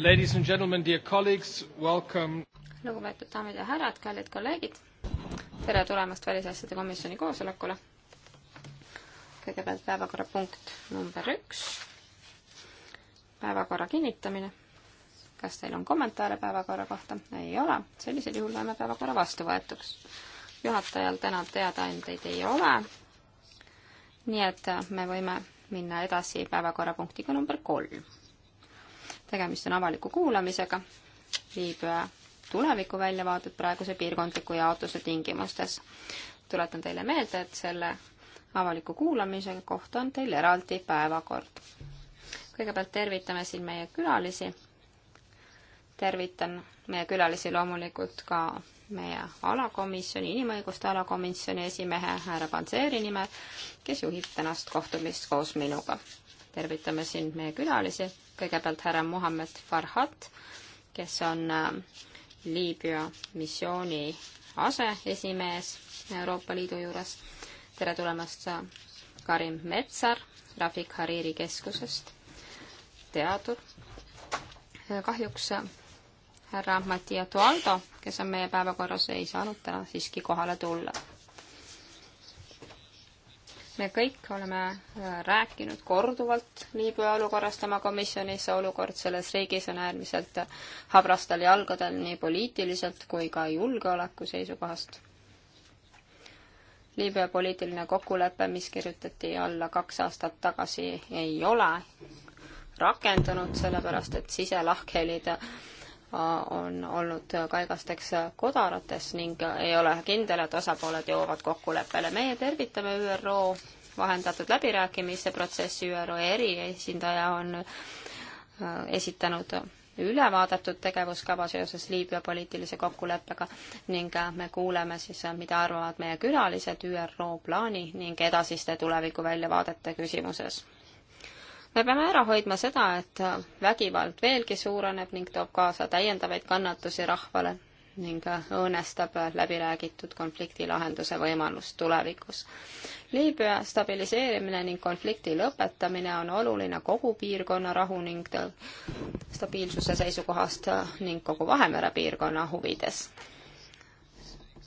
Ladies and gentlemen, dear colleagues, welcome. lugupeetud daamid ja härrad, kallid kolleegid, tere tulemast Välisasjade Komisjoni koosolekule. kõigepealt päevakorrapunkt number üks, päevakorra kinnitamine. kas teil on kommentaare päevakorra kohta? ei ole, sellisel juhul loeme päevakorra vastuvõetuks. juhatajal täna teadaandeid ei ole, nii et me võime minna edasi päevakorrapunktiga number kolm tegemist on avaliku kuulamisega Liibüa äh, tulevikuväljavaadet praeguse piirkondliku jaotuse tingimustes. tuletan teile meelde, et selle avaliku kuulamise kohta on teil eraldi päevakord. kõigepealt tervitame siin meie külalisi. tervitan meie külalisi loomulikult ka meie alakomisjoni, inimõiguste alakomisjoni esimehe härra Panseri nimel, kes juhib tänast kohtumist koos minuga. tervitame siin meie külalisi kõigepealt härra Mohammed Farhat, kes on äh, Liibüa missiooni aseesimees Euroopa Liidu juures. tere tulemast, äh, Karim Metsar Rafik Hariri keskusest, teadur. kahjuks äh, härra Mattia Tualdo, kes on meie päevakorras, ei saanud täna siiski kohale tulla me kõik oleme äh, rääkinud korduvalt Liibüa olukorrast oma komisjonis, olukord selles riigis on äärmiselt äh, habrastel jalgadel nii poliitiliselt kui ka julgeoleku seisukohast. Liibüa poliitiline kokkulepe, mis kirjutati alla kaks aastat tagasi, ei ole rakendunud, sellepärast et siselahkhelid on olnud kaigasteks kodarates ning ei ole kindel, et osapooled jõuavad kokkuleppele. meie tervitame ÜRO vahendatud läbirääkimise protsessi, ÜRO eriesindaja on äh, esitanud ülevaadatud tegevuskava seoses Liibüa poliitilise kokkuleppega ning äh, me kuuleme siis, äh, mida arvavad meie külalised ÜRO plaani ning edasiste tulevikuväljavaadete küsimuses me peame ära hoidma seda, et vägivald veelgi suureneb ning toob kaasa täiendavaid kannatusi rahvale ning õõnestab läbiräägitud konflikti lahenduse võimalust tulevikus. Liibüa stabiliseerimine ning konflikti lõpetamine on oluline kogu piirkonna rahu ning stabiilsuse seisukohast ning kogu Vahemere piirkonna huvides.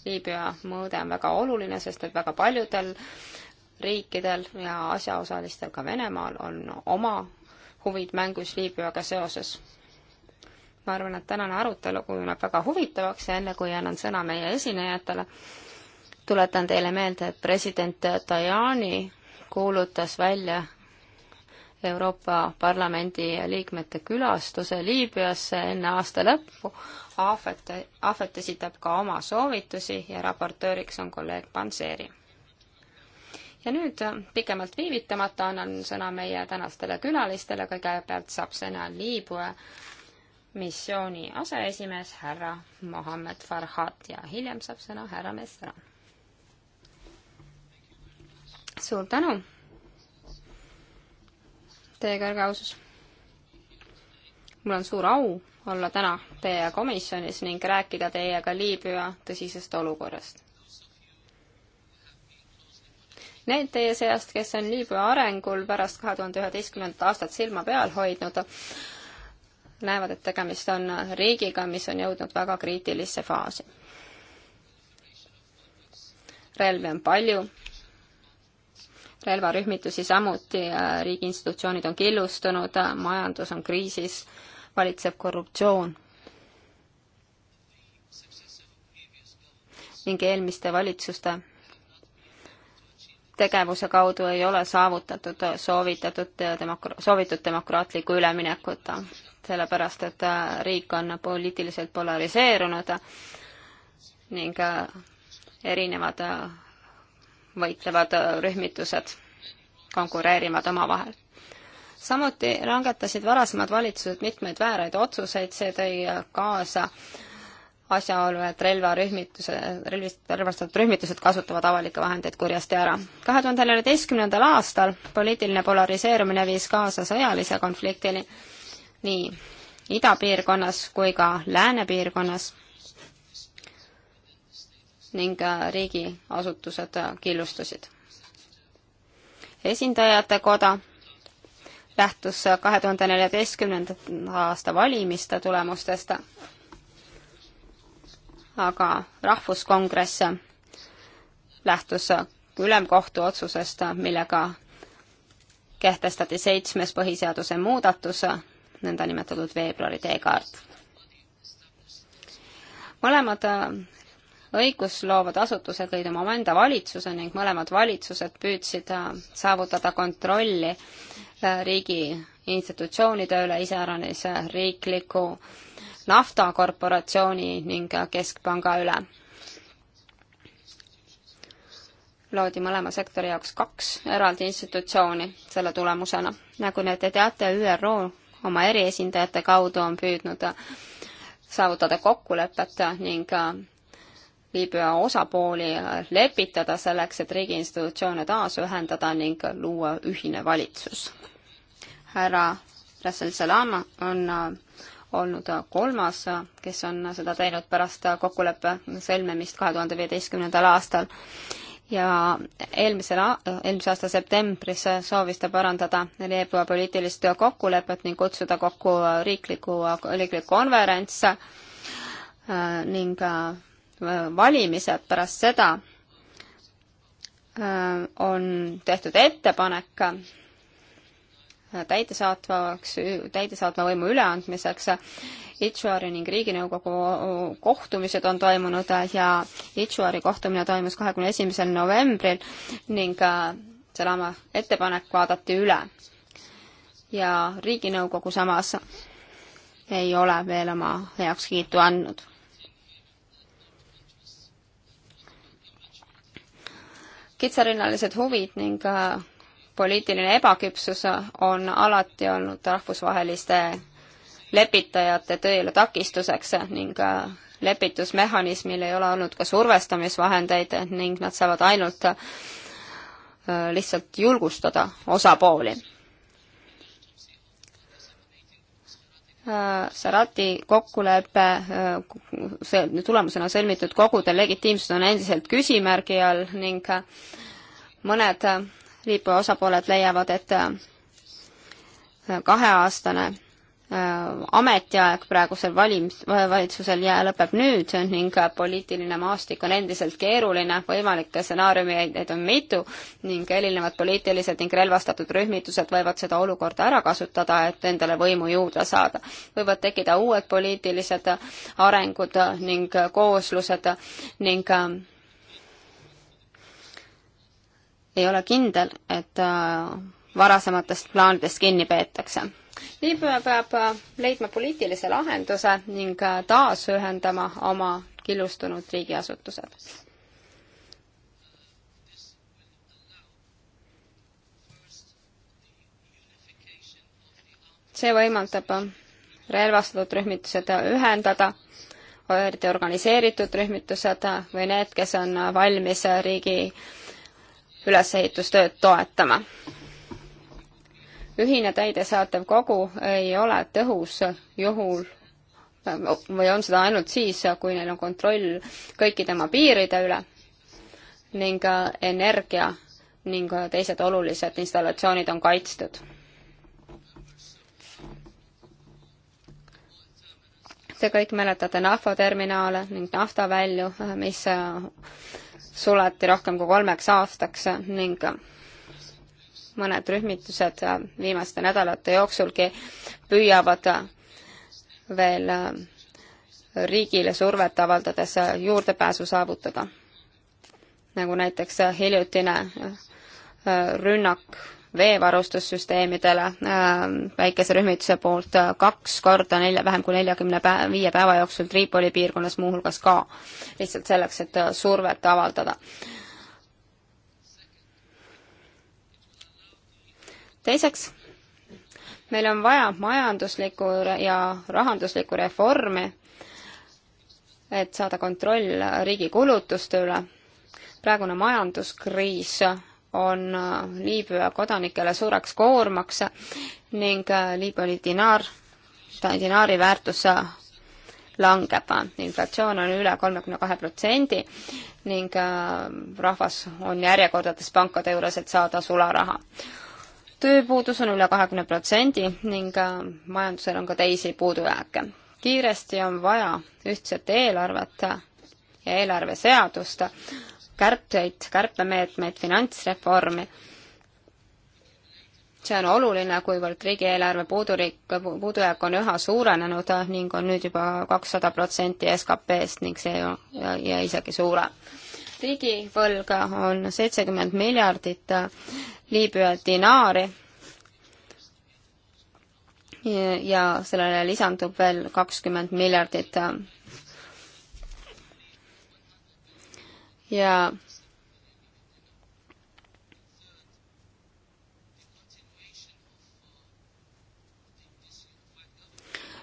Liibüa mõõde on väga oluline, sest et väga paljudel äh, riikidel ja asjaosalistel, ka Venemaal, on oma huvid mängus Liibüaga seoses. ma arvan, et tänane arutelu kujuneb väga huvitavaks ja enne, kui annan sõna meie esinejatele, tuletan teile meelde, et president Tajani kuulutas välja Euroopa Parlamendi liikmete külastuse Liibüasse enne aasta lõppu. Ahvet, Ahvet esitab ka oma soovitusi ja raportööriks on kolleeg Panseri ja nüüd äh, pikemalt viivitamata annan sõna meie tänastele külalistele, kõigepealt saab sõna Liibüa missiooni aseesimees härra Mohammed Farhat ja hiljem saab sõna härra Messra. suur tänu teie kõrgeausus. mul on suur au olla täna teie komisjonis ning rääkida teiega Liibüa tõsisest olukorrast Need teie seast, kes on Liibüa arengul pärast kahe tuhande üheteistkümnendat aastat silma peal hoidnud, näevad, et tegemist on riigiga, mis on jõudnud väga kriitilisse faasi. relvi on palju, relvarühmitusi samuti, riigi institutsioonid on killustunud, majandus on kriisis, valitseb korruptsioon. ning eelmiste valitsuste tegevuse kaudu ei ole saavutatud soovitatud demok-, soovitud demokraatlikku üleminekut, sellepärast et äh, riik on poliitiliselt polariseerunud ning äh, erinevad äh, võitlevad rühmitused konkureerivad omavahel. samuti langetasid varasemad valitsused mitmeid vääraid otsuseid, see tõi kaasa äh, asjaolu, et relvarühmituse, relvist, relvastatud rühmitused kasutavad avalikke vahendeid kurjasti ära. kahe tuhande neljateistkümnendal aastal poliitiline polariseerumine viis kaasa sõjalise konfliktini nii idapiirkonnas kui ka läänepiirkonnas ning äh, riigiasutused äh, killustusid. esindajate koda lähtus äh, kahe tuhande neljateistkümnenda aasta valimiste tulemustest aga Rahvuskongress lähtus ülemkohtu otsusest, millega kehtestati seitsmes põhiseaduse muudatus, nõndanimetatud veebruari teekaart. mõlemad õigusloovad asutused lõid oma omaenda valitsuse ning mõlemad valitsused püüdsid saavutada kontrolli riigi institutsioonide üle, iseäranis riikliku äh, naftakorporatsiooni ning keskpanga üle. loodi mõlema sektori jaoks kaks eraldi institutsiooni selle tulemusena. nagu te teate, ÜRO oma eriesindajate kaudu on püüdnud saavutada kokkulepet ning Liibüa osapooli lepitada selleks, et riigiinstitutsioone taas ühendada ning luua ühine valitsus. härra Rassel Salama on olnud kolmas, kes on seda teinud pärast kokkuleppe sõlmimist kahe tuhande viieteistkümnendal aastal. ja eelmisel, eelmise aasta septembris soovis ta parandada Leebua poliitilist kokkulepet ning kutsuda kokku riikliku, riiklik konverents äh, ning äh, valimised pärast seda äh, on tehtud ettepanek täidesaatvaks, täidesaatva võimu üleandmiseks. Itšuari ning Riiginõukogu kohtumised on toimunud ja Itšuari kohtumine toimus kahekümne esimesel novembril ning äh, Salama ettepanek vaadati üle. ja Riiginõukogu samas ei ole veel oma heakskiitu andnud kitsarinnalised huvid ning äh, poliitiline ebaküpsus on alati olnud rahvusvaheliste lepitajate tööle takistuseks ning äh, lepitusmehhanismil ei ole olnud ka survestamisvahendeid ning nad saavad ainult äh, lihtsalt julgustada osapooli. Äh, Sarati kokkulepe, see tulemusena sõlmitud kogude legitiimsus on endiselt küsimärgi all ning mõned liipu osapooled leiavad, et äh, kaheaastane äh, ametiaeg praegusel valimis, valitsusel jää, lõpeb nüüd ning äh, poliitiline maastik on endiselt keeruline, võimalikke stsenaariumeid on mitu ning erinevad poliitilised ning relvastatud rühmitused võivad seda olukorda ära kasutada, et endale võimu juurde saada. võivad tekkida uued poliitilised arengud ning kooslused ning ei ole kindel, et äh, varasematest plaanidest kinni peetakse. Liibüa peab äh, leidma poliitilise lahenduse ning äh, taasühendama oma killustunud riigiasutused. see võimaldab relvastatud rühmitused ühendada, eriti organiseeritud rühmitused või need, kes on valmis riigi äh, ülesehitustööd toetama. ühine täidesaatev kogu ei ole tõhus juhul või on seda ainult siis, kui neil on kontroll kõikide oma piiride üle ning energia ning teised olulised installatsioonid on kaitstud. Te kõik mäletate naftaterminale ning naftavälju, mis suleti rohkem kui kolmeks aastaks ning mõned rühmitused viimaste nädalate jooksulgi püüavad veel riigile survet avaldades juurdepääsu saavutada. nagu näiteks hiljutine rünnak veevarustussüsteemidele ähm, väikese rühmituse poolt äh, kaks korda nelja, vähem kui neljakümne päe-, viie päeva jooksul Tripoli piirkonnas muuhulgas ka. lihtsalt selleks, et äh, survet avaldada. teiseks, meil on vaja majanduslikku ja rahanduslikku reformi, et saada kontroll riigi kulutuste üle. praegune majanduskriis on äh, Liibüa kodanikele suureks koormaks ning äh, Liibüa dinaar, dinaari väärtus äh, langeb. inflatsioon on üle kolmekümne kahe protsendi ning rahvas on järjekordades pankade juures, et saada sularaha. tööpuudus on üle kahekümne protsendi ning majandusel on ka teisi puudujääke. kiiresti on vaja ühtset eelarvet ja eelarveseadust, kärpeid, kärpemeetmeid, finantsreformi. see on oluline, kuivõrd riigieelarve puudurik, puudujääk on üha suurenenud ning on nüüd juba kakssada protsenti SKP-st ning see on, ja, ja isegi suurem. riigivõlg on seitsekümmend miljardit Liibüa dinaari ja, ja sellele lisandub veel kakskümmend miljardit ja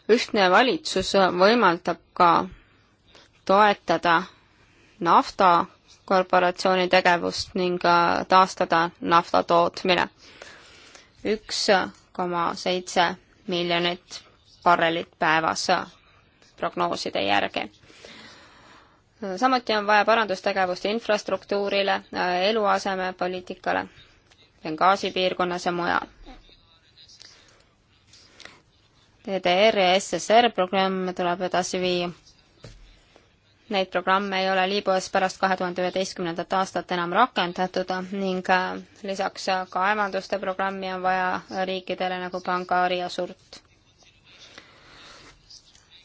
ühtne valitsus võimaldab ka toetada naftakorporatsiooni tegevust ning taastada nafta tootmine. üks koma seitse miljonit barrelit päevas prognooside järgi samuti on vaja parandustegevust infrastruktuurile, eluasemepoliitikale, Benghazi piirkonnas ja mujal. E DDR ja SSR programm tuleb edasi viia. Neid programme ei ole Liibüas pärast kahe tuhande üheteistkümnendat aastat enam rakendatud ning äh, lisaks äh, kaevanduste programmi on vaja riikidele nagu Bangari ja Surt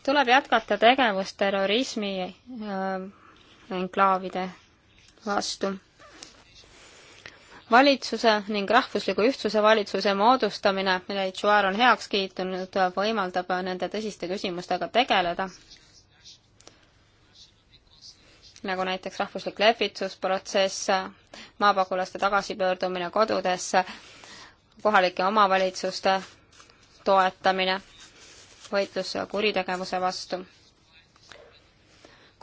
tuleb jätkata tegevust terrorismi äh, enklaavide vastu. valitsuse ning rahvusliku ühtsuse valitsuse moodustamine, mille Itšuar on heaks kiitunud, võimaldab nende tõsiste küsimustega tegeleda, nagu näiteks rahvuslik lepitusprotsess, maapagulaste tagasipöördumine kodudesse, kohalike omavalitsuste toetamine võitlus kuritegevuse vastu.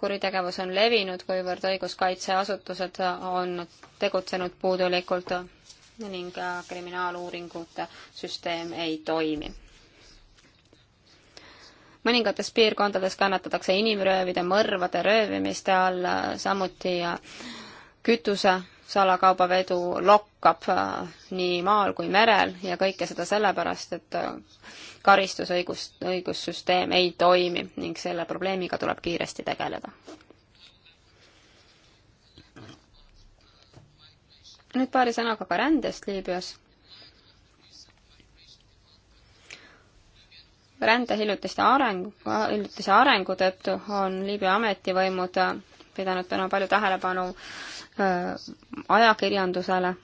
kuritegevus on levinud, kuivõrd õiguskaitseasutused on tegutsenud puudulikult ning kriminaaluuringute süsteem ei toimi. mõningates piirkondades kannatatakse inimröövide, mõrvade, röövimiste all, samuti kütuse salakaubavedu lokkab äh, nii maal kui merel ja kõike seda sellepärast, et äh, karistusõigus, õigussüsteem ei toimi ning selle probleemiga tuleb kiiresti tegeleda. nüüd paari sõnaga ka rändest Liibüas. rände hiljutiste areng, hiljutise arengu tõttu on Liibüa ametivõimud äh, pidanud täna palju tähelepanu äh, Äh, ajakirjandusele,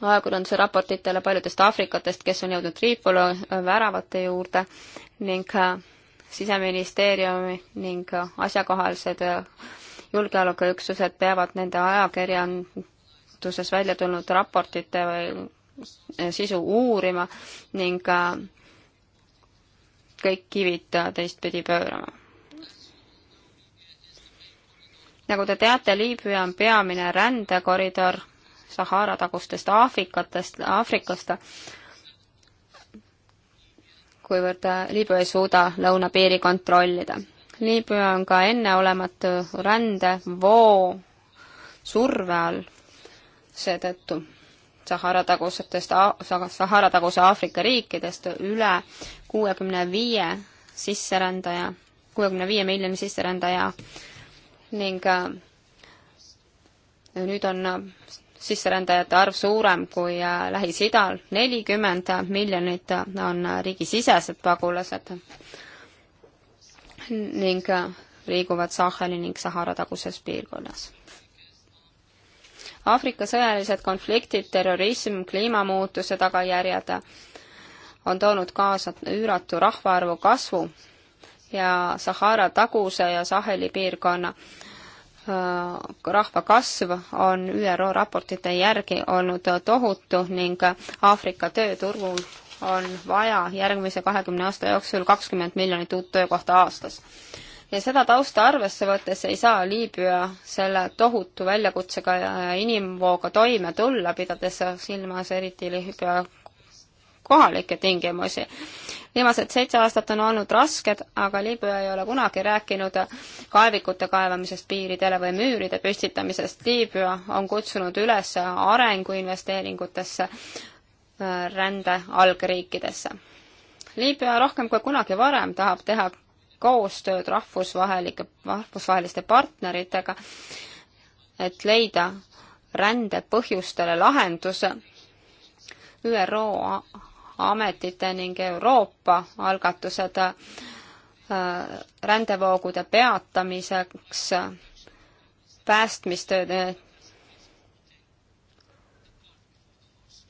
ajakirjanduse raportitele paljudest Aafrikatest, kes on jõudnud Tripoli äh, väravate juurde ning äh, siseministeeriumi ning asjakohased julgeolekuüksused peavad nende ajakirjanduses välja tulnud raportite või sisu uurima ning kõik kivid teistpidi pöörama nagu te teate, Liibüa on peamine rändekoridor Sahara tagustest Aafrikatest, Aafrikast, kuivõrd äh, Liibüa ei suuda lõunapiiri kontrollida. Liibüa on ka enneolematu rändevoo surve all, seetõttu Sahara tagusetest, Sahara taguse Aafrika riikidest üle kuuekümne viie sisserändaja, kuuekümne viie miljoni sisserändaja ning äh, nüüd on sisserändajate arv suurem kui äh, Lähis-Idal, nelikümmend miljonit äh, on riigisisesed pagulased ning liiguvad Saheli ning Sahara taguses piirkonnas. Aafrika sõjalised konfliktid, terrorism, kliimamuutuse tagajärjed on toonud kaasa üüratu rahvaarvu kasvu ja Sahara taguse ja Saheli piirkonna rahva kasv on ÜRO raportite järgi olnud tohutu ning Aafrika tööturul on vaja järgmise kahekümne aasta jooksul kakskümmend miljonit uut töökohta aastas. ja seda tausta arvesse võttes ei saa Liibüa selle tohutu väljakutsega ja inimvooga toime tulla, pidades silmas eriti Liibüa kohalikke tingimusi. viimased seitse aastat on olnud rasked, aga Liibüa ei ole kunagi rääkinud kaevikute kaevamisest piiridele või müüride püstitamisest. Liibüa on kutsunud üles arenguinvesteeringutesse äh, rände algriikidesse. Liibüa rohkem kui kunagi varem tahab teha koostööd rahvusvahelike, rahvusvaheliste partneritega, et leida rände põhjustele lahenduse. ÜRO ametite ning Euroopa algatused äh, rändevoogude peatamiseks, päästmistööde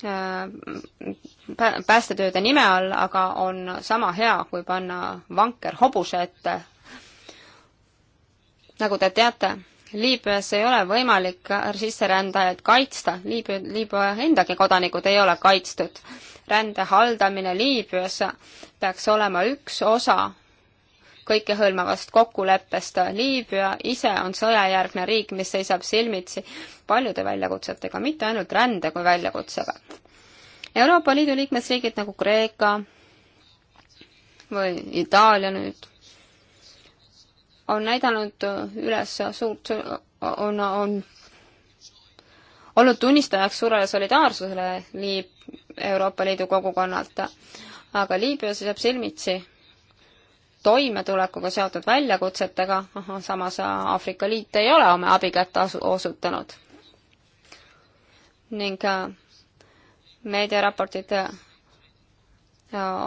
äh, päästetööde nime all, aga on sama hea, kui panna vanker hobuse ette. nagu te teate, Liibüas ei ole võimalik sisserändajaid kaitsta, Liibüa, Liibüa endagi kodanikud ei ole kaitstud rände haldamine Liibüas peaks olema üks osa kõikehõlmavast kokkuleppest. Liibüa ise on sõjajärgne riik, mis seisab silmitsi paljude väljakutsetega, mitte ainult rände kui väljakutsega. Euroopa Liidu liikmesriigid nagu Kreeka või Itaalia nüüd on näidanud üles suurt, on, on olnud tunnistajaks suurele solidaarsusele Liib-, Euroopa Liidu kogukonnalt. aga Liibüa seisab silmitsi toimetulekuga seotud väljakutsetega, samas Aafrika Liit ei ole oma abikätt asu-, osutanud. ning äh, meediaraportid äh,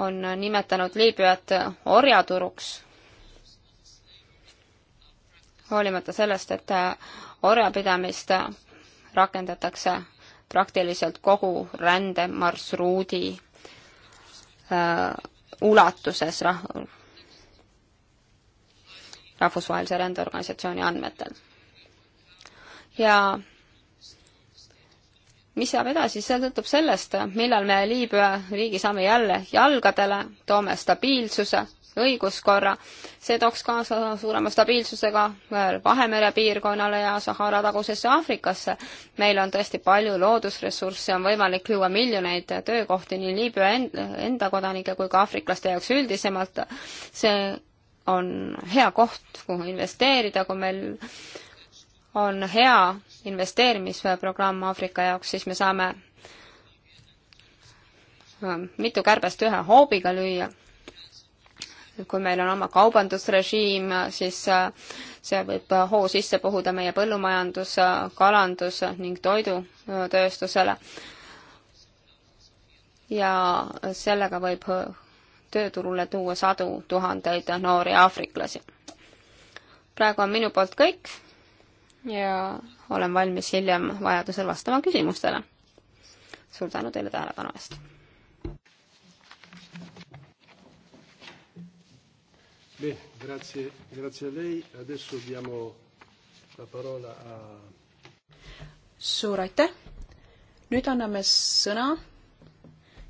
on nimetanud Liibüat orjaturuks, hoolimata sellest, et äh, orjapidamist rakendatakse praktiliselt kogu rändemarsruudi äh, ulatuses rah-, rahvusvahelise rändeorganisatsiooni andmetel. ja mis saab edasi, see sõltub sellest, millal me Liibüa riigi saame jälle jalgadele, toome stabiilsuse õiguskorra. see tooks kaasa suurema stabiilsusega Vahemere piirkonnale ja Sahara tagusesse Aafrikasse. meil on tõesti palju loodusressursse, on võimalik luua miljoneid töökohti nii Liibüa enda kodanike kui ka aafriklaste jaoks üldisemalt. see on hea koht, kuhu investeerida, kui meil on hea investeerimisprogramm Aafrika jaoks, siis me saame äh, mitu kärbest ühe hoobiga lüüa kui meil on oma kaubandusrežiim, siis äh, see võib äh, hoo sisse puhuda meie põllumajandus, äh, kalandus ning toidutööstusele. ja sellega võib tööturule tuua sadu tuhandeid noori aafriklasi. praegu on minu poolt kõik ja olen valmis hiljem vajadusel vastama küsimustele. suur tänu teile tähelepanu eest! Bene, grazie, grazie a lei. Adesso diamo la parola a... suur aitäh! nüüd anname sõna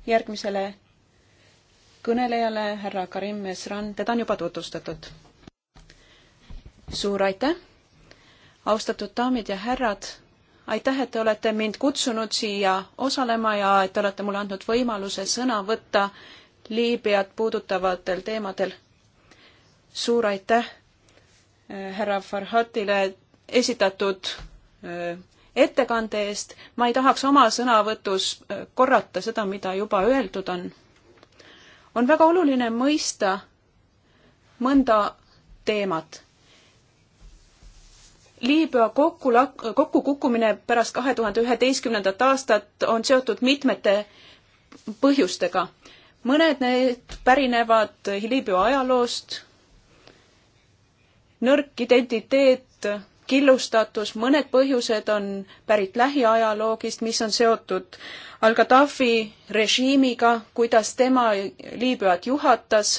järgmisele kõnelejale, härra Karim Mesran, teda on juba tutvustatud. suur aitäh! austatud daamid ja härrad, aitäh, et te olete mind kutsunud siia osalema ja et te olete mulle andnud võimaluse sõna võtta Liibüat puudutavatel teemadel suur aitäh äh, härra Farhatile esitatud äh, ettekande eest. ma ei tahaks oma sõnavõtus äh, korrata seda, mida juba öeldud on. on väga oluline mõista mõnda teemat. Liibüa kokku, kokkukukkumine pärast kahe tuhande üheteistkümnendat aastat on seotud mitmete põhjustega. mõned need pärinevad Liibüa ajaloost, nõrk identiteet, killustatus, mõned põhjused on pärit lähiajaloogist, mis on seotud Al-Gaddafi režiimiga, kuidas tema Liibüat juhatas,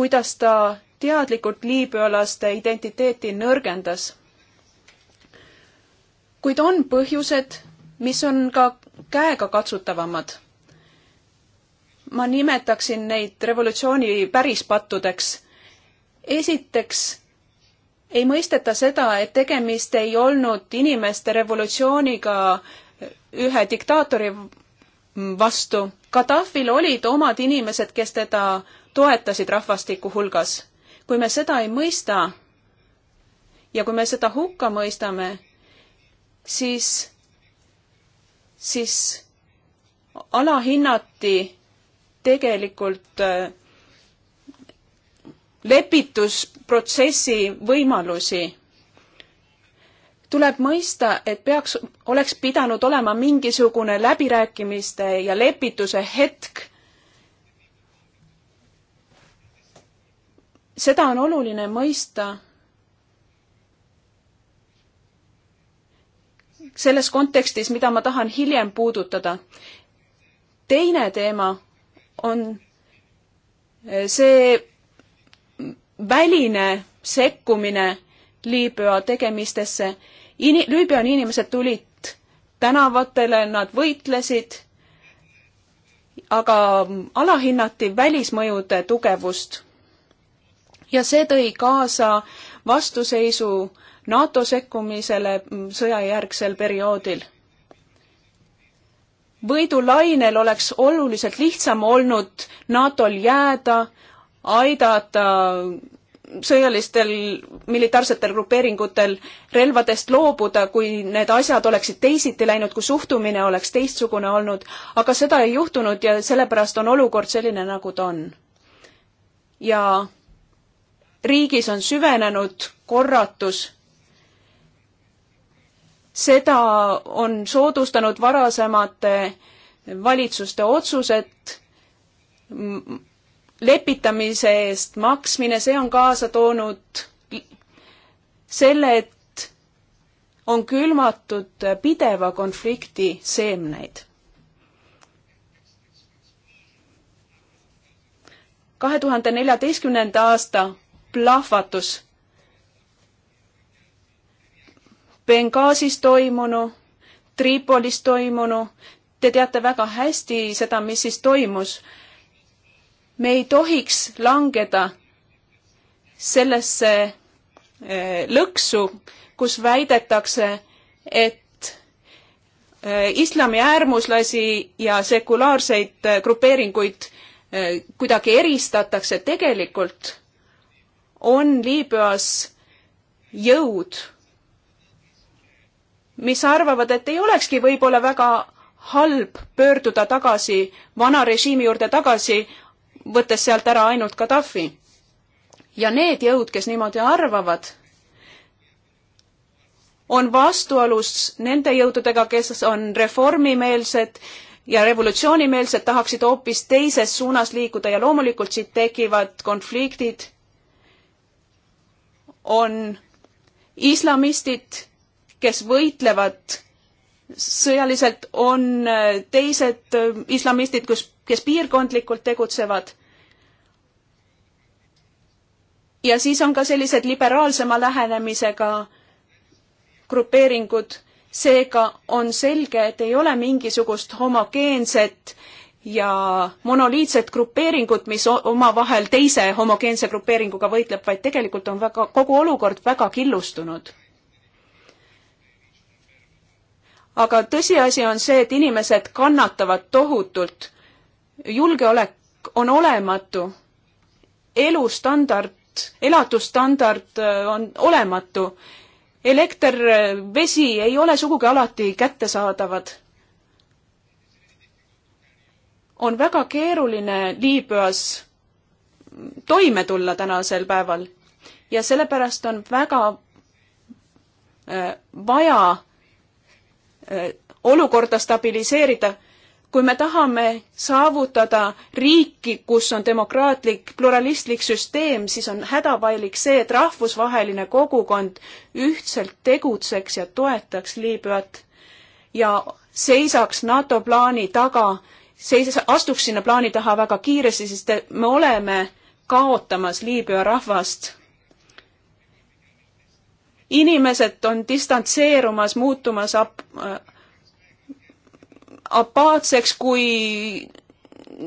kuidas ta teadlikult liibüalaste identiteeti nõrgendas. kuid on põhjused, mis on ka käegakatsutavamad ma nimetaksin neid revolutsiooni pärispattudeks. esiteks ei mõisteta seda, et tegemist ei olnud inimeste revolutsiooniga ühe diktaatori vastu. Gaddafil olid omad inimesed, kes teda toetasid rahvastiku hulgas. kui me seda ei mõista ja kui me seda hukka mõistame, siis, siis alahinnati tegelikult äh, lepitusprotsessi võimalusi. tuleb mõista, et peaks, oleks pidanud olema mingisugune läbirääkimiste ja lepituse hetk. seda on oluline mõista selles kontekstis, mida ma tahan hiljem puudutada. teine teema on eh, see väline sekkumine Liibüa tegemistesse. Ini-, Liibüa inimesed tulid tänavatele, nad võitlesid, aga alahinnati välismõjude tugevust. ja see tõi kaasa vastuseisu NATO sekkumisele mm, sõjajärgsel perioodil võidulainel oleks oluliselt lihtsam olnud NATO-l jääda, aidata sõjalistel militaarsetel grupeeringutel relvadest loobuda, kui need asjad oleksid teisiti läinud, kui suhtumine oleks teistsugune olnud, aga seda ei juhtunud ja sellepärast on olukord selline, nagu ta on. ja riigis on süvenenud korratus seda on soodustanud varasemate valitsuste otsused, lepitamise eest maksmine, see on kaasa toonud selle, et on külmatud pideva konflikti seemneid. kahe tuhande neljateistkümnenda aasta plahvatus Benghazis toimunu, Tripolis toimunu, te teate väga hästi seda, mis siis toimus. me ei tohiks langeda sellesse eh, lõksu, kus väidetakse, et eh, islami äärmuslasi ja sekulaarseid eh, grupeeringuid kuidagi eristatakse, tegelikult on Liibüas jõud, mis arvavad, et ei olekski võib-olla väga halb pöörduda tagasi, vana režiimi juurde tagasi, võttes sealt ära ainult Gaddafi. ja need jõud, kes niimoodi arvavad, on vastuolus nende jõududega, kes on reformimeelsed ja revolutsioonimeelsed, tahaksid hoopis teises suunas liikuda ja loomulikult siit tekivad konfliktid, on islamistid kes võitlevad sõjaliselt, on äh, teised äh, islamistid, kus, kes piirkondlikult tegutsevad. ja siis on ka sellised liberaalsema lähenemisega grupeeringud, seega on selge, et ei ole mingisugust homogeenset ja monoliitset grupeeringut, mis omavahel teise homogeense grupeeringuga võitleb, vaid tegelikult on väga, kogu olukord väga killustunud. aga tõsiasi on see, et inimesed kannatavad tohutult. julgeolek on olematu. elustandard, elatusstandard äh, on olematu. elekter, äh, vesi ei ole sugugi alati kättesaadavad. on väga keeruline Liibüas toime tulla tänasel päeval ja sellepärast on väga äh, vaja Äh, olukorda stabiliseerida, kui me tahame saavutada riiki, kus on demokraatlik pluralistlik süsteem, siis on hädavajalik see, et rahvusvaheline kogukond ühtselt tegutseks ja toetaks Liibüat ja seisaks NATO plaani taga, seis-, astuks sinna plaani taha väga kiiresti, sest me oleme kaotamas Liibüa rahvast inimesed on distantseerumas, muutumas ap-, apaatseks, kui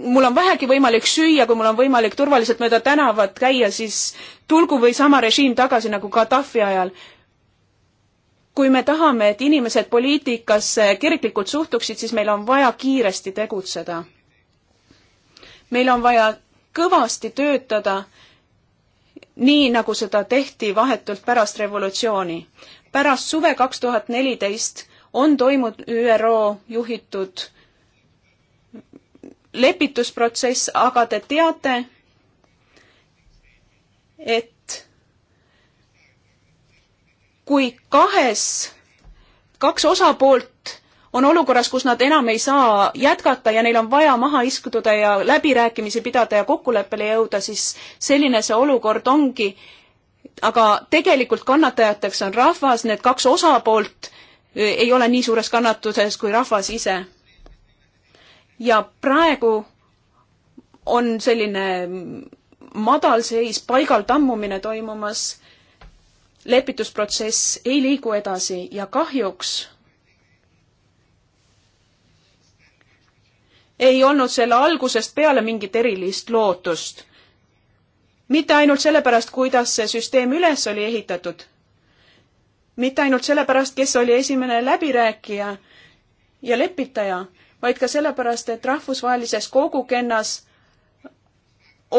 mul on vähegi võimalik süüa, kui mul on võimalik turvaliselt mööda tänavat käia, siis tulgu või sama režiim tagasi nagu Gaddafi ajal. kui me tahame, et inimesed poliitikasse kirglikult suhtuksid, siis meil on vaja kiiresti tegutseda. meil on vaja kõvasti töötada nii nagu seda tehti vahetult pärast revolutsiooni. pärast suve kaks tuhat neliteist on toimunud ÜRO juhitud lepitusprotsess, aga te teate, et kui kahes, kaks osapoolt on olukorras, kus nad enam ei saa jätkata ja neil on vaja maha istuda ja läbirääkimisi pidada ja kokkuleppele jõuda, siis selline see olukord ongi. aga tegelikult kannatajateks on rahvas, need kaks osapoolt eh, ei ole nii suures kannatuses kui rahvas ise. ja praegu on selline madalseis, paigal tammumine toimumas, lepitusprotsess ei liigu edasi ja kahjuks ei olnud selle algusest peale mingit erilist lootust. mitte ainult sellepärast, kuidas see süsteem üles oli ehitatud, mitte ainult sellepärast, kes oli esimene läbirääkija ja lepitaja, vaid ka sellepärast, et rahvusvahelises kogukennas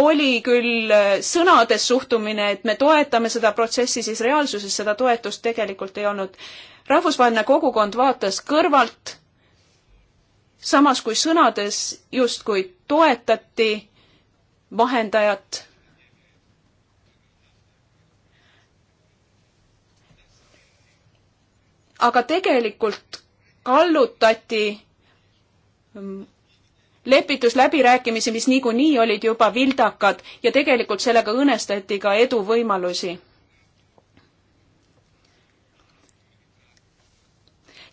oli küll äh, sõnades suhtumine, et me toetame seda protsessi, siis reaalsuses seda toetust tegelikult ei olnud. rahvusvaheline kogukond vaatas kõrvalt samas kui sõnades justkui toetati vahendajat, aga tegelikult kallutati mm, lepitusläbirääkimisi, mis niikuinii olid juba vildakad ja tegelikult sellega õõnestati ka eduvõimalusi.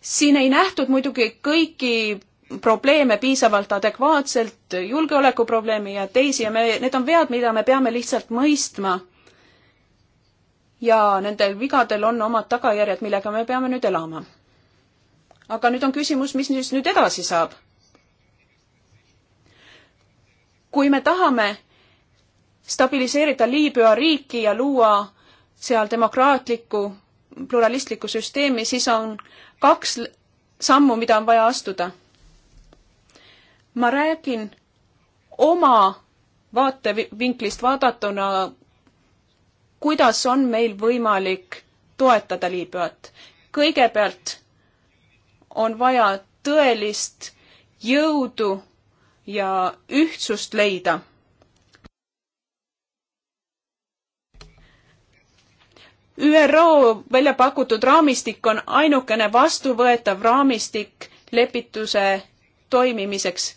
siin ei nähtud muidugi kõiki probleeme piisavalt adekvaatselt, julgeolekuprobleemi ja teisi ja me, need on vead, mida me peame lihtsalt mõistma. ja nendel vigadel on omad tagajärjed, millega me peame nüüd elama. aga nüüd on küsimus, mis siis nüüd edasi saab? kui me tahame stabiliseerida Liibüa riiki ja luua seal demokraatlikku pluralistlikku süsteemi, siis on kaks sammu, mida on vaja astuda ma räägin oma vaatevinklist vaadatuna, kuidas on meil võimalik toetada Liibüat. kõigepealt on vaja tõelist jõudu ja ühtsust leida. ÜRO välja pakutud raamistik on ainukene vastuvõetav raamistik lepituse toimimiseks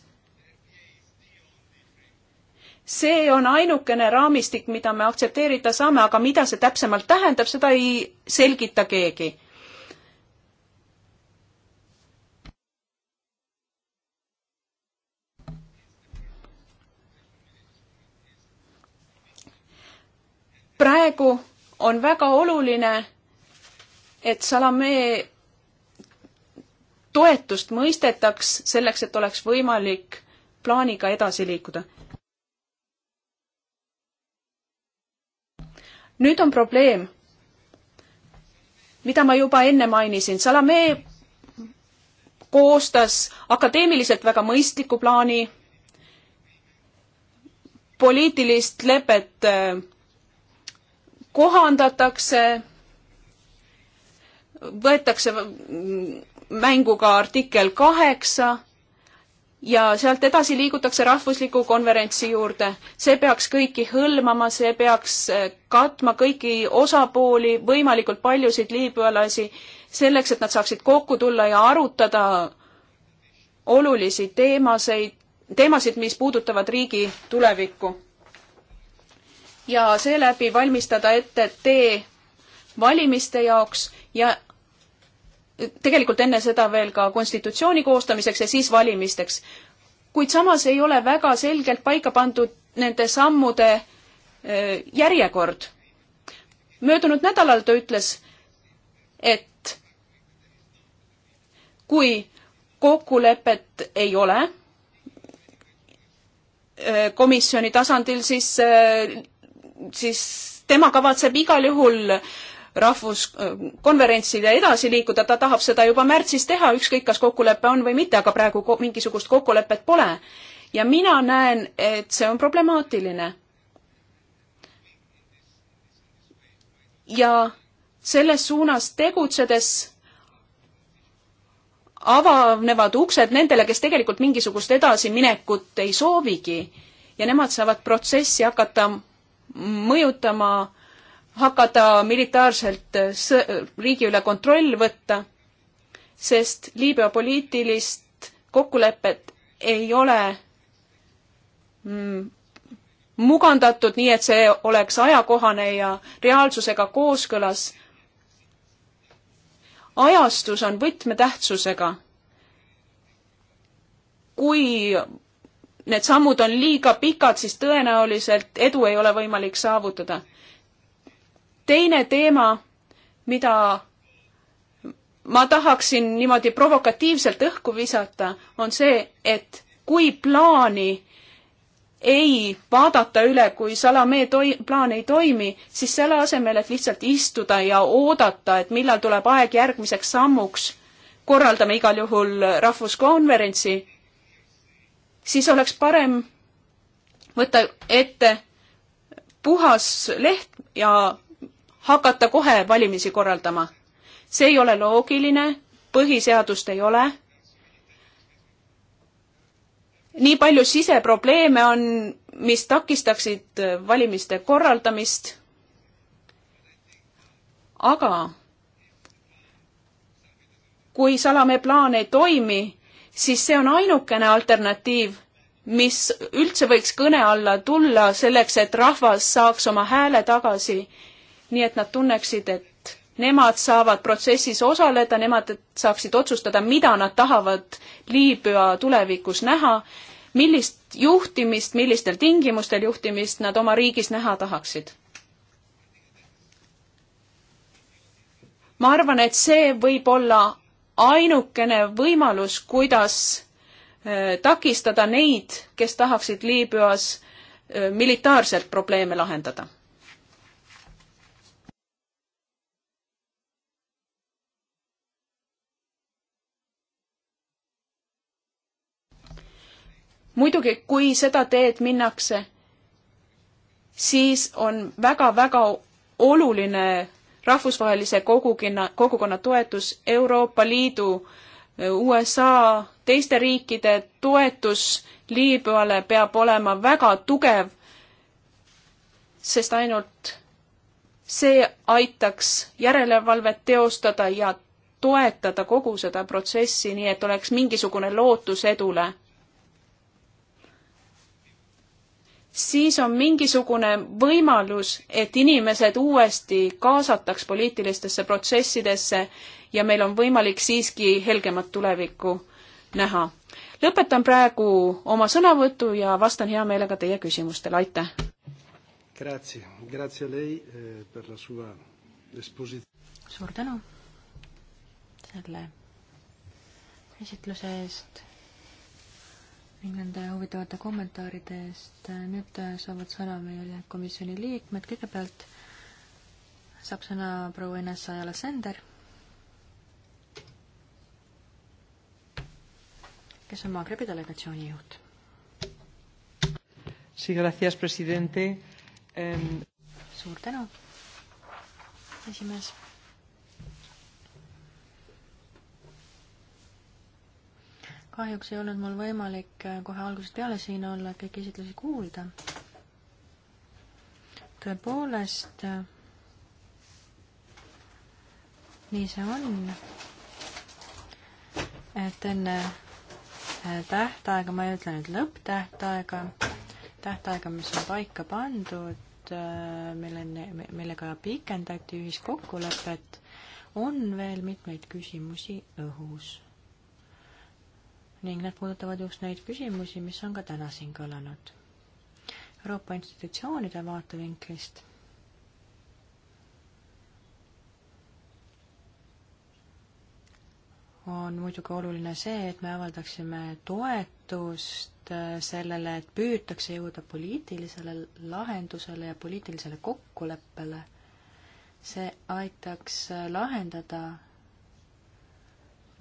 see on ainukene raamistik, mida me aktsepteerida saame, aga mida see täpsemalt tähendab, seda ei selgita keegi. praegu on väga oluline, et Salamee toetust mõistetaks selleks, et oleks võimalik plaaniga edasi liikuda nüüd on probleem, mida ma juba enne mainisin, Salamee koostas akadeemiliselt väga mõistliku plaani, poliitilist lepet äh, kohandatakse, võetakse mängu ka artikkel kaheksa ja sealt edasi liigutakse rahvusliku konverentsi juurde. see peaks kõiki hõlmama, see peaks äh, katma kõiki osapooli, võimalikult paljusid liibüalasi, selleks et nad saaksid kokku tulla ja arutada olulisi teemaseid, teemasid, mis puudutavad riigi tulevikku. ja seeläbi valmistada ette tee valimiste jaoks ja tegelikult enne seda veel ka konstitutsiooni koostamiseks ja siis valimisteks. kuid samas ei ole väga selgelt paika pandud nende sammude järjekord. möödunud nädalal ta ütles, et kui kokkulepet ei ole komisjoni tasandil, siis, siis tema kavatseb igal juhul rahvuskonverentsile edasi liikuda, ta tahab seda juba märtsis teha, ükskõik, kas kokkulepe on või mitte, aga praegu ko mingisugust kokkulepet pole. ja mina näen, et see on problemaatiline. ja selles suunas tegutsedes avanevad uksed nendele, kes tegelikult mingisugust edasiminekut ei soovigi ja nemad saavad protsessi hakata mõjutama hakata militaarselt äh, riigi üle kontroll võtta, sest Liibüa poliitilist kokkulepet ei ole mm, mugandatud nii, et see oleks ajakohane ja reaalsusega kooskõlas. ajastus on võtmetähtsusega. kui need sammud on liiga pikad, siis tõenäoliselt edu ei ole võimalik saavutada teine teema, mida ma tahaksin niimoodi provokatiivselt õhku visata, on see, et kui plaani ei vaadata üle, kui salamee toi-, plaan ei toimi, siis selle asemel, et lihtsalt istuda ja oodata, et millal tuleb aeg järgmiseks sammuks, korraldame igal juhul rahvuskonverentsi, siis oleks parem võtta ette puhas leht ja hakata kohe valimisi korraldama. see ei ole loogiline, põhiseadust ei ole. nii palju siseprobleeme on, mis takistaksid valimiste korraldamist. aga kui Salamäe plaan ei toimi, siis see on ainukene alternatiiv, mis üldse võiks kõne alla tulla selleks, et rahvas saaks oma hääle tagasi nii et nad tunneksid, et nemad saavad protsessis osaleda, nemad saaksid otsustada, mida nad tahavad Liibüa tulevikus näha, millist juhtimist, millistel tingimustel juhtimist nad oma riigis näha tahaksid. ma arvan, et see võib olla ainukene võimalus, kuidas äh, takistada neid, kes tahaksid Liibüas äh, militaarselt probleeme lahendada. muidugi, kui seda teed minnakse, siis on väga-väga oluline rahvusvahelise kogukonna, kogukonna toetus, Euroopa Liidu, USA, teiste riikide toetus Liibüale peab olema väga tugev, sest ainult see aitaks järelevalvet teostada ja toetada kogu seda protsessi, nii et oleks mingisugune lootus edule siis on mingisugune võimalus, et inimesed uuesti kaasataks poliitilistesse protsessidesse ja meil on võimalik siiski helgemat tulevikku näha. lõpetan praegu oma sõnavõtu ja vastan hea meelega teie küsimustele, aitäh! Grazie, grazie lei eh, per la sua esposi-. suur tänu selle esitluse eest ning nende huvitavate kommentaaride eest. nüüd äh, saavad sõna meie komisjoni liikmed. kõigepealt saab sõna proua Ines Ajala-Sender, kes on Maagrebi delegatsiooni juht. Sí, gracias, presidente. Eh... Suur tänu, esimees kahjuks ei olnud mul võimalik äh, kohe algusest peale siin olla, et kõiki esitlusi kuulda. tõepoolest, äh, nii see on, et enne äh, tähtaega, ma ei ütle nüüd lõpptähtaega, tähtaega, mis on paika pandud, milleni, millega pikendati ühiskokkulepet, on veel mitmeid küsimusi õhus ning need puudutavad just neid küsimusi, mis on ka täna siin kõlanud. Euroopa institutsioonide vaatevinklist on muidugi oluline see, et me avaldaksime toetust äh, sellele, et püütakse jõuda poliitilisele lahendusele ja poliitilisele kokkuleppele. see aitaks äh, lahendada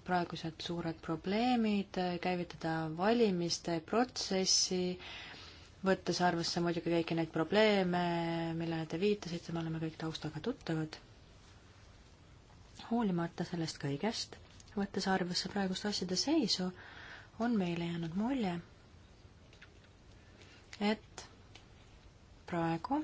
praegused suured probleemid, käivitada valimiste protsessi, võttes arvesse muidugi kõiki neid probleeme, millele te viitasite, me oleme kõik taustaga tuttavad. hoolimata sellest kõigest, võttes arvesse praegust asjade seisu, on meile jäänud mulje, et praegu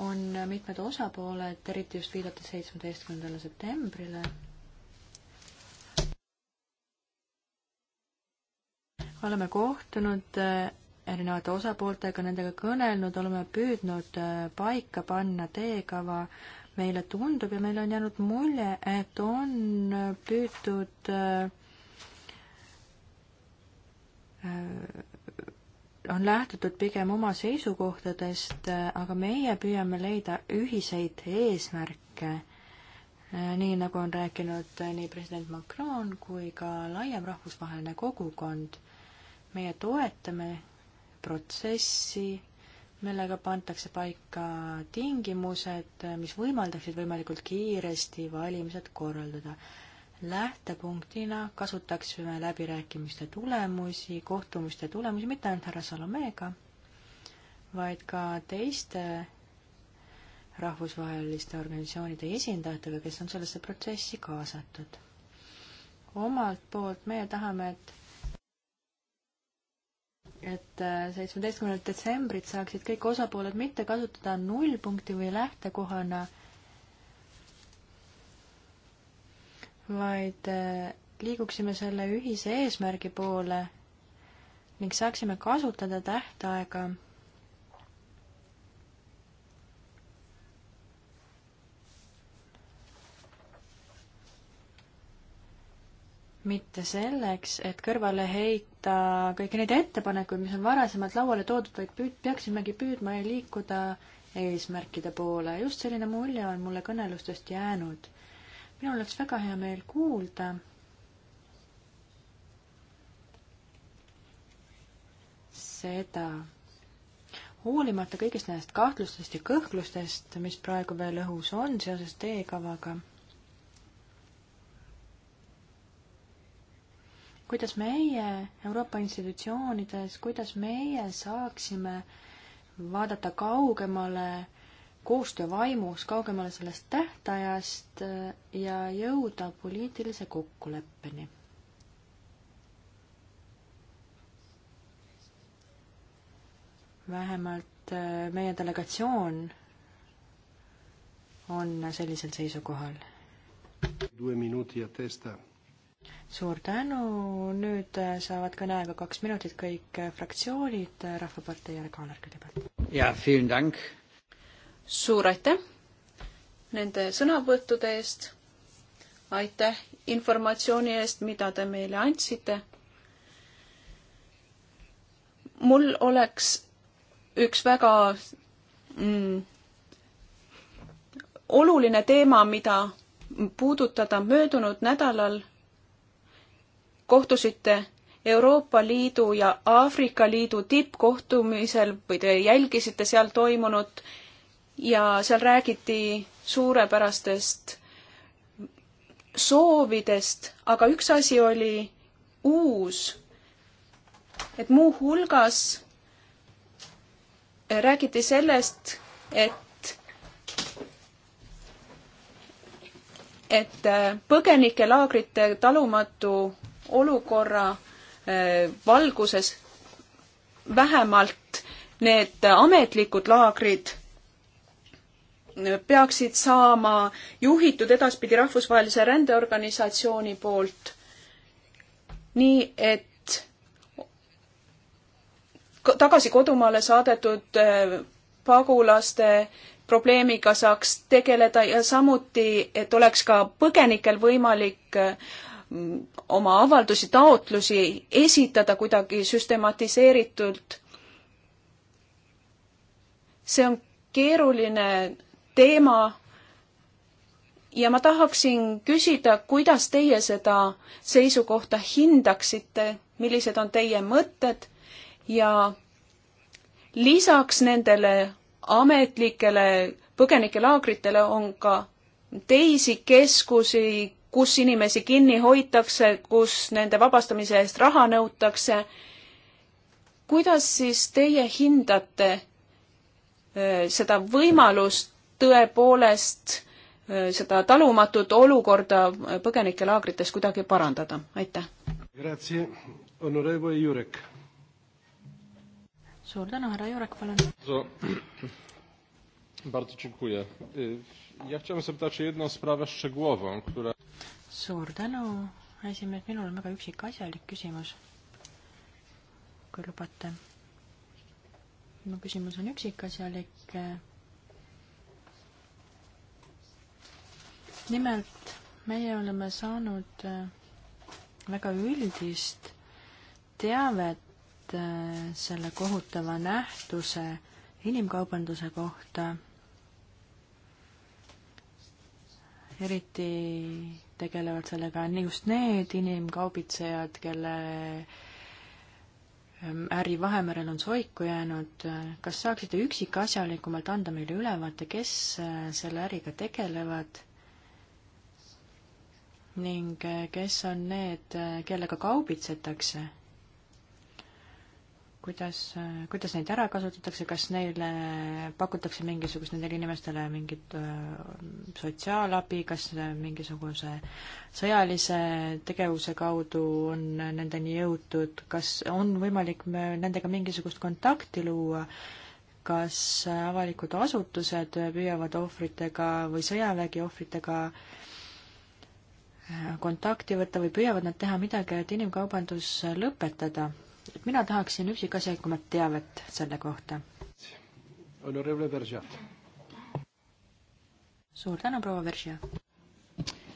on mitmed osapooled, eriti just viidates seitsmeteistkümnendale septembrile, oleme kohtunud eh, erinevate osapooltega, nendega kõnelnud, oleme püüdnud eh, paika panna teekava, meile tundub ja meil on jäänud mulje, et on püütud eh, on lähtutud pigem oma seisukohtadest, aga meie püüame leida ühiseid eesmärke, äh, nii nagu on rääkinud nii president Macron kui ka laiem rahvusvaheline kogukond. meie toetame protsessi, millega pantakse paika tingimused, mis võimaldaksid võimalikult kiiresti valimised korraldada lähtepunktina kasutaksime läbirääkimiste tulemusi, kohtumiste tulemusi mitte ainult härra Salomeega, vaid ka teiste rahvusvaheliste organisatsioonide esindajatega, kes on sellesse protsessi kaasatud. omalt poolt meie tahame, et et seitsmeteistkümnendat detsembrit saaksid kõik osapooled mitte kasutada nullpunkti või lähtekohana äh, vaid äh, liiguksime selle ühise eesmärgi poole ning saaksime kasutada tähtaega mitte selleks, et kõrvale heita kõiki neid ettepanekuid, mis on varasemalt lauale toodud, vaid püüd-, peaksimegi püüdma liikuda eesmärkide poole. just selline mulje on mulle kõnelustest jäänud minul oleks väga hea meel kuulda, seda. hoolimata kõigist nendest kahtlustest ja kõhklustest, mis praegu veel õhus on seoses teekavaga, kuidas meie Euroopa institutsioonides, kuidas meie saaksime vaadata kaugemale koostöö vaimus kaugemale sellest tähtajast äh, ja jõuda poliitilise kokkuleppeni. vähemalt äh, meie delegatsioon on sellisel seisukohal. suur tänu, nüüd äh, saavad kõneaega kaks minutit kõik fraktsioonid, Rahvapartei Jaan Kaaler kõigepealt. jaa, vielen dank suur aitäh nende sõnavõttude eest. aitäh informatsiooni eest, mida te meile andsite. mul oleks üks väga mm, oluline teema, mida puudutada möödunud nädalal kohtusite Euroopa Liidu ja Aafrika Liidu tippkohtumisel või te jälgisite seal toimunut ja seal räägiti suurepärastest soovidest, aga üks asi oli uus, et muuhulgas räägiti sellest, et, et põgenikelaagrite talumatu olukorra äh, valguses vähemalt need ametlikud laagrid peaksid saama juhitud edaspidi Rahvusvahelise Rändeorganisatsiooni poolt nii, et tagasi kodumaale saadetud äh, pagulaste probleemiga saaks tegeleda ja samuti, et oleks ka põgenikel võimalik äh, oma avaldusi, taotlusi esitada kuidagi süstematiseeritult. see on keeruline teema ja ma tahaksin küsida, kuidas teie seda seisukohta hindaksite, millised on teie mõtted ja lisaks nendele ametlikele põgenikelaagritele on ka teisi keskusi, kus inimesi kinni hoitakse, kus nende vabastamise eest raha nõutakse. kuidas siis teie hindate äh, seda võimalust tõepoolest äh, seda talumatut olukorda äh, põgenikelaagrites kuidagi parandada, aitäh! suur tänu, härra Jurek, palun! Bardzo dziękuję. Ja chciałem zapytać o jedną sprawę szczegółową, która... Suur tänu, esimees. Minul on väga üksikasjalik küsimus, kui lubate. Mu küsimus on üksikasjalik nimelt meie oleme saanud äh, väga üldist teavet äh, selle kohutava nähtuse inimkaubanduse kohta, eriti tegelevad sellega just need inimkaubitsejad, kelle ähm, äri Vahemerel on soiku jäänud. kas saaksite üksikasjalikumalt anda meile ülevaate, kes äh, selle äriga tegelevad ning eh, kes on need, eh, kellega kaubitsetakse? kuidas, eh, kuidas neid ära kasutatakse, kas neile pakutakse mingisugust, nendele inimestele mingit sotsiaalabi, kas mingisuguse sõjalise tegevuse kaudu on nendeni jõutud, kas on võimalik nendega mingisugust kontakti luua, kas avalikud asutused püüavad ohvritega või sõjavägi ohvritega äh, kontakti võtta või püüavad nad teha midagi, et inimkaubandus lõpetada. et mina tahaksin üksikasjalikumat teavet selle kohta. suur tänu, proua Veržia!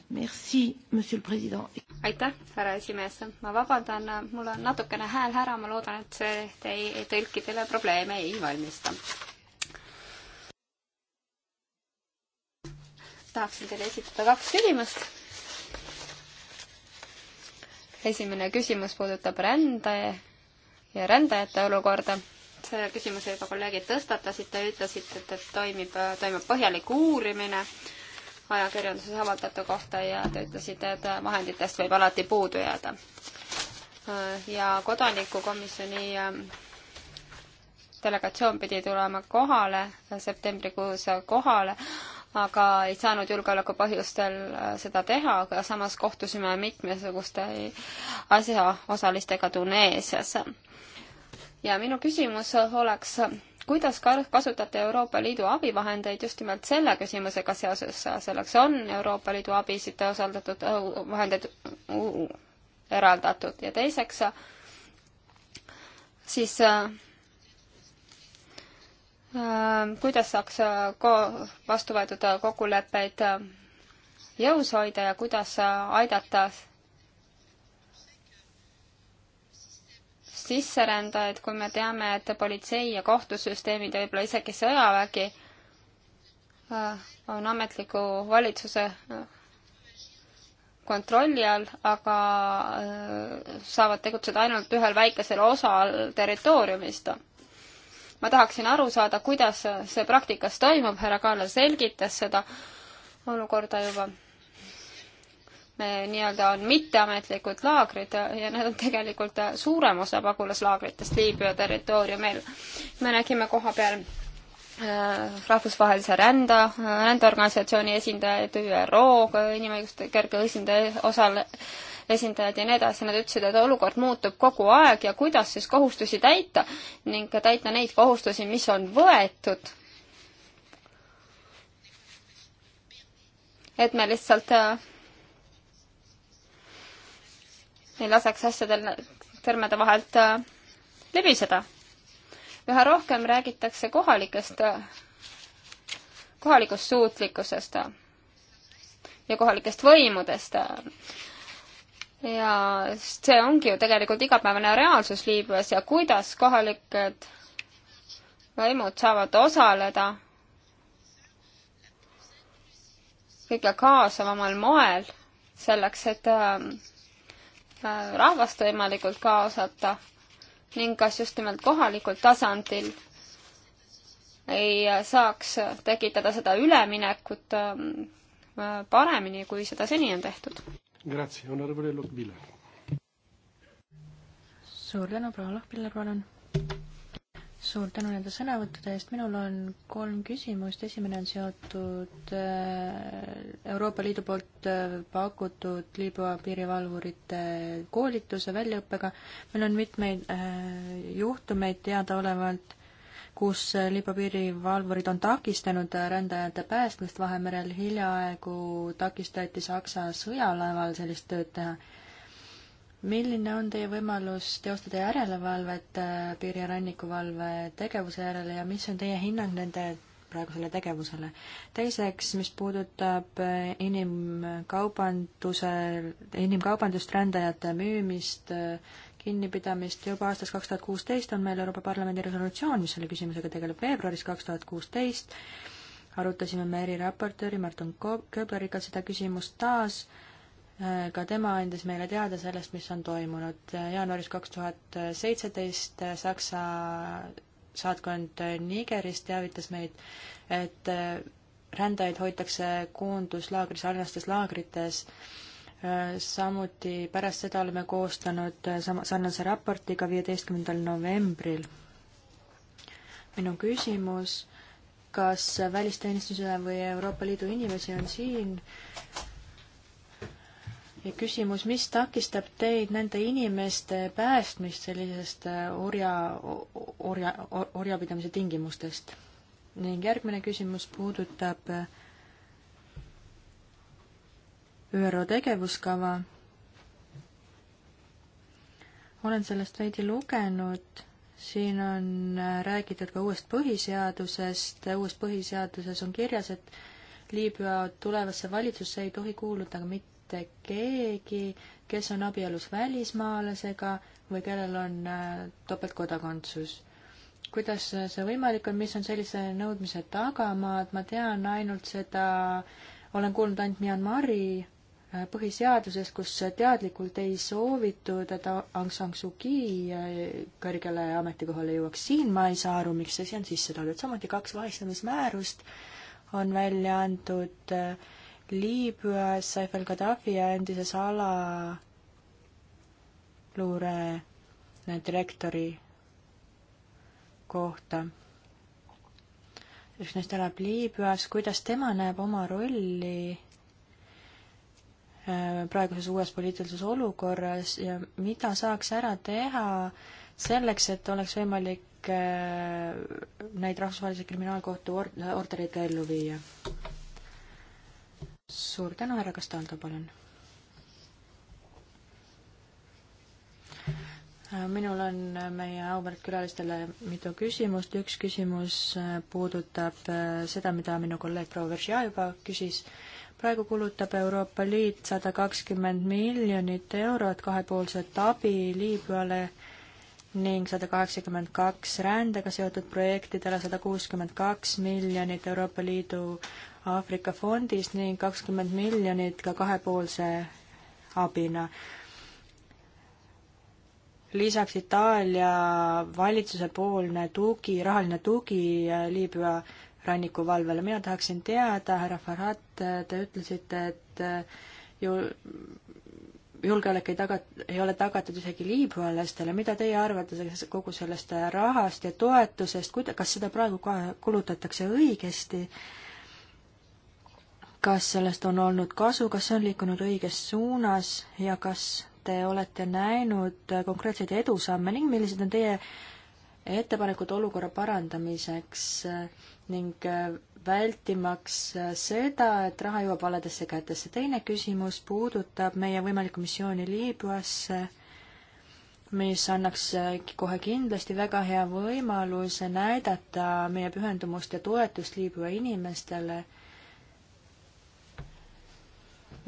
Merci, monsieur le president. aitäh, härra esimees, ma vabandan, mul on natukene hääl ära, ma loodan, et see teie tõlkidele probleeme ei valmista. tahaksin teile esitada kaks küsimust esimene küsimus puudutab rände ja rändajate olukorda. selle küsimuse juba kolleegid tõstatasid, te ütlesite, et, et toimib, toimub põhjalik uurimine ajakirjanduses avaldatu kohta ja te ütlesite, et vahenditest võib alati puudu jääda. ja kodanikukomisjoni ähm, delegatsioon pidi tulema kohale, septembrikuus kohale, aga ei saanud julgeoleku põhjustel äh, seda teha, aga samas kohtusime mitmesuguste asjaosalistega Tuneesias. ja minu küsimus oleks, kuidas kasutate Euroopa Liidu abivahendeid just nimelt selle küsimusega seoses, selleks on Euroopa Liidu abisid osaldatud, äh, vahendeid eraldatud ja teiseks siis äh, Äh, kuidas saaks äh, ko-, vastu võetud äh, kokkuleppeid jõus hoida ja kuidas aidata sisserändajaid, kui me teame, et politsei ja kohtusüsteemid ja võib-olla isegi sõjavägi on ametliku valitsuse kontrolli all, aga saavad tegutseda ainult ühel väikesel osal territooriumist ma tahaksin aru saada, kuidas see praktikas toimub, härra Kaaler selgitas seda olukorda juba. me nii-öelda on mitteametlikud laagrid ja need on tegelikult suurem osa pagulaslaagritest Liibüa territooriumil. me nägime koha peal äh, rahvusvahelise rände, rändeorganisatsiooni esindajaid, ÜRO inimõiguste kõrge esindaja osale, esindajad ja nii edasi, nad ütlesid, et olukord muutub kogu aeg ja kuidas siis kohustusi täita ning täita neid kohustusi, mis on võetud. et me lihtsalt äh, ei laseks asjadel sõrmede vahelt äh, libiseda. üha rohkem räägitakse kohalikest, kohalikust suutlikkusest ja kohalikest võimudest ja see ongi ju tegelikult igapäevane reaalsus Liibüas ja kuidas kohalikud võimud saavad osaleda kõige kaasavamal moel selleks, et äh, äh, rahvast võimalikult kaasata ning kas just nimelt kohalikul tasandil ei saaks tekitada seda üleminekut ähm, äh, paremini, kui seda seni on tehtud. Grazie, honorable Lokbiler. suur tänu, proua Lohpiller, palun. suur tänu nende sõnavõttude eest, minul on kolm küsimust, esimene on seotud äh, Euroopa Liidu poolt äh, pakutud Liibüa piirivalvurite koolituse väljaõppega. meil on mitmeid äh, juhtumeid teadaolevalt kus liibapiirivalvurid on takistanud rändajate päästmist Vahemerel, hiljaaegu takistati Saksa sõjalaeval sellist tööd teha. milline on teie võimalus teostada järelevalvet äh, piiri- ja rannikuvalve tegevuse järele ja mis on teie hinnang nende praegusele tegevusele. teiseks, mis puudutab äh, inimkaubanduse, inimkaubandust, rändajate müümist, äh, kinnipidamist. juba aastast kaks tuhat kuusteist on meil Euroopa Parlamendi resolutsioon, mis selle küsimusega tegeleb veebruaris kaks tuhat kuusteist. arutasime me eriraportööri Martin Köbleriga seda küsimust taas. ka tema andis meile teada sellest, mis on toimunud. jaanuaris kaks tuhat seitseteist Saksa saatkond Nigeris teavitas meid, et rändajaid hoitakse koonduslaagris, sarnastes laagrites, laagrites Äh, samuti pärast seda oleme koostanud äh, sama, sarnase raporti ka viieteistkümnendal novembril. minu küsimus, kas välisteenistuse või Euroopa Liidu inimesi on siin? ja küsimus, mis takistab teid nende inimeste päästmist sellisest äh, orja, orja, orjapidamise tingimustest? ning järgmine küsimus puudutab äh, ÜRO tegevuskava. olen sellest veidi lugenud, siin on äh, räägitud ka uuest põhiseadusest, uues põhiseaduses on kirjas, et Liibüa tulevasse valitsusse ei tohi kuuluda mitte keegi, kes on abielus välismaalasega või kellel on äh, topeltkodakondsus kuidas see võimalik on, mis on sellise nõudmise tagamaad, ma tean ainult seda, olen kuulnud ainult Myanmari põhiseaduses, kus teadlikult ei soovitud, et Aung San Suu Kyi äh, kõrgele ametikohale jõuaks. siin ma ei saa aru, miks see siia on sisse toodud. samuti kaks vahistamismäärust on välja antud Liibüas Saifel Gaddafi ja endise salaluure äh, direktori kohta. üks neist elab Liibüas, kuidas tema näeb oma rolli Äh, praeguses uues poliitilises olukorras ja mida saaks ära teha selleks, et oleks võimalik äh, neid rahvusvahelise kriminaalkohtu ord-, ordereid ka ellu viia? suur tänu, härra Kastaldo, palun. Äh, minul on meie auväärt külalistele mitu küsimust, üks küsimus puudutab seda, mida minu kolleeg proua Veržia juba küsis praegu kulutab Euroopa Liit sada kakskümmend miljonit eurot kahepoolset abi Liibüale ning sada kaheksakümmend kaks rändega seotud projektidele, sada kuuskümmend kaks miljonit Euroopa Liidu Aafrika fondist ning kakskümmend miljonit ka kahepoolse abina. lisaks Itaalia valitsuse poolne tugi, rahaline tugi Liibüa rannikuvalvele. mina tahaksin teada, härra Farhat, te ütlesite, et äh, ju julgeolek ei taga, ei ole tagatud isegi liibüalastele, mida teie arvate kogu sellest rahast ja toetusest, kuida-, kas seda praegu ka kulutatakse õigesti, kas sellest on olnud kasu, kas see on liikunud õiges suunas ja kas te olete näinud konkreetseid edusamme ning millised on teie ettepanekud olukorra parandamiseks äh, ning äh, vältimaks äh, seda, et raha jõuab valedesse kätesse. teine küsimus puudutab meie võimalikku missiooni Liibüasse, mis annaks kohe kindlasti väga hea võimaluse näidata meie pühendumust ja toetust Liibüa inimestele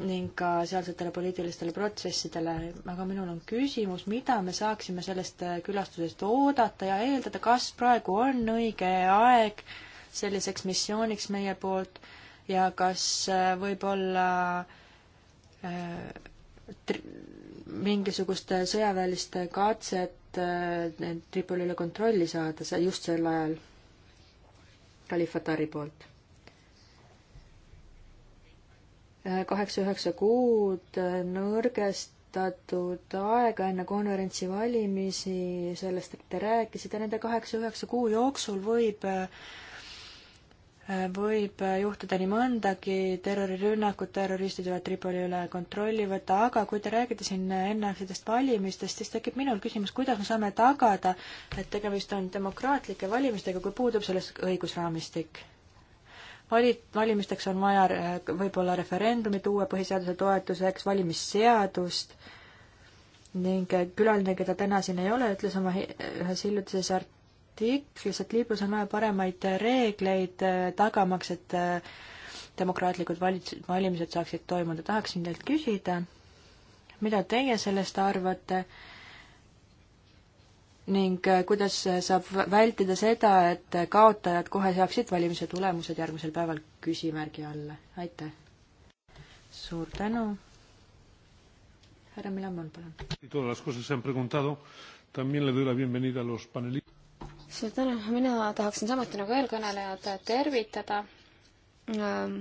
ning ka sealsetele poliitilistele protsessidele. aga minul on küsimus, mida me saaksime sellest äh, külastusest oodata ja eeldada, kas praegu on õige aeg selliseks missiooniks meie poolt ja kas äh, võib-olla äh, mingisugust äh, sõjaväelist katset äh, Tripoli üle kontrolli saada just sel ajal Kalif Atari poolt kaheksa-üheksa kuud nõrgestatud aega enne konverentsi valimisi, sellest te rääkisite, nende kaheksa-üheksa kuu jooksul võib võib juhtuda nii mõndagi, terrorirünnakud, terroristid võivad Tripoli üle kontrolli võtta, aga kui te räägite siin enneaegsetest valimistest, siis tekib minul küsimus, kuidas me saame tagada, et tegemist on demokraatlike valimistega, kui puudub selles õigusraamistik? vali-, valimisteks on vaja võib-olla referendumit uue põhiseaduse toetuseks, valimisseadust ning külaline, keda täna siin ei ole, ütles oma ühes hiljutises artiklis, et Liibüas on vaja paremaid reegleid äh, tagamaks, et äh, demokraatlikud valits-, valimised saaksid toimuda. tahaksin teilt küsida, mida teie sellest arvate ning äh, kuidas äh, saab vältida seda, et kaotajad kohe saaksid valimise tulemused järgmisel päeval küsimärgi alla. aitäh! suur tänu! härra Milamon, palun! suur tänu, mina tahaksin samuti nagu eelkõnelejad tervitada ähm,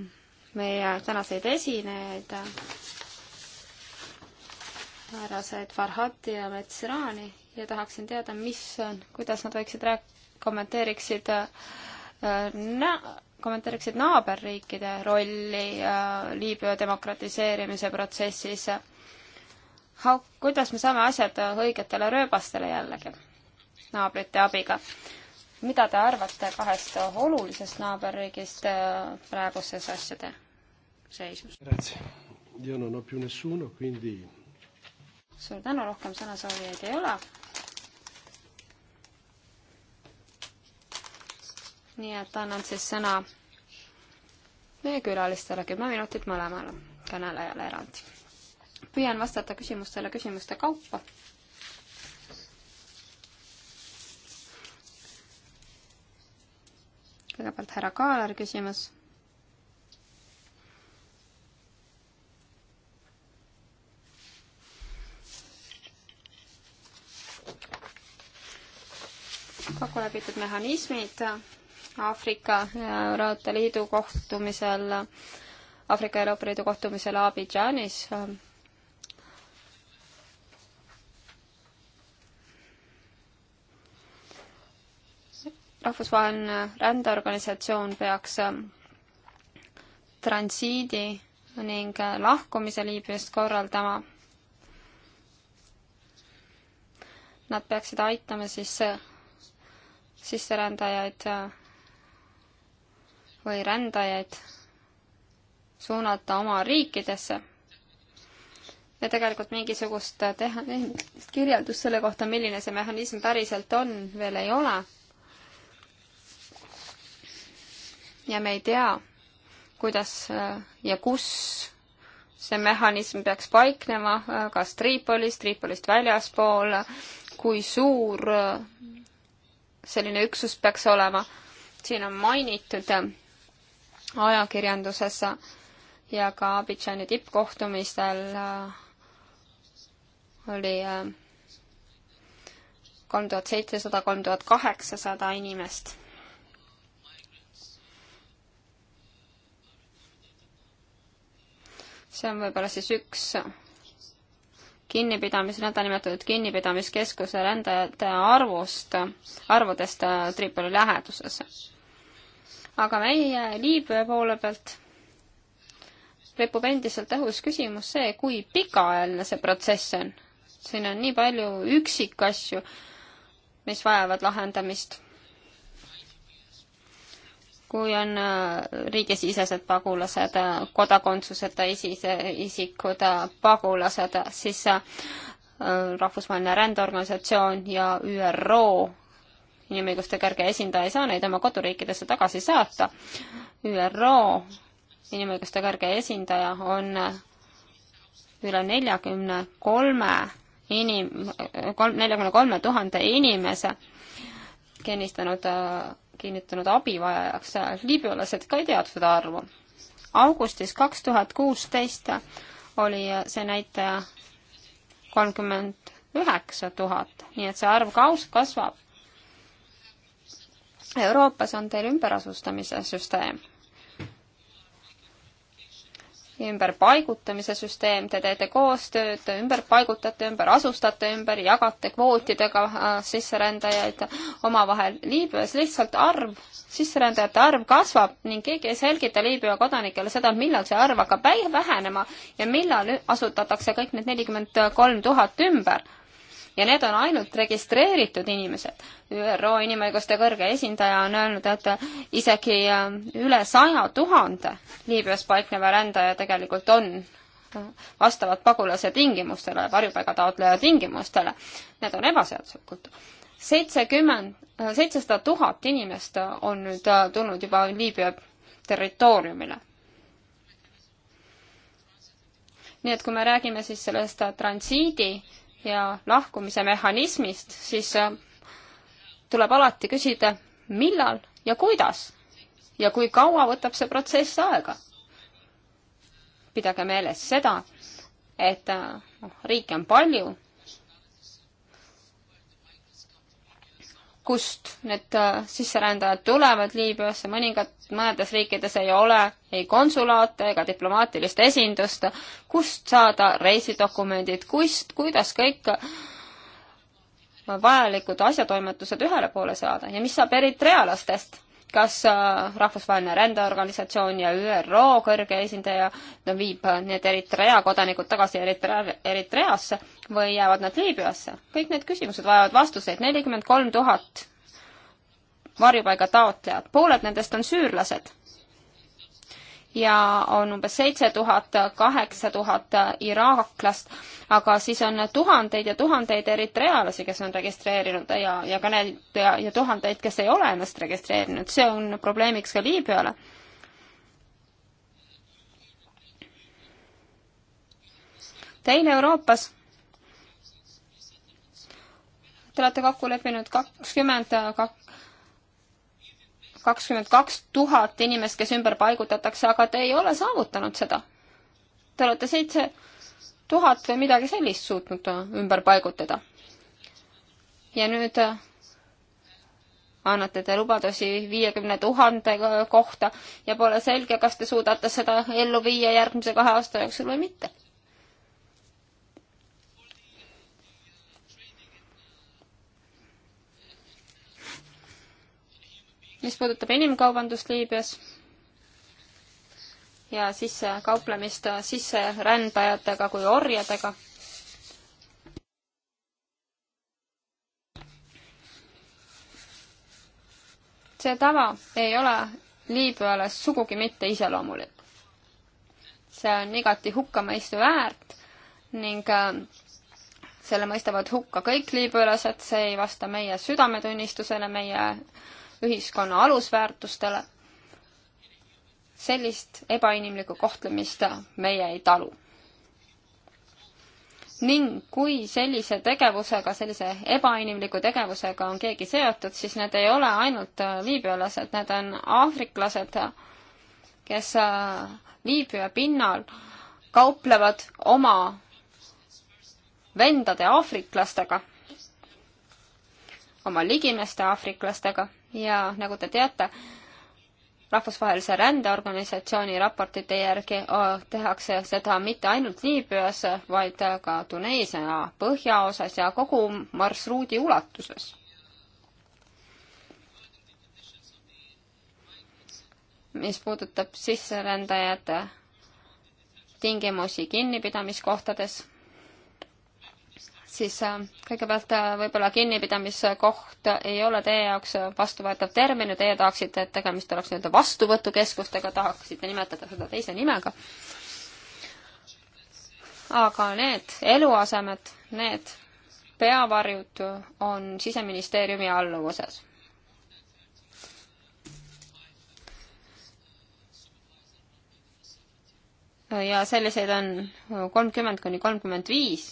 meie tänaseid esinejaid, härraseid Farhati ja Metsirani ja tahaksin teada, mis on, kuidas nad võiksid rääk-, kommenteeriksid äh, na-, kommenteeriksid naaberriikide rolli äh, Liibüa demokratiseerimise protsessis. How-, kuidas me saame asjad õigetele rööbastele jällegi naabrite abiga? mida te arvate kahest olulisest naaberriigist äh, praeguses asjade seisus? Grazie. Io non ho più nessuno, quindi suur tänu, rohkem sõnasoovijaid ei ole. nii et annan siis sõna meie külalistele kümme minutit mõlemale kõnelejale eraldi. püüan vastata küsimustele küsimuste kaupa. kõigepealt härra Kaaler küsimus kokku lepitud mehhanismid Aafrika äh, Euroopa Liidu kohtumisel, Aafrika Euroopa Liidu kohtumisel Abidžaanis. rahvusvaheline rändeorganisatsioon peaks äh, transiidi ning äh, lahkumise Liibüast korraldama nad peaksid aitama siis sisserändajaid äh, või rändajaid suunata oma riikidesse. ja tegelikult mingisugust äh, teha, kirjeldust selle kohta, milline see mehhanism päriselt on, veel ei ole. ja me ei tea, kuidas äh, ja kus see mehhanism peaks paiknema, kas Tripolis, Tripolist väljaspool, kui suur selline üksus peaks olema. siin on mainitud ajakirjanduses ja ka Abidžani tippkohtumistel äh, oli äh, kolm tuhat seitsesada, kolm tuhat kaheksasada inimest see on võib-olla siis üks kinnipidamis, nõndanimetatud kinnipidamiskeskuse rändajate arvust, arvudest äh, Tripoli läheduses. aga meie Liibüa poole pealt ripub endiselt õhus küsimus see, kui pikaajaline see protsess on. siin on nii palju üksikasju, mis vajavad lahendamist kui on äh, riigisisesed pagulased, äh, kodakondsuseta isikud, äh, pagulased, siis rahvusvaheline rändeorganisatsioon ja ÜRO inimõiguste kõrge esindaja ei saa neid oma koduriikidesse tagasi saata. ÜRO inimõiguste kõrge esindaja on üle neljakümne kolme inim-, kolm, neljakümne kolme tuhande inimese kinnistanud kinnitanud abivajajaks, liibüalased ka ei teadnud seda arvu. augustis kaks tuhat kuusteist oli see näitaja kolmkümmend üheksa tuhat, nii et see arv kaus-, kasvab. Euroopas on teil ümberasustamise süsteem ümberpaigutamise süsteem, te teete koostööd, ümber paigutate, ümber asustate ümber, jagate kvootidega äh, sisserändajaid omavahel. Liibüas lihtsalt arv, sisserändajate arv kasvab ning keegi ei selgita Liibüa kodanikele seda, millal see arv hakkab vähenema ja millal asutatakse kõik need nelikümmend kolm tuhat ümber ja need on ainult registreeritud inimesed. ÜRO inimõiguste kõrge esindaja on öelnud, et isegi äh, üle saja tuhande Liibüas paikneva rändaja tegelikult on äh, vastavad pagulase tingimustele, varjupaigataotleja tingimustele. Need on ebaseaduslikud. seitsekümmend, äh, seitsesada tuhat inimest on nüüd tulnud juba Liibüa territooriumile. nii et kui me räägime siis sellest transiidi äh, ja lahkumise mehhanismist, siis äh, tuleb alati küsida, millal ja kuidas ja kui kaua võtab see protsess aega. pidage meeles seda, et äh, riike on palju kust need äh, sisserändajad tulevad Liibüasse, mõningad, mõnedes riikides ei ole ei konsulaate ega diplomaatilist esindust, kust saada reisidokumendid, kust, kuidas kõik vajalikud asjatoimetused ühele poole saada ja mis saab eritrealastest? kas äh, Rahvusvaheline Rändeorganisatsioon ja ÜRO kõrge esindaja no, viib äh, need Eritrea kodanikud tagasi Eritre-, Eritreasse või jäävad nad Liibüasse? kõik need küsimused vajavad vastuseid, nelikümmend kolm tuhat varjupaiga taotlejat, pooled nendest on süürlased ja on umbes seitse tuhat, kaheksa tuhat iraaklast, aga siis on tuhandeid ja tuhandeid eritrealasi, kes on registreerinud ja, ja ka need ja, ja tuhandeid, kes ei ole ennast registreerinud, see on probleemiks ka Liibüale. teine Euroopas te olete kokku leppinud kakskümmend kak-, kakskümmend kaks tuhat inimest, kes ümber paigutatakse, aga te ei ole saavutanud seda. Te olete seitse tuhat või midagi sellist suutnud ümber paigutada. ja nüüd äh, annate te lubadusi viiekümne tuhande kohta ja pole selge, kas te suudate seda ellu viia järgmise kahe aasta jooksul või mitte mis puudutab inimkaubandust Liibüas ja sisse kauplemist sisserändajatega kui orjadega. see tava ei ole Liibüale sugugi mitte iseloomulik. see on igati hukkamõistu väärt ning äh, selle mõistavad hukka kõik liibüalased, see ei vasta meie südametunnistusele, meie ühiskonna alusväärtustele. sellist ebainimlikku kohtlemist meie ei talu. ning kui sellise tegevusega, sellise ebainimliku tegevusega on keegi seotud, siis need ei ole ainult äh, liibüalased, need on aafriklased, kes äh, Liibüa pinnal kauplevad oma vendade aafriklastega, oma ligimeste aafriklastega ja nagu te teate, rahvusvahelise rändeorganisatsiooni raportite järgi tehakse seda mitte ainult Liibüas, vaid ka Tuneesia põhjaosas ja kogu marsruudi ulatuses. mis puudutab sisserändajate tingimusi kinnipidamiskohtades siis äh, kõigepealt äh, võib-olla kinnipidamiskoht ei ole teie jaoks vastuvõetav termin ja teie tahaksite, et tegemist oleks nii-öelda vastuvõtukeskustega, tahaksite nimetada seda teise nimega. aga need eluasemed, need peavarjud on Siseministeeriumi alluvuses. ja selliseid on kolmkümmend kuni kolmkümmend viis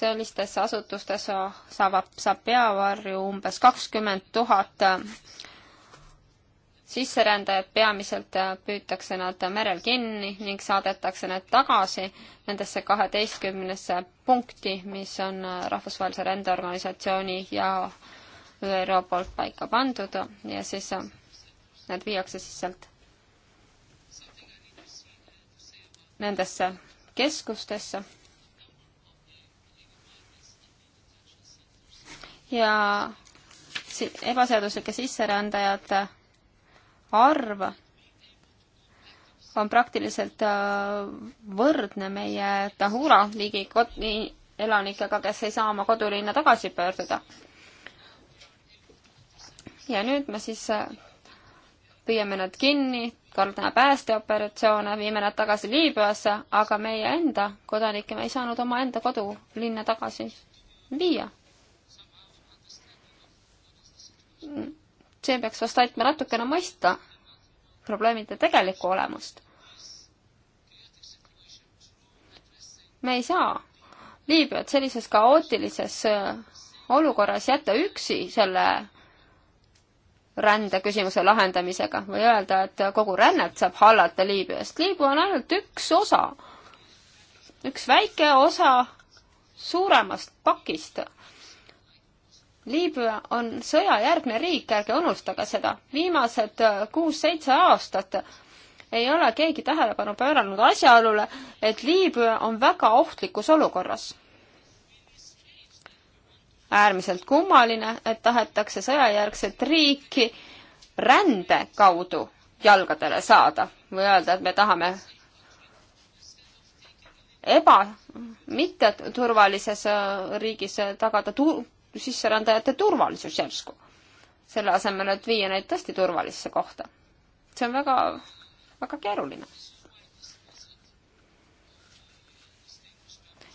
sellistes asutustes saab, saab peavarju umbes kakskümmend tuhat sisserändajad peamiselt püütakse nad merel kinni ning saadetakse need tagasi nendesse kaheteistkümnesse punkti, mis on Rahvusvahelise Rendeorganisatsiooni ja ÜRO poolt paika pandud ja siis nad viiakse siis sealt nendesse keskustesse ja ebaseaduslike sisserändajate arv on praktiliselt äh, võrdne meie Tahura liigi kod-, elanikega, kes ei saa oma kodulinna tagasi pöörduda. ja nüüd me siis äh, püüame nad kinni, kordame päästeoperatsioone, viime nad tagasi Liibüasse, aga meie enda kodanikke me ei saanud omaenda kodulinna tagasi viia see peaks vast aitama natukene mõista probleemide tegelikku olemust. me ei saa Liibüat sellises kaootilises äh, olukorras jätta üksi selle rändeküsimuse lahendamisega või öelda, et kogu rännet saab hallata Liibüast. Liibüa on ainult üks osa, üks väike osa suuremast pakist Liibüa on sõjajärgne riik, ärge unustage seda. viimased äh, kuus-seitse aastat ei ole keegi tähelepanu pööranud asjaolule, et Liibüa on väga ohtlikus olukorras. äärmiselt kummaline, et tahetakse sõjajärgset riiki rände kaudu jalgadele saada või öelda, et me tahame eba, mitteturvalises äh, riigis tagada tu-, sisserändajate turvalisus järsku. selle asemel, et viia neid tõesti turvalisse kohta. see on väga, väga keeruline.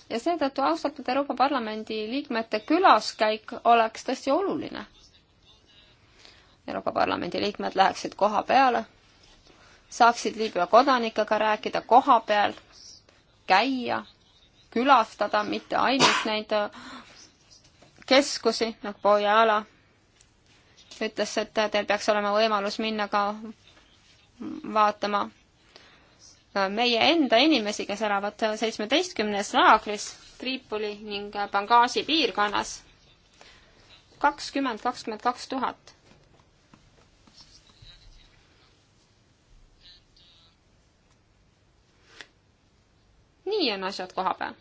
ja seetõttu austatud Euroopa Parlamendi liikmete külaskäik oleks tõesti oluline. Euroopa Parlamendi liikmed läheksid koha peale, saaksid Liibüa kodanikega rääkida koha peal, käia, külastada mitte ainult neid keskusi nagu Pojala, ütles, et teil peaks olema võimalus minna ka vaatama meie enda inimesi, kes elavad seitsmeteistkümnes laagris Tripoli ning Benghazi piirkonnas. kakskümmend, kakskümmend kaks tuhat. nii on asjad koha peal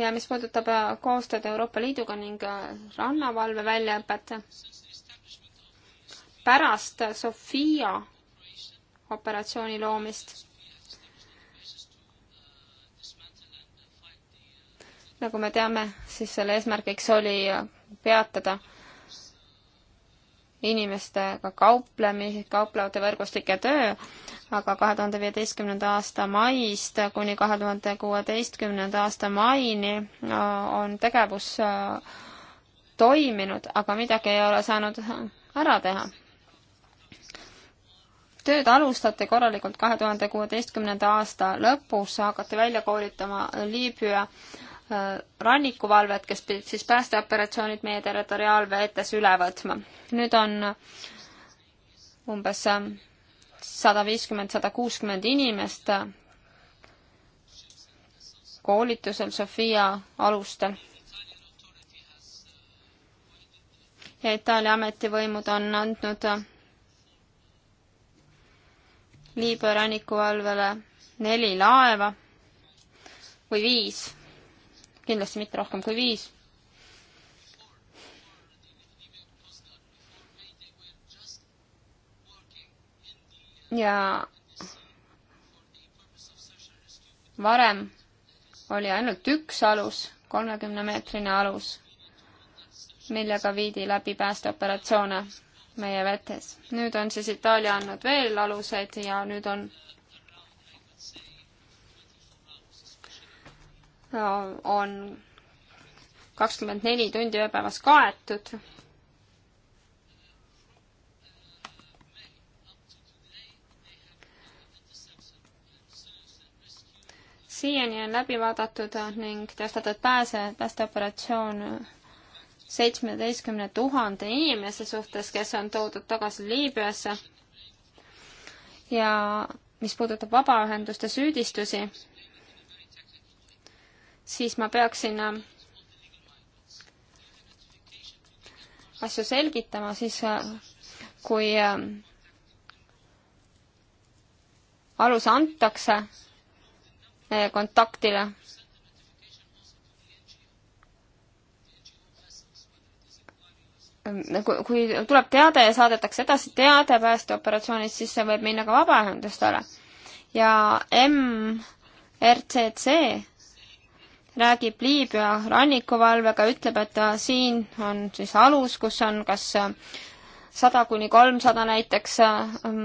ja mis puudutab äh, koostööd Euroopa Liiduga ning äh, rannavalve väljaõpet, pärast Sofia operatsiooni loomist, nagu me teame, siis selle eesmärgiks oli äh, peatada inimestega kauplemise, kauplevate võrgustike töö aga kahe tuhande viieteistkümnenda aasta maist kuni kahe tuhande kuueteistkümnenda aasta maini on tegevus äh, toiminud, aga midagi ei ole saanud ära teha. tööd alustati korralikult kahe tuhande kuueteistkümnenda aasta lõpus, hakati välja koolitama Liibüa äh, rannikuvalved, kes pidid siis päästeoperatsioonid meie territoriaalveetes üle võtma. nüüd on umbes äh, sada viiskümmend, sada kuuskümmend inimest koolitusel Sofia alustel. ja Itaalia ametivõimud on andnud Liibüa rannikuvalvele neli laeva või viis, kindlasti mitte rohkem kui viis ja varem oli ainult üks alus, kolmekümnemeetrine alus, millega viidi läbi päästeoperatsioone meie vetes. nüüd on siis Itaalia andnud veel aluseid ja nüüd on äh, on kakskümmend neli tundi ööpäevas kaetud siiani on läbi vaadatud ning teostatud pääse, päästeoperatsioon seitsmeteistkümne tuhande inimese suhtes, kes on toodud tagasi Liibüasse. ja mis puudutab vabaühenduste süüdistusi, siis ma peaksin äh, asju selgitama, siis äh, kui äh, alus antakse, Eh, kontaktile. kui tuleb teade ja saadetakse edasi teade päästeoperatsioonist, siis see võib minna ka vabaühendustele. ja MRCC räägib Liibüa rannikuvalvega, ütleb, et siin on siis alus, kus on kas sada kuni kolmsada näiteks ähm,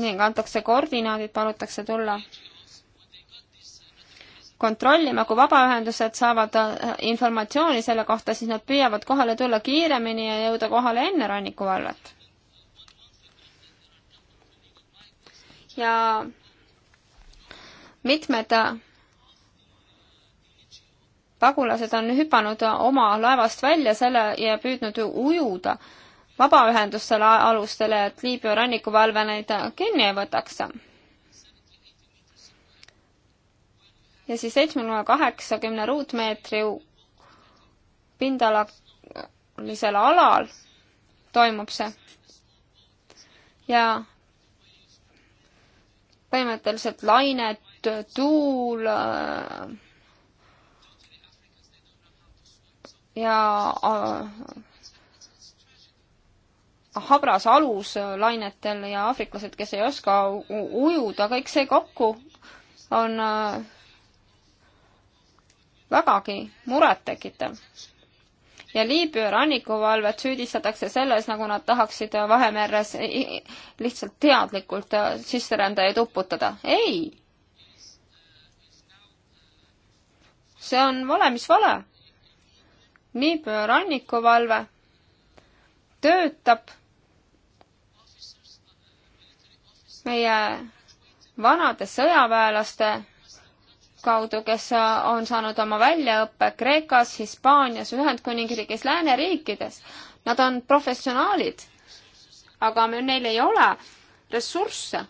ning antakse koordinaadid, palutakse tulla kontrollima, kui vabaühendused saavad äh, informatsiooni selle kohta, siis nad püüavad kohale tulla kiiremini ja jõuda kohale enne rannikuvalvet. ja mitmed äh, pagulased on hüpanud oma laevast välja selle ja püüdnud ujuda äh, vabaühendustele alustele, et Liibüa rannikuvalve neid kinni ei võtaks. ja siis seitsmekümne kaheksakümne ruutmeetri pindalalisel alal toimub see. ja põhimõtteliselt lained, tuul ja habras alus lainetel ja aafriklased, kes ei oska ujuda, kõik see kokku on äh, vägagi murettekitav. ja Liibüa rannikuvalvet süüdistatakse selles, nagu nad tahaksid Vahemeres lihtsalt teadlikult äh, sisserändajaid uputada. ei! see on vale, mis vale. Liibüa rannikuvalve töötab meie vanade sõjaväelaste kaudu, kes on saanud oma väljaõppe Kreekas, Hispaanias, Ühendkuningriigis, lääneriikides. Nad on professionaalid, aga me, neil ei ole ressursse.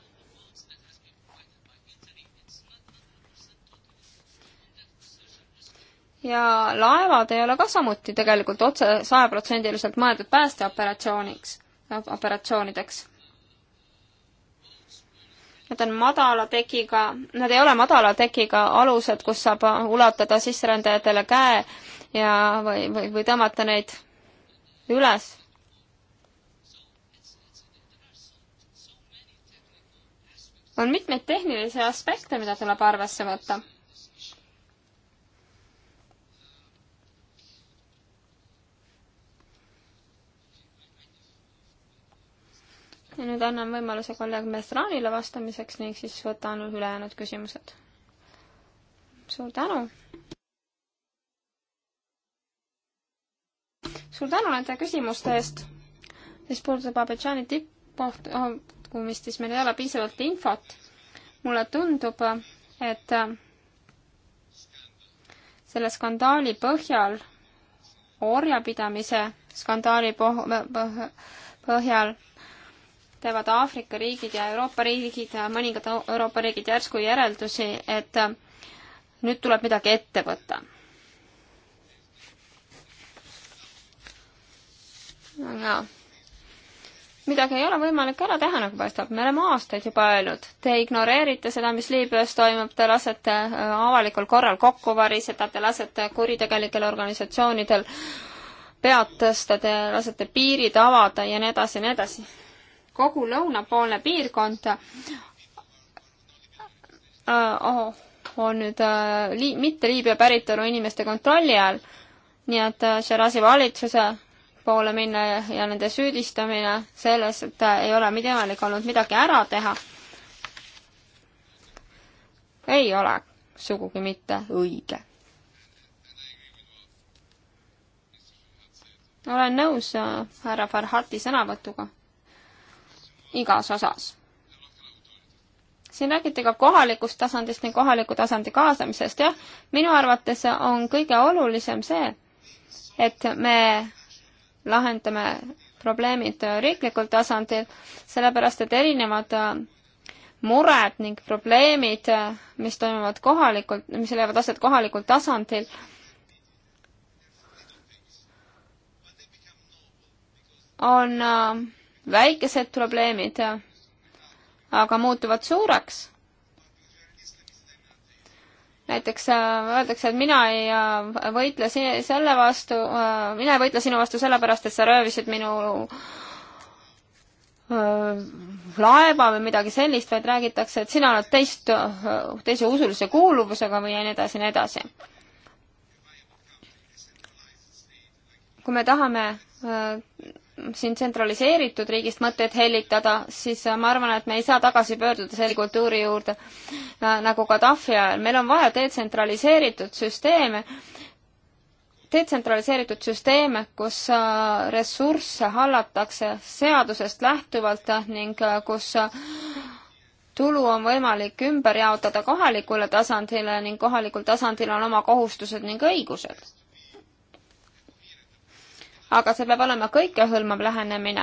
ja laevad ei ole ka samuti tegelikult otse sajaprotsendiliselt mõeldud päästeoperatsiooniks, operatsioonideks Nad on madala tekiga, nad ei ole madala tekiga alused, kus saab ulatada sisserändajatele käe ja, või, või, või tõmmata neid üles. on mitmeid tehnilisi aspekte, mida tuleb arvesse võtta ja nüüd annan võimaluse kolleeg Mestranile vastamiseks ning siis võtan ülejäänud küsimused. suur tänu! suur tänu nende küsimuste eest, mis puudutab Abidžaani tippkohtumist, siis meil ei ole piisavalt infot. mulle tundub, et selle skandaali põhjal, orjapidamise skandaali poh-, põhjal teevad Aafrika riigid ja Euroopa riigid, mõningad Euroopa riigid järsku järeldusi, et äh, nüüd tuleb midagi ette võtta. aga midagi ei ole võimalik ära teha, nagu paistab, me oleme aastaid juba öelnud, te ignoreerite seda, mis Liibüas toimub, te lasete äh, avalikul korral kokku variseda, te lasete kuritegelikel organisatsioonidel pead tõsta, te lasete piirid avada ja nii edasi ja nii edasi kogu lõunapoolne piirkond oh, on nüüd lii-, mitte Liibüa päritolu inimeste kontrolli all, nii et Sharasi valitsuse poole minna ja, ja nende süüdistamine selles, et äh, ei ole võimalik olnud midagi ära teha, ei ole sugugi mitte õige. olen nõus äh, härra Farhati sõnavõtuga igas osas. siin räägiti ka kohalikust tasandist ning kohaliku tasandi kaasamisest, jah, minu arvates on kõige olulisem see, et me lahendame probleemid riiklikul tasandil, sellepärast et erinevad äh, mured ning probleemid, äh, mis toimuvad kohalikult, mis leiavad aset kohalikul tasandil, on äh, väikesed probleemid, aga muutuvad suureks. näiteks äh, öeldakse, et mina ei äh, võitle selle vastu, äh, mina ei võitle sinu vastu sellepärast, et sa röövisid minu laeva või midagi sellist, vaid räägitakse, et sina oled teist, teise usulise kuuluvusega või nii edasi, nii edasi. kui me tahame siin tsentraliseeritud riigist mõtteid hellitada, siis äh, ma arvan, et me ei saa tagasi pöörduda selle kultuuri juurde äh, nagu Gaddafi ajal. meil on vaja detsentraliseeritud süsteeme, detsentraliseeritud süsteeme, kus äh, ressursse hallatakse seadusest lähtuvalt ning kus tulu on võimalik ümber jaotada kohalikule tasandile ning kohalikul tasandil on oma kohustused ning õigused aga see peab olema kõikehõlmav lähenemine,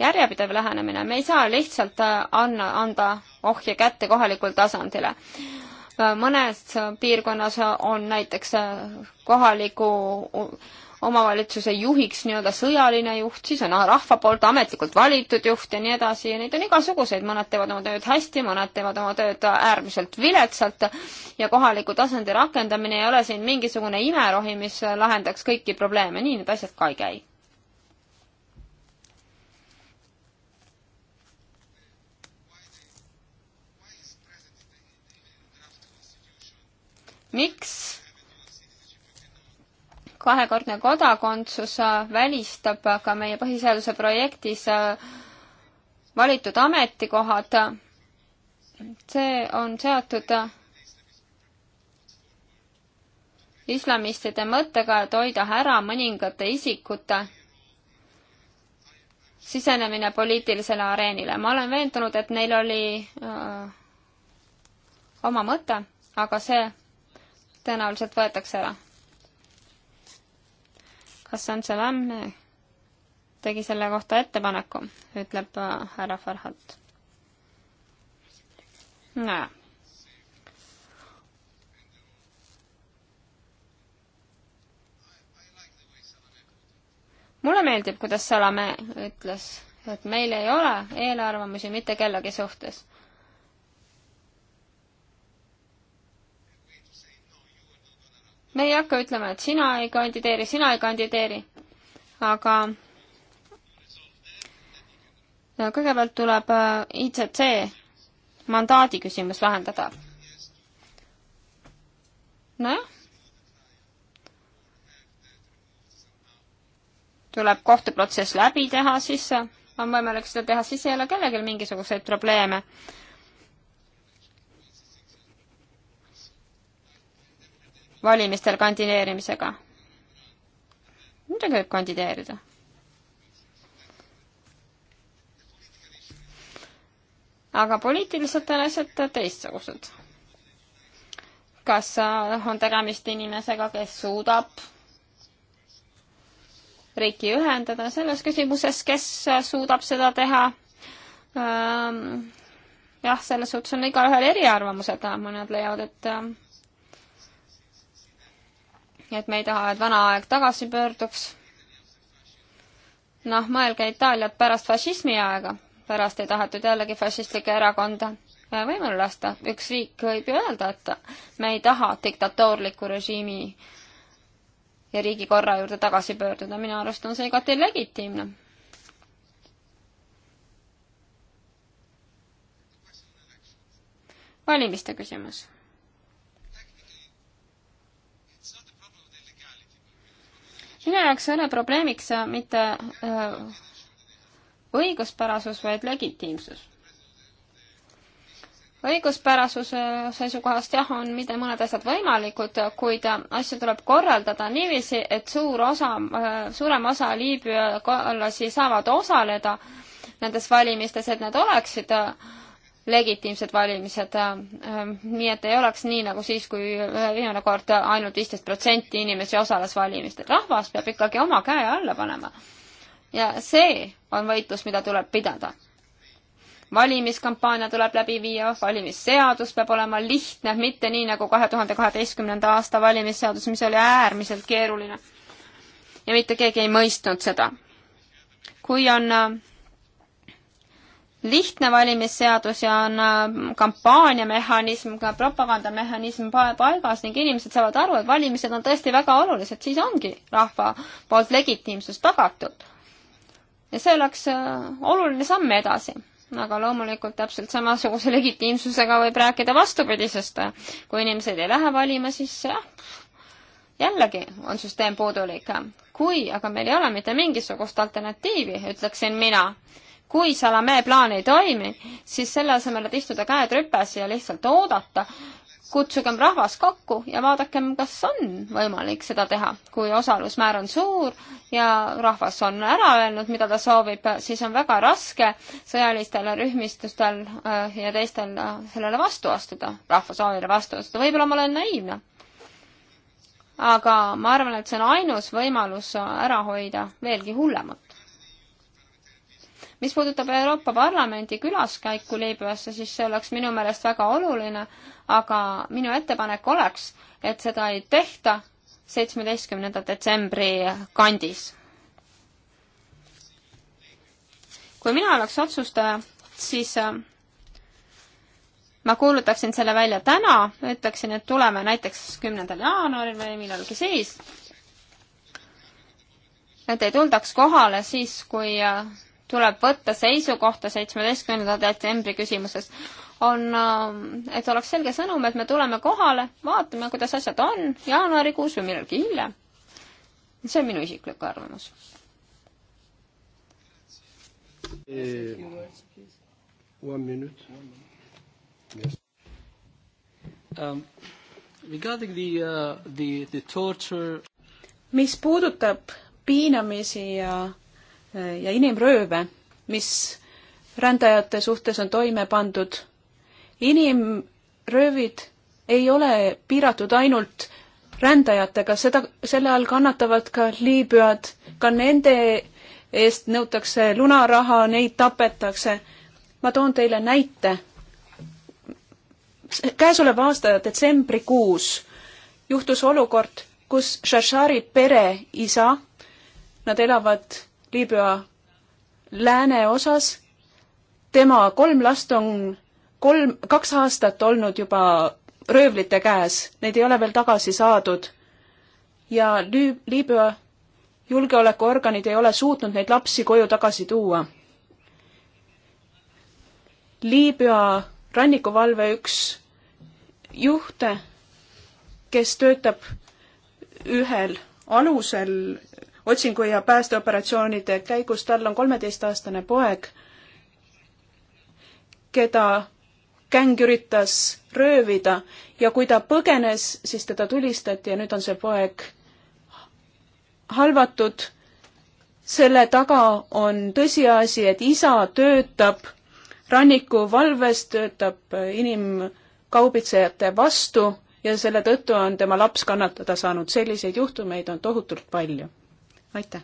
järjepidev lähenemine, me ei saa lihtsalt äh, anna, anda ohje kätte kohalikule tasandile. Äh, mõnes piirkonnas on näiteks äh, kohaliku omavalitsuse juhiks nii-öelda sõjaline juht, siis on rahva poolt ametlikult valitud juht ja nii edasi ja neid on igasuguseid, mõned teevad oma tööd hästi, mõned teevad oma tööd äärmiselt viletsalt ja kohaliku tasandi rakendamine ei ole siin mingisugune imerohi, mis lahendaks kõiki probleeme, nii need asjad ka ei käi. miks kahekordne kodakondsus äh, välistab ka meie põhiseaduse projektis äh, valitud ametikohad. see on seotud äh, islamistide mõttega, et hoida ära mõningate isikute sisenemine poliitilisele areenile. ma olen veendunud, et neil oli öö, oma mõte, aga see tõenäoliselt võetakse ära. Hassan Salam eh, tegi selle kohta ettepaneku, ütleb eh, härra Farhat. nojah. mulle meeldib, kuidas Salame ütles, et meil ei ole eelarvamusi mitte kellegi suhtes me ei hakka ütlema, et sina ei kandideeri, sina ei kandideeri, aga no, kõigepealt tuleb äh, ICC mandaadi küsimus lahendada. nojah. tuleb kohtuprotsess läbi teha, siis on võimalik seda teha, siis ei ole kellelgi mingisuguseid probleeme valimistel kandideerimisega. muidugi võib kandideerida. aga poliitiliselt on asjad teistsugused. kas äh, on tegemist inimesega, kes suudab riiki ühendada selles küsimuses, kes äh, suudab seda teha ähm, jah, selles suhtes on igaühel eriarvamused, mõned leiavad, et ähm, et me ei taha, et vana aeg tagasi pöörduks. noh, mõelge Itaaliat pärast fašismi aega, pärast ei tahetud jällegi fašistlikke erakonda võimule lasta. üks riik võib ju öelda, et me ei taha diktatoorliku režiimi ja riigikorra juurde tagasi pöörduda, minu arust on see igati legitiimne valimiste küsimus. minu jaoks ei ole probleemiks äh, mitte äh, õiguspärasus, vaid legitiimsus. õiguspärasuse seisukohast jah, on mitte mõned asjad võimalikud, kuid äh, asju tuleb korraldada niiviisi, et suur osa, suurem osa liibüalasi saavad osaleda nendes valimistes, et need oleksid äh, legitiimsed valimised, ähm, nii et ei oleks nii, nagu siis, kui viimane kord ainult viisteist protsenti inimesi osales valimistel. rahvas peab ikkagi oma käe alla panema. ja see on võitlus, mida tuleb pidada. valimiskampaania tuleb läbi viia, valimisseadus peab olema lihtne, mitte nii, nagu kahe tuhande kaheteistkümnenda aasta valimisseadus, mis oli äärmiselt keeruline. ja mitte keegi ei mõistnud seda. kui on äh, lihtne valimisseadus ja on äh, kampaaniamehhanism, ka propagandamehhanism paigas ning inimesed saavad aru, et valimised on tõesti väga olulised, siis ongi rahva poolt legitiimsus tagatud. ja see oleks äh, oluline samm edasi aga loomulikult täpselt samasuguse legitiimsusega võib rääkida vastupidisest. Äh, kui inimesed ei lähe valima, siis jah, jällegi on süsteem puudulik. kui aga meil ei ole mitte mingisugust alternatiivi, ütleksin mina, kui Salamee plaan ei toimi, siis selle asemel, et istuda käed rüpes ja lihtsalt oodata, kutsugem rahvas kokku ja vaadakem, kas on võimalik seda teha. kui osalusmäär on suur ja rahvas on ära öelnud, mida ta soovib, siis on väga raske sõjalistel rühmistustel äh, ja teistel äh, sellele vastu astuda, rahva soovile vastu astuda. võib-olla ma olen naiivne. aga ma arvan, et see on ainus võimalus ära hoida veelgi hullemat mis puudutab Euroopa Parlamendi külaskäiku Liibüasse, siis see oleks minu meelest väga oluline, aga minu ettepanek oleks, et seda ei tehta seitsmeteistkümnenda detsembri kandis. kui mina oleks otsustaja, siis äh, ma kuulutaksin selle välja täna, ütleksin, et tuleme näiteks kümnendal jaanuaril või millalgi siis. et ei tuldaks kohale siis, kui äh, tuleb võtta seisukohta seitsmeteistkümnenda detsembri küsimuses, on, äh, et oleks selge sõnum, et me tuleme kohale, vaatame, kuidas asjad on jaanuarikuus või millalgi hiljem. see on minu isiklik arvamus. Eh, one minute. Yes. Um, regarding the, uh, the, the torture mis puudutab piinamisi ja uh ja inimrööve, mis rändajate suhtes on toime pandud. inimröövid ei ole piiratud ainult rändajatega, seda, selle all kannatavad ka Liibüad, ka nende eest nõutakse lunaraha, neid tapetakse. ma toon teile näite. käesoleva aasta detsembrikuus juhtus olukord, kus Shashari pereisa, nad elavad Liibüa lääneosas. tema kolm last on kolm, kaks aastat olnud juba röövlite käes, neid ei ole veel tagasi saadud. ja Lüü-, Liibüa julgeolekuorganid ei ole suutnud neid lapsi koju tagasi tuua. Liibüa rannikuvalve üks juhte, kes töötab ühel alusel otsingu- ja päästeoperatsioonide käigus, tal on kolmeteistaastane poeg, keda gäng üritas röövida ja kui ta põgenes, siis teda tulistati ja nüüd on see poeg halvatud. selle taga on tõsiasi, et isa töötab rannikuvalves, töötab inimkaubitsejate vastu ja selle tõttu on tema laps kannatada saanud. selliseid juhtumeid on tohutult palju aitäh!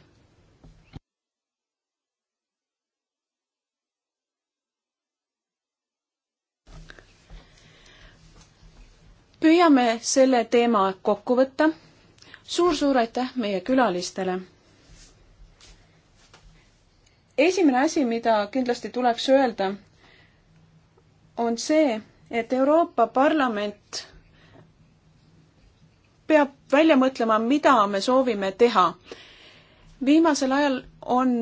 püüame selle teema kokku võtta suur,. suur-suur aitäh meie külalistele! esimene asi, mida kindlasti tuleks öelda, on see, et Euroopa Parlament peab välja mõtlema, mida me soovime teha viimasel ajal on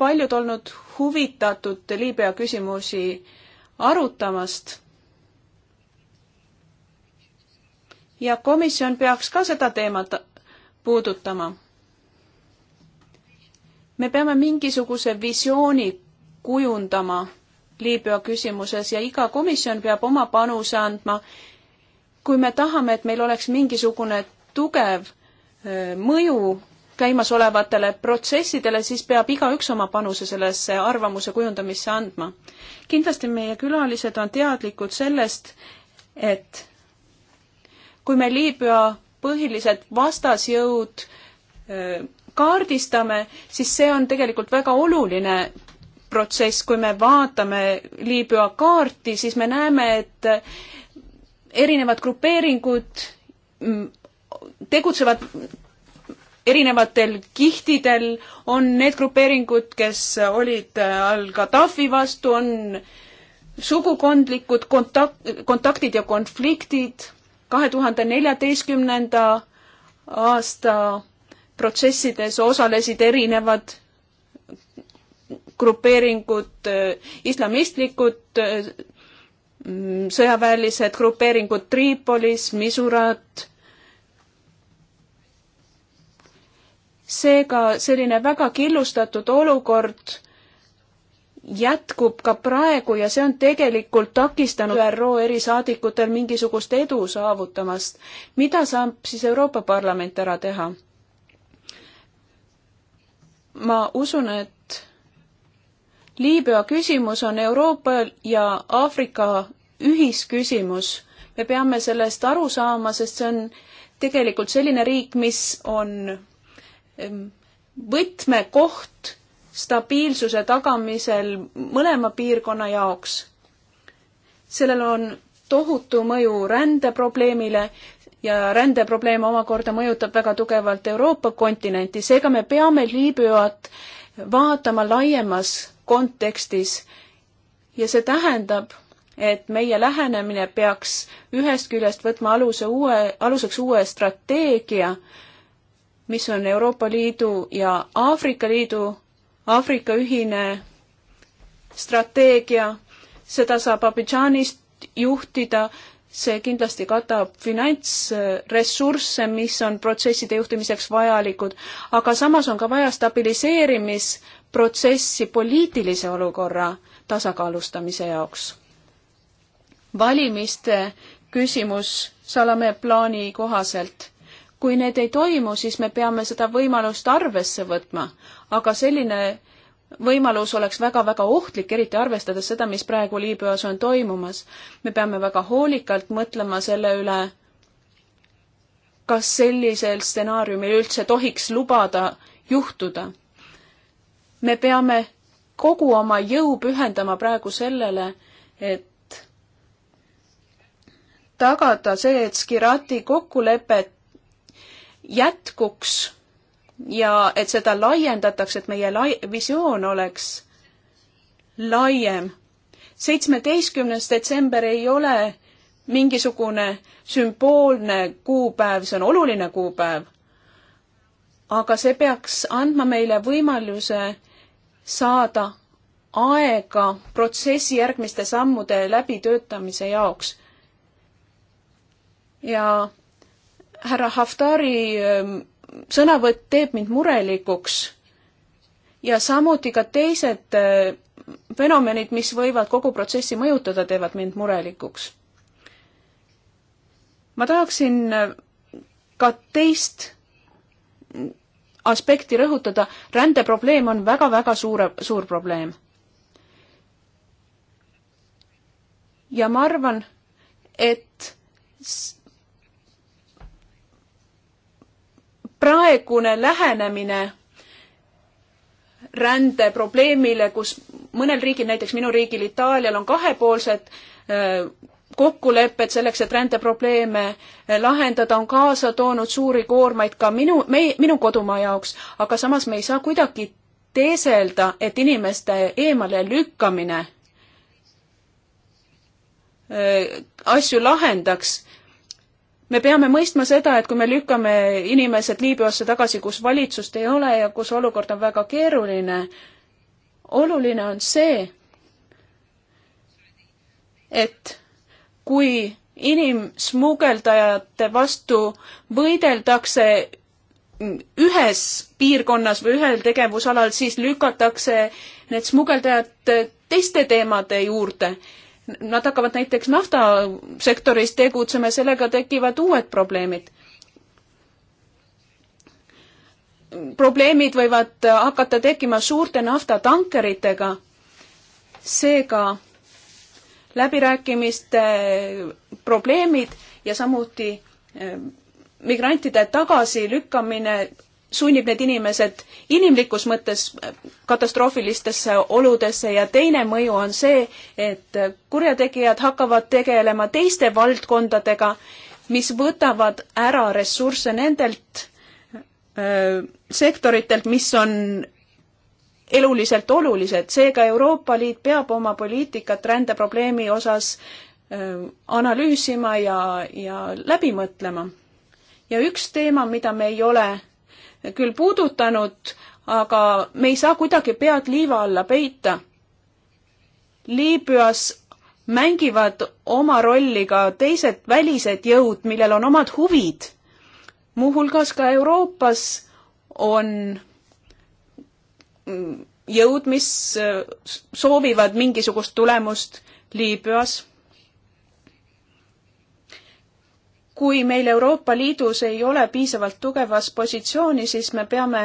paljud olnud huvitatud Liibüa küsimusi arutamast. ja komisjon peaks ka seda teemat puudutama. me peame mingisuguse visiooni kujundama Liibüa küsimuses ja iga komisjon peab oma panuse andma, kui me tahame, et meil oleks mingisugune tugev äh, mõju käimasolevatele protsessidele, siis peab igaüks oma panuse sellesse arvamuse kujundamisse andma. kindlasti meie külalised on teadlikud sellest, et kui me Liibüa põhilised vastasjõud kaardistame, siis see on tegelikult väga oluline protsess, kui me vaatame Liibüa kaarti, siis me näeme, et äh, erinevad grupeeringud mm, tegutsevad erinevatel kihtidel on need grupeeringud, kes olid äh, al-Gaddafi vastu, on sugukondlikud kontakt, kontaktid ja konfliktid. kahe tuhande neljateistkümnenda aasta protsessides osalesid erinevad grupeeringud, äh, islamistlikud äh, sõjaväelised grupeeringud Tripolis, Misurat seega selline väga killustatud olukord jätkub ka praegu ja see on tegelikult takistanud ÜRO erisaadikutel mingisugust edu saavutamast. mida saab siis Euroopa Parlament ära teha? ma usun, et Liibüa küsimus on Euroopa ja Aafrika ühisküsimus. me peame sellest aru saama, sest see on tegelikult selline riik, mis on võtmekoht stabiilsuse tagamisel mõlema piirkonna jaoks. sellel on tohutu mõju rändeprobleemile ja rändeprobleem omakorda mõjutab väga tugevalt Euroopa kontinenti, seega me peame Liibüat vaatama laiemas kontekstis ja see tähendab, et meie lähenemine peaks ühest küljest võtma aluse uue, aluseks uue strateegia, mis on Euroopa Liidu ja Aafrika Liidu, Aafrika ühine strateegia, seda saab Abidžaanist juhtida, see kindlasti katab finantsressursse, mis on protsesside juhtimiseks vajalikud, aga samas on ka vaja stabiliseerimisprotsessi poliitilise olukorra tasakaalustamise jaoks. valimiste küsimus Salame plaani kohaselt kui need ei toimu, siis me peame seda võimalust arvesse võtma, aga selline võimalus oleks väga-väga ohtlik, eriti arvestades seda, mis praegu Liibüas on toimumas. me peame väga hoolikalt mõtlema selle üle, kas sellisel stsenaariumil üldse tohiks lubada juhtuda. me peame kogu oma jõu pühendama praegu sellele, et tagada see, et Skirati kokkulepet jätkuks ja et seda laiendatakse, et meie lai-, visioon oleks laiem. seitsmeteistkümnes detsember ei ole mingisugune sümboolne kuupäev, see on oluline kuupäev, aga see peaks andma meile võimaluse saada aega protsessi järgmiste sammude läbitöötamise jaoks. ja härra Haftari ähm, sõnavõtt teeb mind murelikuks ja samuti ka teised äh, fenomenid, mis võivad kogu protsessi mõjutada, teevad mind murelikuks. ma tahaksin äh, ka teist mm, aspekti rõhutada, rändeprobleem on väga-väga suure, suur probleem. ja ma arvan, et praegune lähenemine rändeprobleemile, kus mõnel riigil, näiteks minu riigil Itaalial on kahepoolsed äh, kokkulepped selleks, et rändeprobleeme äh, lahendada, on kaasa toonud suuri koormaid ka minu, meie, minu kodumaa jaoks, aga samas me ei saa kuidagi teeselda, et inimeste eemale lükkamine äh, asju lahendaks me peame mõistma seda, et kui me lükkame inimesed Liibüasse tagasi, kus valitsust ei ole ja kus olukord on väga keeruline, oluline on see, et kui inimsmugeldajate vastu võideldakse ühes piirkonnas või ühel tegevusalal, siis lükatakse need smugeldajad teiste teemade juurde nad hakkavad näiteks naftasektoris tegutsema ja sellega tekivad uued probleemid. probleemid võivad hakata tekkima suurte naftatankeritega. seega läbirääkimiste probleemid ja samuti eh, migrantide tagasilükkamine sunnib need inimesed inimlikus mõttes katastroofilistesse oludesse ja teine mõju on see, et kurjategijad hakkavad tegelema teiste valdkondadega, mis võtavad ära ressursse nendelt öö, sektoritelt, mis on eluliselt olulised, seega Euroopa Liit peab oma poliitikat rändeprobleemi osas öö, analüüsima ja, ja läbi mõtlema. ja üks teema, mida me ei ole küll puudutanud, aga me ei saa kuidagi pead liiva alla peita. Liibüas mängivad oma rolli ka teised välised jõud, millel on omad huvid. muuhulgas ka Euroopas on jõud, mis soovivad mingisugust tulemust Liibüas kui meil Euroopa Liidus ei ole piisavalt tugevas positsiooni, siis me peame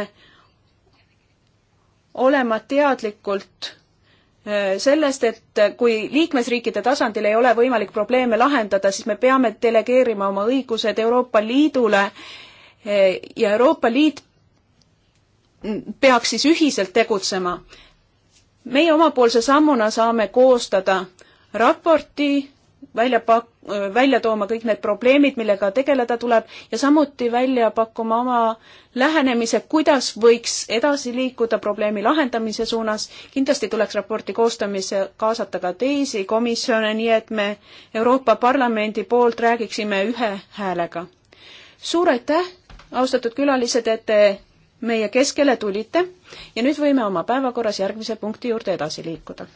olema teadlikult äh, sellest, et kui liikmesriikide tasandil ei ole võimalik probleeme lahendada, siis me peame delegeerima oma õigused Euroopa Liidule äh, ja Euroopa Liit peaks siis ühiselt tegutsema. meie omapoolse sammuna saame koostada raporti välja pak-, välja tooma kõik need probleemid, millega tegeleda tuleb ja samuti välja pakkuma oma lähenemise, kuidas võiks edasi liikuda probleemi lahendamise suunas. kindlasti tuleks raporti koostamisse kaasata ka teisi komisjone, nii et me Euroopa Parlamendi poolt räägiksime ühe häälega. suur aitäh, austatud külalised, et te meie keskele tulite ja nüüd võime oma päevakorras järgmise punkti juurde edasi liikuda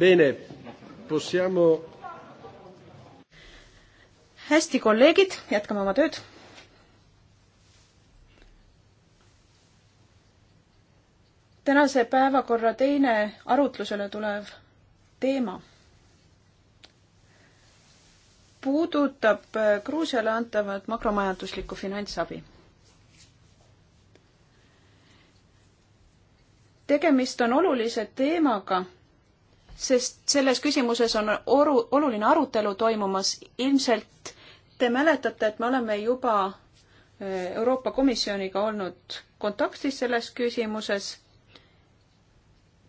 Bene, possiamo... hästi, kolleegid, jätkame oma tööd. tänase päevakorra teine arutlusele tulev teema puudutab Gruusiale antavat makromajanduslikku finantsabi. tegemist on olulise teemaga sest selles küsimuses on oru, oluline arutelu toimumas. ilmselt te mäletate, et me oleme juba eh, Euroopa Komisjoniga olnud kontaktis selles küsimuses.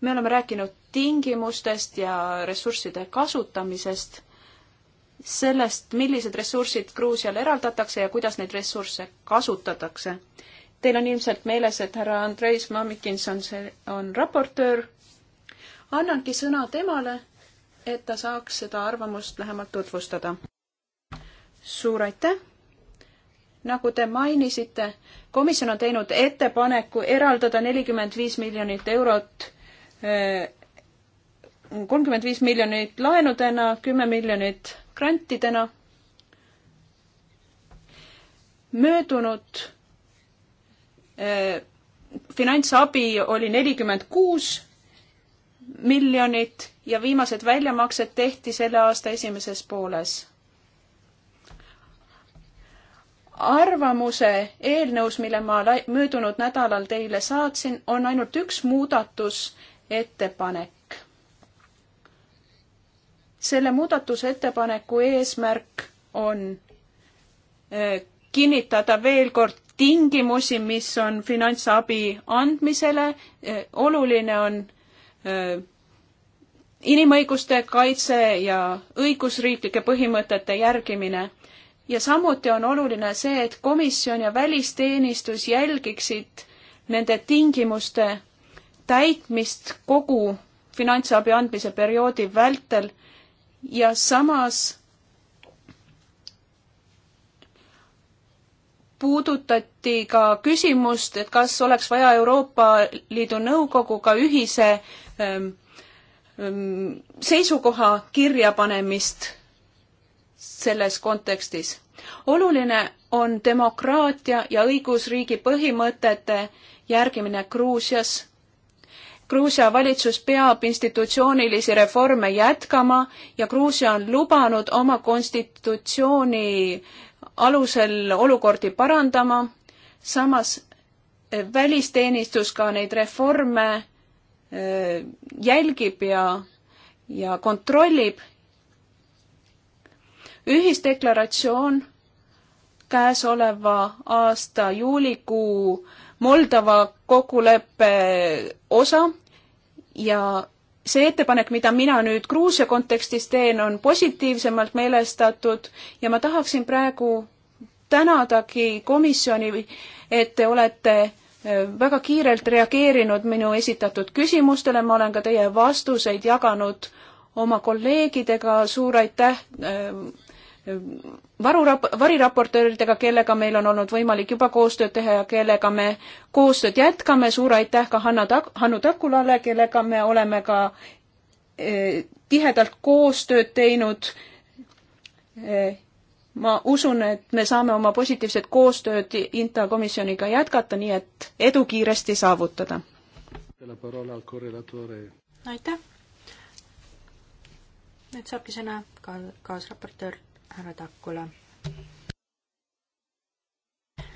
me oleme rääkinud tingimustest ja ressursside kasutamisest, sellest, millised ressursid Gruusiale eraldatakse ja kuidas neid ressursse kasutatakse. Teil on ilmselt meeles, et härra Andreis Mamikins on see, on raportöör annangi sõna temale, et ta saaks seda arvamust lähemalt tutvustada. suur aitäh! nagu te mainisite, komisjon on teinud ettepaneku eraldada nelikümmend viis miljonit eurot äh, kolmkümmend viis miljonit laenudena, kümme miljonit grantidena. möödunud äh, finantsabi oli nelikümmend kuus miljonit ja viimased väljamaksed tehti selle aasta esimeses pooles. arvamuse eelnõus, mille ma möödunud nädalal teile saatsin, on ainult üks muudatusettepanek. selle muudatusettepaneku eesmärk on äh, kinnitada veel kord tingimusi, mis on finantsabi andmisele. Äh, oluline on inimõiguste kaitse ja õigusriiklike põhimõtete järgimine ja samuti on oluline see, et komisjon ja välisteenistus jälgiksid nende tingimuste täitmist kogu finantsabi andmise perioodi vältel ja samas puudutati ka küsimust, et kas oleks vaja Euroopa Liidu Nõukoguga ühise Ähm, ähm, seisukoha kirjapanemist selles kontekstis. oluline on demokraatia ja õigusriigi põhimõtete järgimine Gruusias. Gruusia valitsus peab institutsioonilisi reforme jätkama ja Gruusia on lubanud oma konstitutsiooni alusel olukordi parandama. samas välisteenistus ka neid reforme jälgib ja, ja kontrollib. ühisdeklaratsioon käesoleva aasta juulikuu Moldova kokkuleppe osa ja see ettepanek, mida mina nüüd Gruusia kontekstis teen, on positiivsemalt meelestatud ja ma tahaksin praegu tänadagi komisjoni, et te olete väga kiirelt reageerinud minu esitatud küsimustele, ma olen ka teie vastuseid jaganud oma kolleegidega, suur aitäh äh, varurap-, variraportööridega, kellega meil on olnud võimalik juba koostööd teha ja kellega me koostööd jätkame, suur aitäh ka Hanna Tak-, Hannu Takulale, kellega me oleme ka eh, tihedalt koostööd teinud eh, ma usun, et me saame oma positiivset koostööd INTA komisjoniga jätkata, nii et edu kiiresti saavutada. aitäh. nüüd saabki sõna ka kaasraportöör härra Takula.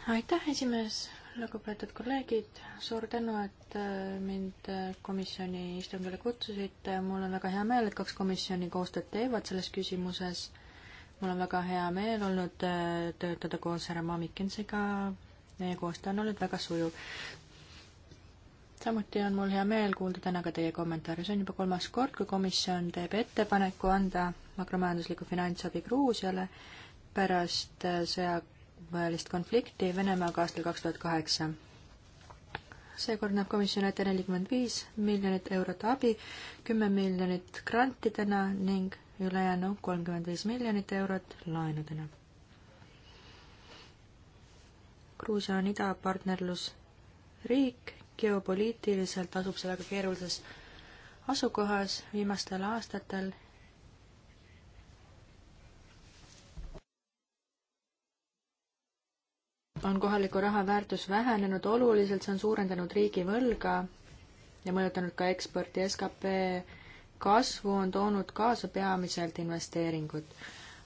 aitäh, esimees, lugupeetud kolleegid, suur tänu, et äh, mind äh, komisjoni istungile kutsusite, mul on väga hea meel, et kaks komisjoni koostööd teevad selles küsimuses mul on väga hea meel olnud äh, töötada koos härra Mamikensiga, meie koostöö on olnud väga sujuv. samuti on mul hea meel kuulda täna ka teie kommentaare, see on juba kolmas kord, kui komisjon teeb ettepaneku anda makromajanduslikku finantsabi Gruusiale pärast äh, sõjaväelist konflikti Venemaaga aastal kaks tuhat kaheksa. seekord näeb komisjon ette nelikümmend viis miljonit eurot abi, kümme miljonit grantidena ning ülejäänu kolmkümmend viis miljonit eurot laenudena. Gruusia on idapartnerlusriik, geopoliitiliselt asub see väga keerulises asukohas viimastel aastatel on kohaliku raha väärtus vähenenud oluliselt, see on suurendanud riigi võlga ja mõjutanud ka eksporti. SKP kasvu on toonud kaasa peamiselt investeeringud.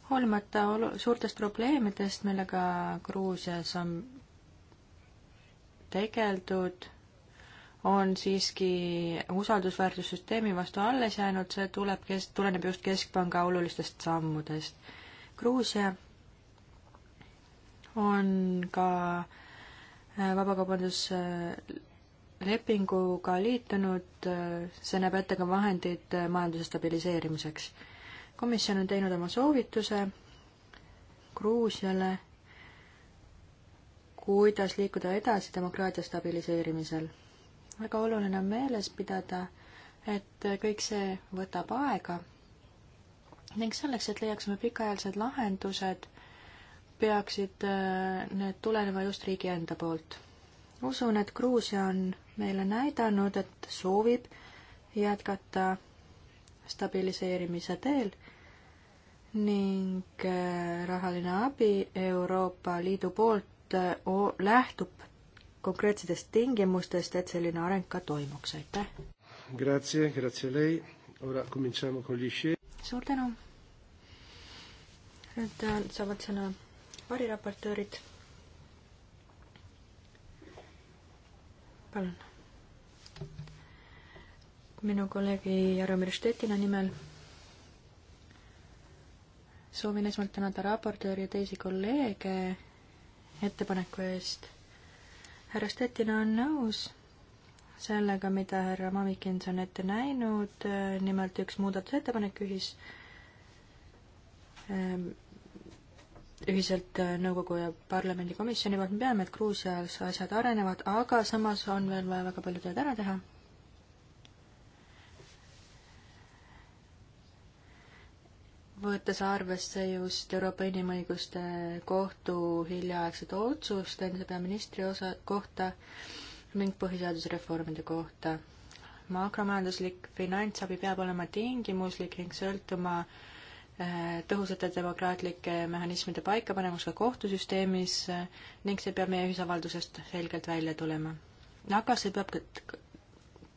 hoolimata olu-, suurtest probleemidest, millega Gruusias on tegeldud, on siiski usaldusväärsus süsteemi vastu alles jäänud, see tuleb, kes, tuleneb just Keskpanga olulistest sammudest. Gruusia on ka vabakaubandus lepinguga liitunud, see näeb ette ka vahendid majanduse stabiliseerimiseks. komisjon on teinud oma soovituse Gruusiale, kuidas liikuda edasi demokraatia stabiliseerimisel. väga oluline on meeles pidada, et kõik see võtab aega ning selleks, et leiaksime pikaajalised lahendused, peaksid need tulenema just riigi enda poolt. usun, et Gruusia on meile näidanud, et soovib jätkata stabiliseerimise teel ning äh, rahaline abi Euroopa Liidu poolt äh, lähtub konkreetsetest tingimustest, et selline areng ka toimuks, aitäh! Grazie, grazie lei, ora cominciamo con gli sci-. suur tänu! nüüd äh, saavad sõna variraportöörid. palun minu kolleegi Jaromir Štetina nimel soovin esmalt tänada raportööri ja teisi kolleege ettepaneku eest. härra Stettina on nõus sellega, mida härra Mamikins on ette näinud, nimelt üks muudatusettepanek ühis, ehm, ühiselt nõukogu ja parlamendikomisjoni poolt, me peame, et Gruusias asjad arenevad, aga samas on veel vaja väga palju tööd ära teha võttes arvesse just Euroopa Inimõiguste Kohtu hiljaaegset otsust endise peaministri osa, kohta ning põhiseadusreformide kohta. makromajanduslik finantsabi peab olema tingimuslik ning sõltuma eh, tõhusate demokraatlike mehhanismide paikapanemusega kohtusüsteemis eh, ning see peab meie ühisavaldusest selgelt välja tulema. aga see peab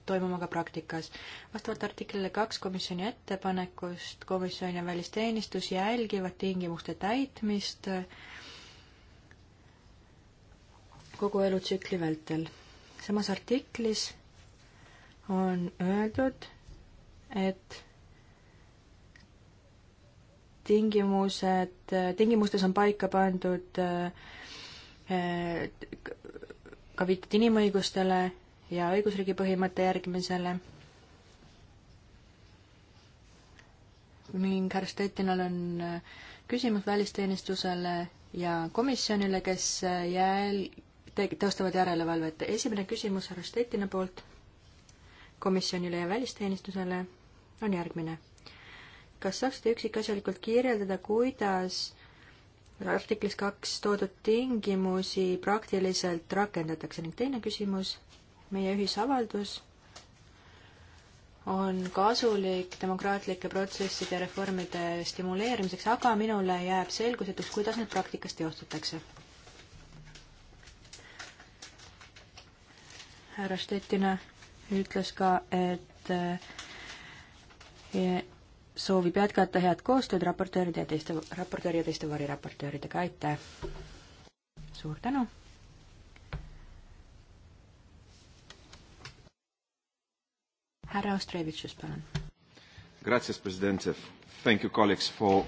toimuma ka praktikas. vastavalt artiklile kaks komisjoni ettepanekust komisjon ja välisteenistus jälgivad tingimuste täitmist kogu elutsükli vältel. samas artiklis on öeldud, et tingimused, tingimustes on paika pandud äh, ka viited inimõigustele ja õigusriigi põhimõtte järgimisele. ning härra Stettinal on äh, küsimus välisteenistusele ja komisjonile, kes äh, jäl-, teostavad järelevalvet. esimene küsimus härra Stettina poolt komisjonile ja välisteenistusele on järgmine. kas saaksite üksikasjalikult kirjeldada, kuidas artiklis kaks toodud tingimusi praktiliselt rakendatakse ning teine küsimus meie ühisavaldus on kasulik demokraatlike protsesside ja reformide stimuleerimiseks, aga minule jääb selgusetuks, kuidas need praktikas teostatakse. härra Stettina ütles ka, et eh, soovib jätkata head koostööd raportööride ja teiste, raportööri ja teiste variraportööridega, aitäh! suur tänu! härra Ostrevitšus, palun. Gracias, president. Thank you, colleagues, for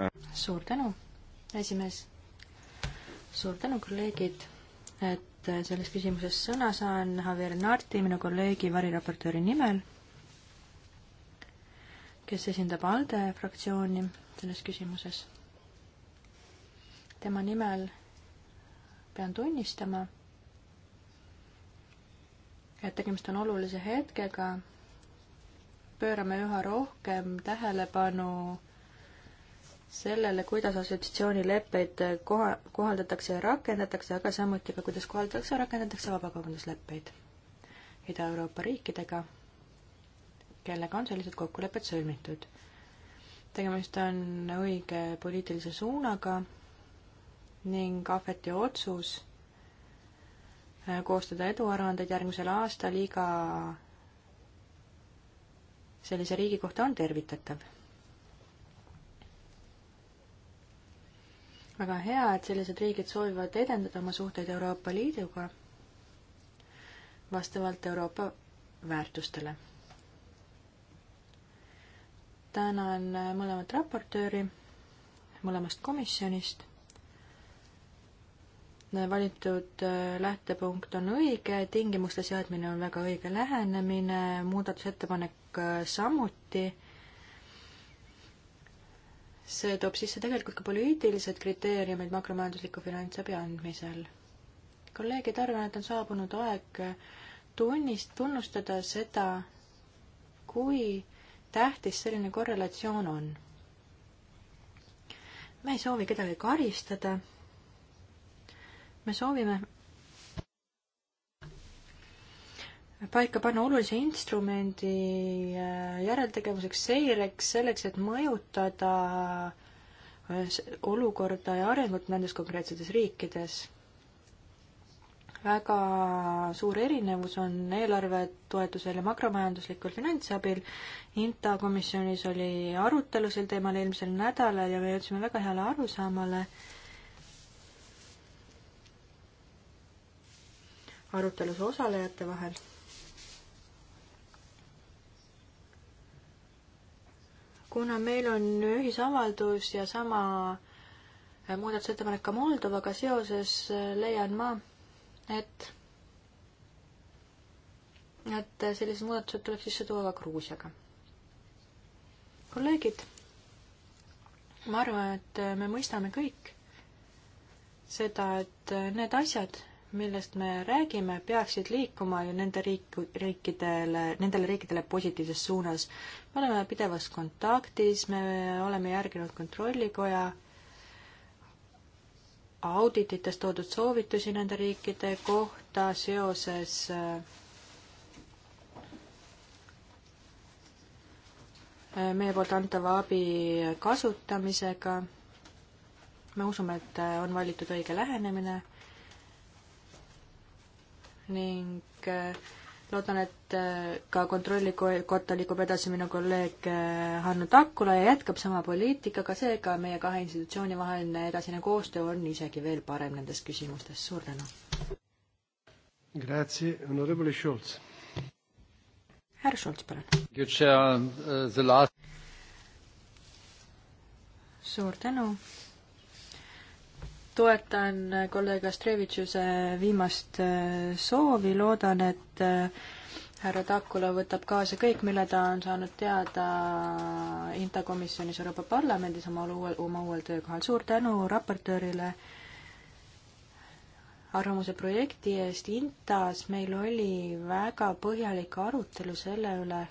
uh, suur tänu, esimees. suur tänu, kolleegid, et selles küsimuses sõna saan. Javier Narti, minu kolleegi variraportööri nimel, kes esindab ALDE fraktsiooni selles küsimuses. tema nimel pean tunnistama, et tegemist on olulise hetkega pöörame üha rohkem tähelepanu sellele, kuidas assotsiatsioonileppeid koha, kohaldatakse ja rakendatakse, aga samuti ka, kuidas kohaldatakse ja rakendatakse vabakaubandusleppeid Ida-Euroopa riikidega, kellega on sellised kokkulepped sõlmitud. tegemist on õige poliitilise suunaga ning Ahveti otsus äh, koostada eduaruandeid järgmisel aastal iga sellise riigi kohta on tervitatav. väga hea, et sellised riigid soovivad edendada oma suhteid Euroopa Liiduga vastavalt Euroopa väärtustele. tänan mõlemat raportööri mõlemast komisjonist valitud äh, lähtepunkt on õige, tingimuste seadmine on väga õige lähenemine, muudatusettepanek samuti. see toob sisse tegelikult ka poliitilised kriteeriumid makromajandusliku finantsabi andmisel. kolleegid, arvan, et on saabunud aeg tunnist, tunnustada seda, kui tähtis selline korrelatsioon on. me ei soovi kedagi karistada. me soovime, paika panna olulise instrumendi äh, järeltegevuseks, seireks, selleks, et mõjutada äh, olukorda ja arengut nendes konkreetsetes riikides. väga suur erinevus on eelarvetoetusel ja makromajanduslikul finantsabil. INTA komisjonis oli arutelu sel teemal eelmisel nädalal ja me jõudsime väga heale arusaamale arutelus osalejate vahel kuna meil on ühisavaldus ja sama eh, muudatusettepanek ka Moldovaga seoses, eh, leian ma, et, et sellised muudatused tuleb sisse tuua ka Gruusiaga. kolleegid, ma arvan, et me mõistame kõik seda, et need asjad, millest me räägime, peaksid liikuma ju nende riik, riikidele, nendele riikidele positiivses suunas. me oleme pidevas kontaktis, me oleme järginud Kontrollikoja auditites toodud soovitusi nende riikide kohta seoses äh, meie poolt antava abi kasutamisega. me usume, et on valitud õige lähenemine ning äh, loodan, et äh, ka kontrollikotta liigub edasi minu kolleeg äh, Hanno Takula ja jätkab sama poliitikaga, seega meie kahe institutsiooni vaheline edasine koostöö on isegi veel parem nendes küsimustes. suur tänu! Grazie, onorevole Scholz. härra Scholz, palun. Uh, suur tänu toetan kolleeg Astrevitšuse viimast äh, soovi, loodan, et äh, härra Takula võtab kaasa kõik, mille ta on saanud teada Inta komisjonis Euroopa Parlamendis oma uuel, oma uuel töökohal. suur tänu raportöörile arvamuse projekti eest Intas, meil oli väga põhjalik arutelu selle üle,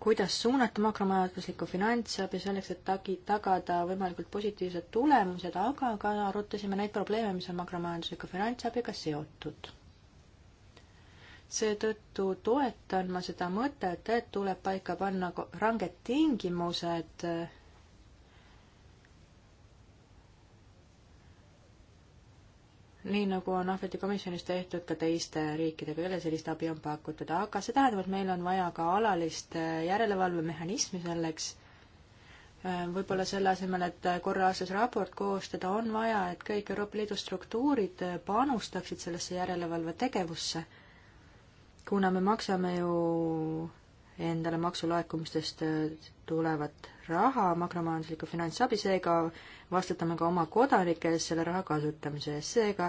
kuidas suunata makromajanduslikku finantsabi selleks, et tagi, tagada võimalikult positiivsed tulemused, aga ka arutasime neid probleeme, mis on makromajandusliku finantsabiga seotud. seetõttu toetan ma seda mõtet, et tuleb paika panna ranged tingimused äh, nii nagu on Ahveti komisjonis tehtud, ka teiste riikidega jälle sellist abi on pakutud, aga see tähendab, et meil on vaja ka alalist äh, järelevalvemehhanismi selleks. Äh, võib-olla selle asemel, et äh, korra aastas raport koostada, on vaja, et kõik Euroopa Liidu struktuurid panustaksid sellesse järelevalvetegevusse. kuna me maksame ju endale maksulaekumistest äh, tulevat raha, makromajanduslikku finantsabi, seega vastutame ka oma kodanike ees selle raha kasutamise eest, seega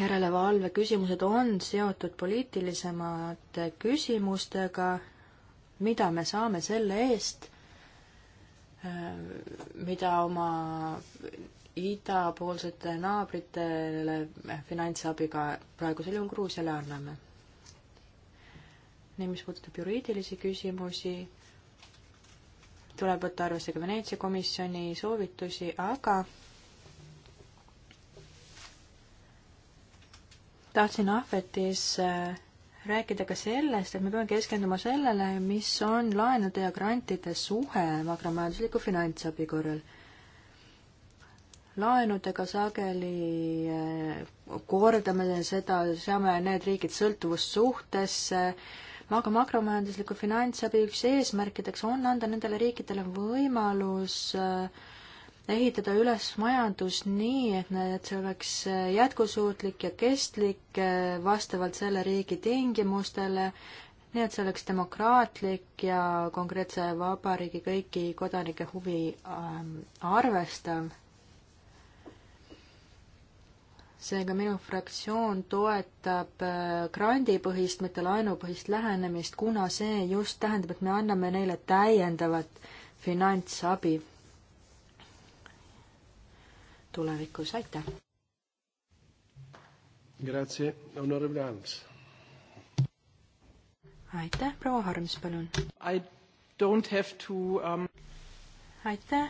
järelevalve küsimused on seotud poliitilisemate küsimustega, mida me saame selle eest, äh, mida oma idapoolsete naabritele finantsabiga praegusel juhul Gruusiale anname ning mis puudutab juriidilisi küsimusi, tuleb võtta arvesse ka Veneetsia komisjoni soovitusi, aga tahtsin ahvetis äh, rääkida ka sellest, et me peame keskenduma sellele, mis on laenude ja grantide suhe makromajandusliku finantsabi korral. laenudega sageli äh, kordame seda, seame need riigid sõltuvussuhtesse aga makromajandusliku finantsabi üks eesmärkideks on anda nendele riikidele võimalus äh, ehitada üles majandus nii, et need, see oleks äh, jätkusuutlik ja kestlik äh, vastavalt selle riigi tingimustele, nii et see oleks demokraatlik ja konkreetse vabariigi kõiki kodanike huvi ähm, arvestav seega minu fraktsioon toetab äh, grandipõhist, mitte laenupõhist lähenemist, kuna see just tähendab, et me anname neile täiendavat finantsabi tulevikus, aitäh! Grazie, honorable Arms. aitäh, proua Harms, palun. I don't have to um... aitäh,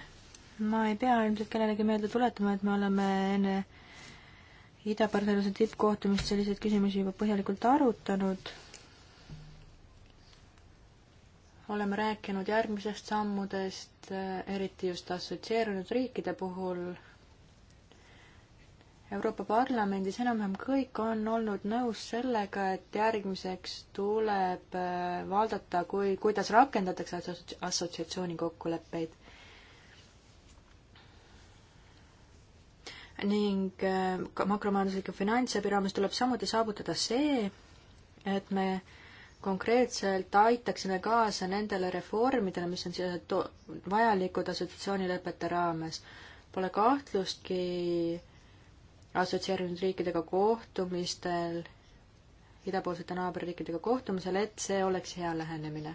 ma ei pea ilmselt kellelegi meelde tuletama, et me oleme enne idapartnerluse tippkohtumist selliseid küsimusi juba põhjalikult arutanud. oleme rääkinud järgmisest sammudest, eriti just assotsieerunud riikide puhul. Euroopa Parlamendis enam-vähem kõik on olnud nõus sellega, et järgmiseks tuleb vaadata, kui, kuidas rakendatakse assotsiatsiooni kokkuleppeid ning äh, ka makromajanduslik ja finantsabi raames tuleb samuti saavutada see, et me konkreetselt aitaksime kaasa nendele reformidele, mis on siia vajalikud assotsiatsioonilepete raames. Pole kahtlustki assotsieerunud riikidega kohtumistel, idapoolsete naaberriikidega kohtumisel, et see oleks hea lähenemine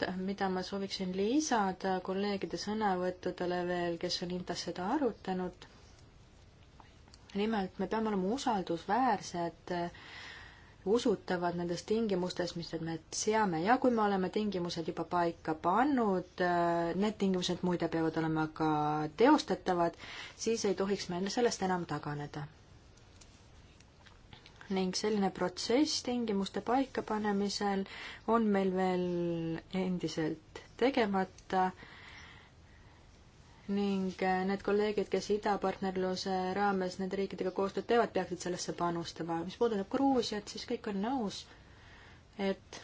poolt, mida ma sooviksin lisada kolleegide sõnavõttudele veel, kes on Intas seda arutanud. nimelt, me peame olema usaldusväärsed, usutavad nendes tingimustes, mis me seame ja kui me oleme tingimused juba paika pannud, need tingimused muide peavad olema ka teostatavad, siis ei tohiks me sellest enam taganeda ning selline protsess tingimuste paikapanemisel on meil veel endiselt tegemata ning äh, need kolleegid, kes idapartnerluse raames nende riikidega koostööd teevad, peaksid sellesse panustama. mis puudutab Gruusiat, siis kõik on nõus, et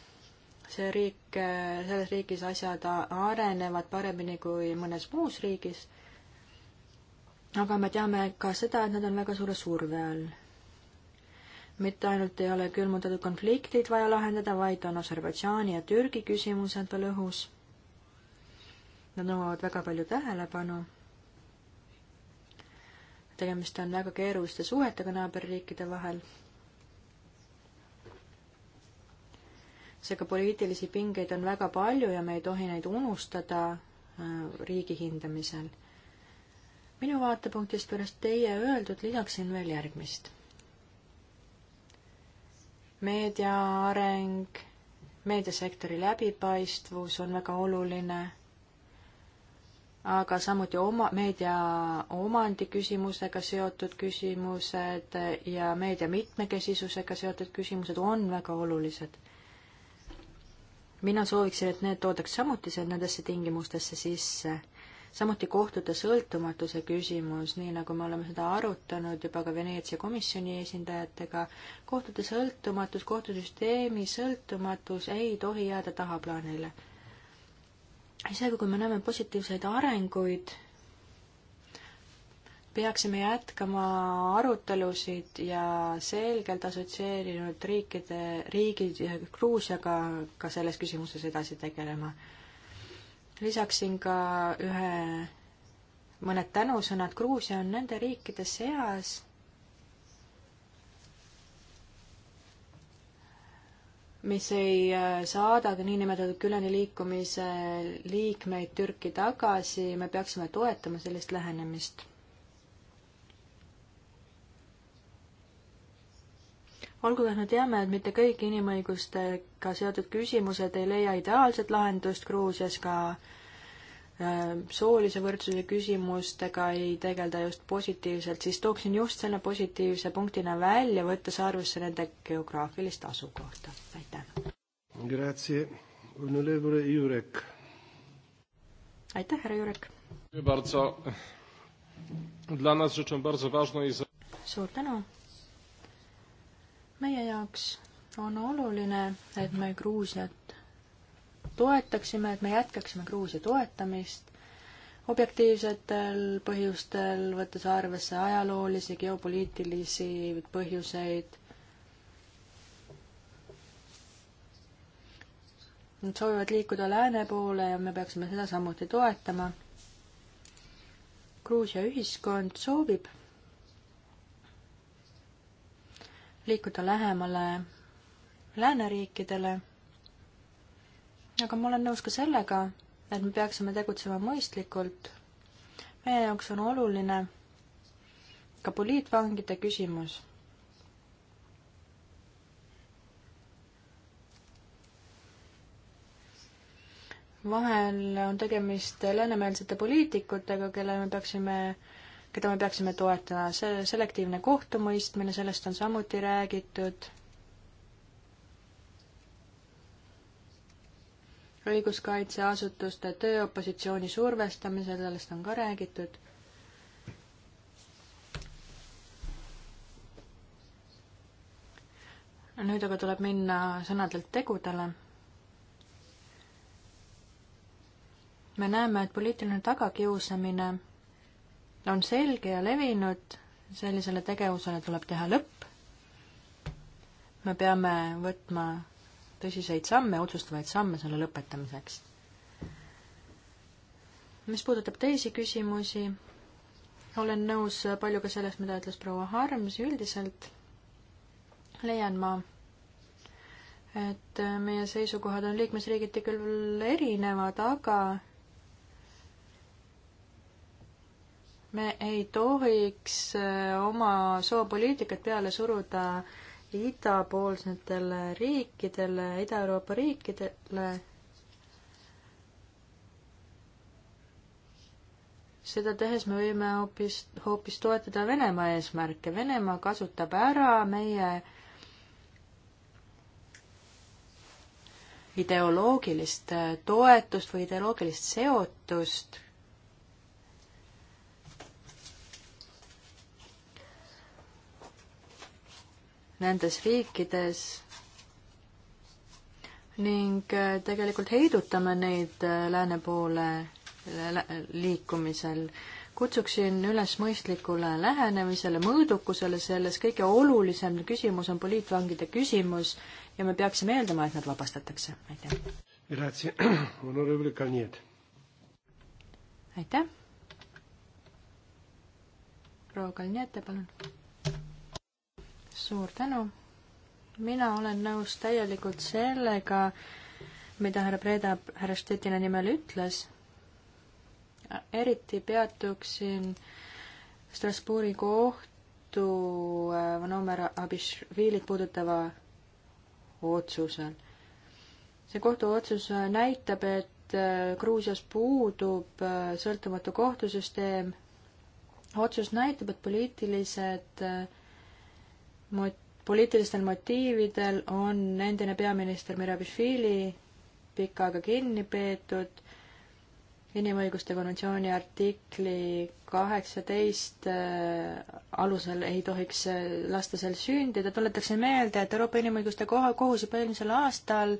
see riik, äh, selles riigis asjad arenevad paremini kui mõnes muus riigis, aga me teame ka seda, et nad on väga suure surve all mitte ainult ei ole külmutatud konfliktid vaja lahendada, vaid on Aserbaidžaani ja Türgi küsimused veel õhus. Nad nõuavad väga palju tähelepanu. tegemist on väga keeruliste suhetega naaberriikide vahel. seega poliitilisi pingeid on väga palju ja me ei tohi neid unustada äh, riigi hindamisel. minu vaatepunktist pärast teie öeldud lisaksin veel järgmist meedia areng, meediasektori läbipaistvus on väga oluline, aga samuti oma, meedia omandi küsimusega seotud küsimused ja meedia mitmekesisusega seotud küsimused on väga olulised. mina sooviksin, et need toodaks samuti nendesse tingimustesse sisse samuti kohtute sõltumatuse küsimus, nii nagu me oleme seda arutanud juba ka Veneetsia komisjoni esindajatega, kohtute sõltumatus, kohtusüsteemi sõltumatus ei tohi jääda tahaplaanile. isegi kui me näeme positiivseid arenguid, peaksime jätkama arutelusid ja selgelt assotsieerinud riikide, riigid Gruusiaga ka selles küsimuses edasi tegelema lisaksin ka ühe, mõned tänusõnad. Gruusia on nende riikide seas, mis ei äh, saada ka niinimetatud Gülani liikumise liikmeid Türki tagasi. me peaksime toetama sellist lähenemist olgugi, et me teame, et mitte kõik inimõigustega seotud küsimused ei leia ideaalset lahendust Gruusias, ka äh, soolise võrdsuse küsimustega ei tegelda just positiivselt, siis tooksin just selle positiivse punktina välja, võttes arvesse nende geograafilist asukohta. aitäh! Grazie, onorevole Jurek. aitäh, härra Jurek! suur tänu! meie jaoks on oluline, et me Gruusiat toetaksime, et me jätkaksime Gruusia toetamist objektiivsetel põhjustel, võttes arvesse ajaloolisi, geopoliitilisi põhjuseid. Nad soovivad liikuda lääne poole ja me peaksime seda samuti toetama. Gruusia ühiskond soovib liikuda lähemale lääneriikidele. aga ma olen nõus ka sellega, et me peaksime tegutsema mõistlikult. meie jaoks on oluline ka poliitvangide küsimus. vahel on tegemist läänemeelsete poliitikutega, kelle me peaksime keda me peaksime toetama. see selektiivne kohtumõistmine, sellest on samuti räägitud. õiguskaitseasutuste töö opositsiooni survestamisel, sellest on ka räägitud nüüd aga tuleb minna sõnadelt tegudele. me näeme, et poliitiline tagakiusamine on selge ja levinud, sellisele tegevusele tuleb teha lõpp. me peame võtma tõsiseid samme, otsustavaid samme selle lõpetamiseks. mis puudutab teisi küsimusi, olen nõus paljuga sellest, mida ütles proua Harms üldiselt, leian ma, et meie seisukohad on liikmesriigiti küll erinevad, aga me ei tohiks äh, oma soopoliitikat peale suruda idapoolsetele riikidele, Ida-Euroopa riikidele. seda tehes me võime hoopis, hoopis toetada Venemaa eesmärke. Venemaa kasutab ära meie ideoloogilist äh, toetust või ideoloogilist seotust nendes riikides ning äh, tegelikult heidutame neid äh, lääne poole liikumisel. kutsuksin üles mõistlikule lähenemisele, mõõdukusele selles, kõige olulisem küsimus on poliitvangide küsimus ja me peaksime eeldama, et nad vabastatakse. aitäh. aitäh. proua Kalniete, palun suur tänu. mina olen nõus täielikult sellega, mida härra Breda härra Stettina nimel ütles. eriti peatuksin Strasbourgi kohtu äh, Vanomera Abishvilit puudutava otsusel. see kohtuotsus näitab, et äh, Gruusias puudub äh, sõltumatu kohtusüsteem. otsus näitab, et poliitilised äh, mot-, poliitilistel motiividel on endine peaminister Mirabišvili pikka aega kinni peetud inimõiguste konventsiooni artikli kaheksateist äh, alusel ei tohiks äh, lasta seal sündida. tuletaksin meelde, et Euroopa Inimõiguste Kohus juba eelmisel aastal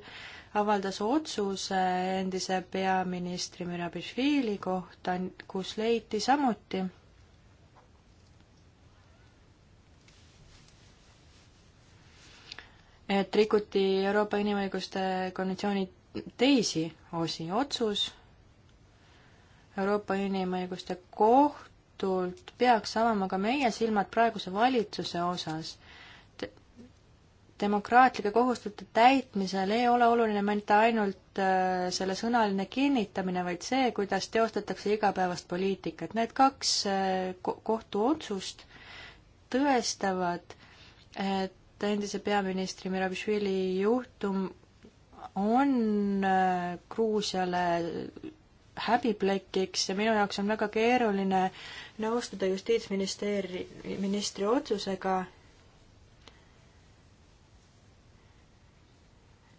avaldas otsuse endise peaministri Mirabišvili kohta, kus leiti samuti, et rikuti Euroopa Inimõiguste konventsiooni teisi osi. otsus Euroopa Inimõiguste kohtult peaks avama ka meie silmad praeguse valitsuse osas De. demokraatlike kohustuste täitmisel ei ole oluline mitte ainult äh, selle sõnaline kinnitamine, vaid see, kuidas teostatakse igapäevast poliitikat. Need kaks äh, kohtuotsust tõestavad, et et endise peaministri Mirabišvili juhtum on äh, Gruusiale häbiplekiks ja minu jaoks on väga keeruline nõustuda justiitsministeeri-, ministri otsusega,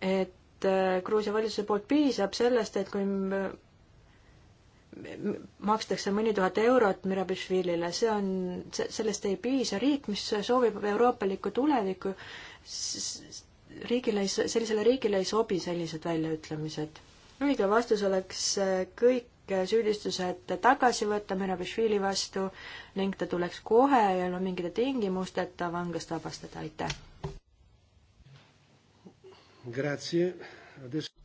et äh, Gruusia valitsuse poolt piisab sellest, et kui makstakse mõni tuhat eurot Mirabišvilile, see on, sellest ei piisa, riik, mis soovib euroopalikku tulevikku, riigile ei, sellisele riigile ei sobi sellised väljaütlemised. õige vastus oleks äh, kõik süüdistused tagasi võtta Mirabišvili vastu ning ta tuleks kohe ja no mingite tingimusteta vanglast vabastada, aitäh!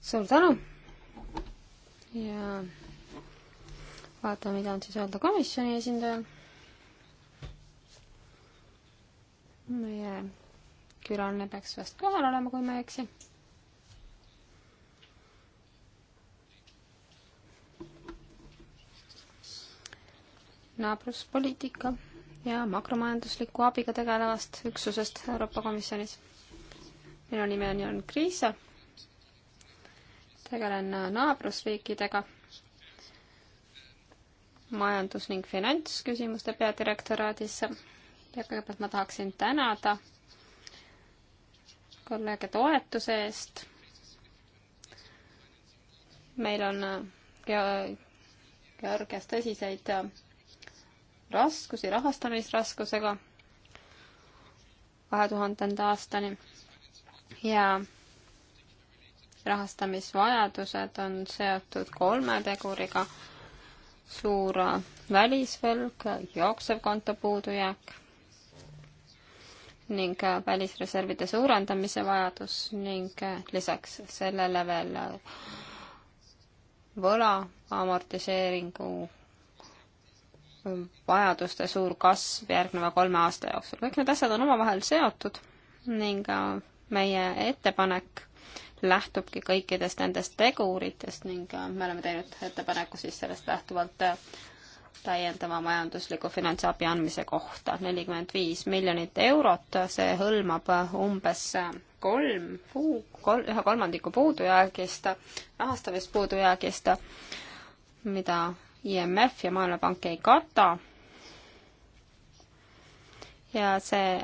suur tänu ja vaatame, mida on siis öelda komisjoni esindajal. meie külaline peaks vast kohal olema, kui ma ei eksi. naabruspoliitika ja makromajandusliku abiga tegelevast üksusest Euroopa Komisjonis. minu nimi on Jan Kriisa. tegelen naabrusriikidega majandus- ning finantsküsimuste peadirektoraadis ja kõigepealt ma tahaksin tänada kolleege toetuse eest. meil on äh, Georgias tõsiseid äh, raskusi rahastamisraskusega kahe tuhandenda aastani ja rahastamisvajadused on seotud kolme teguriga suur välisvõlg, jooksevkonto puudujääk ning välisreservide suurendamise vajadus ning lisaks sellele veel võla amortiseeringu vajaduste suur kasv järgneva kolme aasta jooksul. kõik need asjad on omavahel seotud ning meie ettepanek lähtubki kõikidest nendest teguritest ning äh, me oleme teinud ettepaneku siis sellest lähtuvalt äh, täiendava majandusliku finantsabi andmise kohta. nelikümmend viis miljonit eurot, see hõlmab äh, umbes kolm puu, kol-, ühe kolmandiku puudujäägist, rahastamispuudujäägist, mida IMF ja Maailmapank ei kata. ja see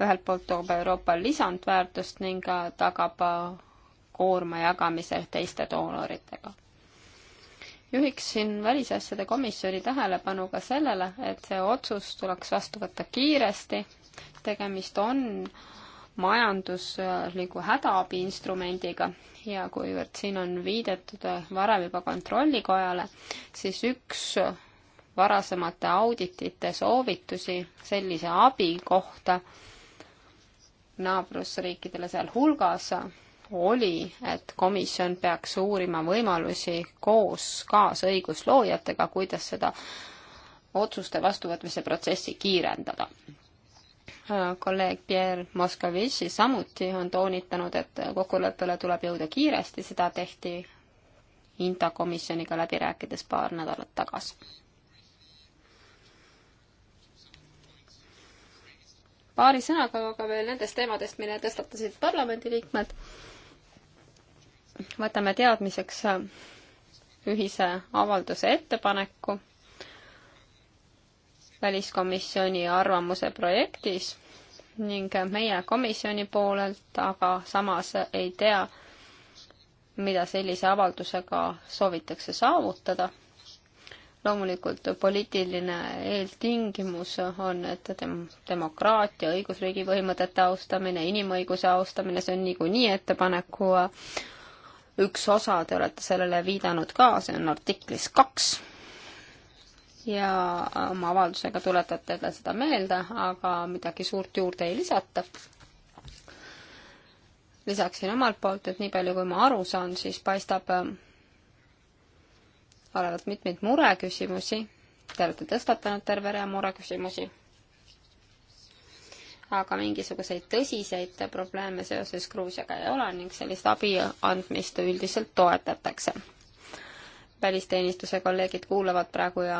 ühelt poolt toob Euroopa lisandväärtust ning tagab koorma jagamise teiste doonoritega. juhiksin Välisasjade Komisjoni tähelepanu ka sellele, et see otsus tuleks vastu võtta kiiresti, tegemist on majandusliku hädaabi instrumendiga ja kuivõrd siin on viidatud varem juba Kontrollikojale, siis üks varasemate auditite soovitusi sellise abi kohta naabrusriikidele sealhulgas oli, et komisjon peaks uurima võimalusi koos kaasõigusloojatega, kuidas seda otsuste vastuvõtmise protsessi kiirendada. kolleeg Pierre Moskovitši samuti on toonitanud, et kokkuleppele tuleb jõuda kiiresti, seda tehti Inta komisjoniga läbi rääkides paar nädalat tagasi. paari sõnaga aga veel nendest teemadest, mille tõstatasid parlamendiliikmed võtame teadmiseks äh, ühise avalduse ettepaneku väliskomisjoni arvamuse projektis ning meie komisjoni poolelt aga samas ei tea, mida sellise avaldusega soovitakse saavutada. loomulikult poliitiline eeltingimus on, et dem-, demokraatia, õigusriigi põhimõtete austamine, inimõiguse austamine, see on niikuinii ettepaneku üks osa, te olete sellele viidanud ka, see on artiklis kaks ja oma avaldusega tuletate te seda meelde, aga midagi suurt juurde ei lisata. lisaksin omalt poolt, et nii palju, kui ma aru saan, siis paistab äh, olevat mitmeid mureküsimusi. Te olete tõstatanud terve rea mureküsimusi aga mingisuguseid tõsiseid probleeme seoses Gruusiaga ei ole ning sellist abi andmist üldiselt toetatakse. välisteenistuse kolleegid kuulavad praegu ja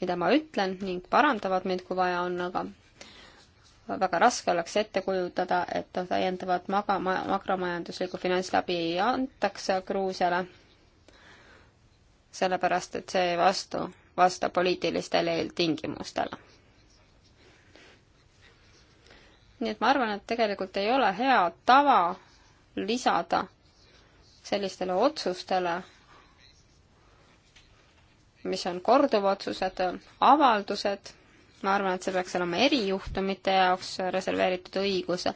mida ma ütlen ning parandavad mind, kui vaja on, aga väga raske oleks ette kujutada, et täiendavat maga-, makromajanduslikku finantsläbi ei antaks Gruusiale, sellepärast et see vastu, vasta poliitilistele eeltingimustele nii et ma arvan, et tegelikult ei ole hea tava lisada sellistele otsustele, mis on korduvotsused, avaldused, ma arvan, et see peaks olema erijuhtumite jaoks reserveeritud õigus.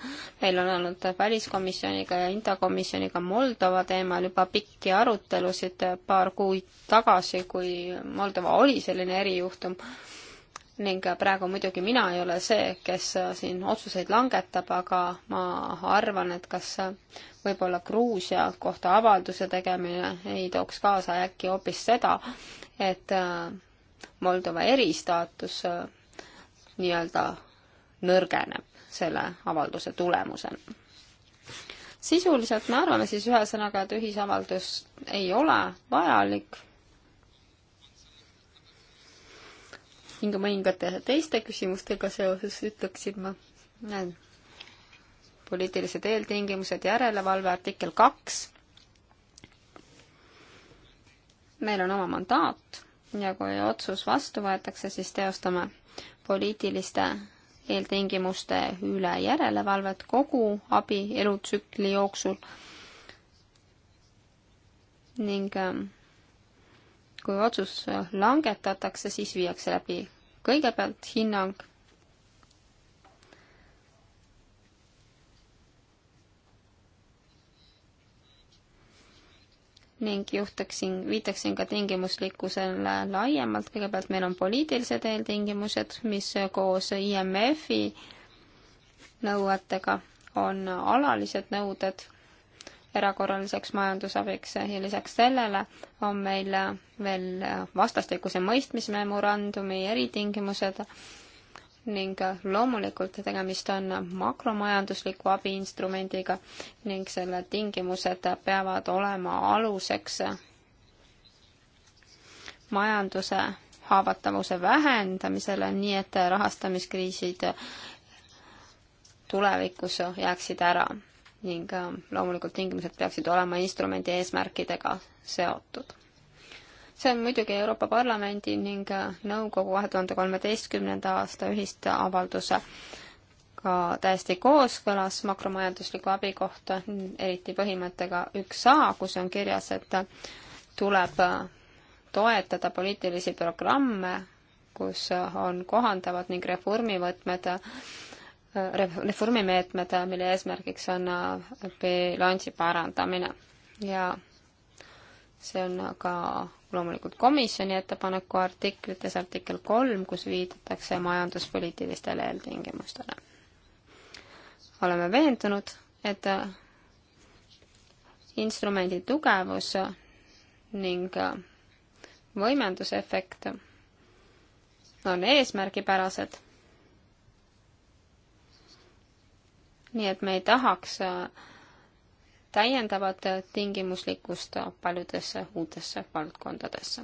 meil on olnud väliskomisjoniga ja intakomisjoniga Moldova teemal juba pikki arutelusid paar kuud tagasi, kui Moldova oli selline erijuhtum ning praegu muidugi mina ei ole see, kes siin otsuseid langetab, aga ma arvan, et kas võib-olla Gruusia kohta avalduse tegemine ei tooks kaasa äkki hoopis seda, et äh, Moldova eristaatus äh, nii-öelda nõrgeneb selle avalduse tulemusena. sisuliselt me arvame siis ühesõnaga, et ühisavaldus ei ole vajalik ning mõningate teiste küsimustega seoses ütleksin ma, näen, poliitilised eeltingimused, järelevalve artikkel kaks, meil on oma mandaat ja kui otsus vastu võetakse, siis teostame poliitiliste eeltingimuste üle järelevalvet kogu abi elutsükli jooksul ning ähm, kui otsus langetatakse, siis viiakse läbi kõigepealt hinnang. ning juhtaksin, viitaksin ka tingimuslikkusele laiemalt, kõigepealt meil on poliitilised eeltingimused, mis koos IMF-i nõuetega on alalised nõuded erakorraliseks majandusabiks ja lisaks sellele on meil veel vastastikuse mõistmismemorandumi eritingimused ning loomulikult tegemist on makromajandusliku abiinstrumendiga ning selle tingimused peavad olema aluseks majanduse haavatavuse vähendamisele, nii et rahastamiskriisid tulevikus jääksid ära ning äh, loomulikult tingimused peaksid olema instrumendi eesmärkidega seotud. see on muidugi Euroopa Parlamendi ning äh, Nõukogu kahe tuhande kolmeteistkümnenda aasta ühiste avalduse ka täiesti kooskõlas makromajandusliku abi kohta, eriti põhimõttega üks A, kus on kirjas, et äh, tuleb toetada poliitilisi programme, kus on kohandavad ning reformivõtmed reformimeetmed, mille eesmärgiks on äh, bilansi parandamine ja see on ka loomulikult komisjoni ettepaneku artiklites, artikkel kolm, kus viidatakse majanduspoliitilistele eeltingimustele. oleme veendunud, et äh, instrumendi tugevus ning äh, võimendusefekt on eesmärgipärased nii et me ei tahaks äh, täiendavat äh, tingimuslikkust äh, paljudesse uutesse valdkondadesse,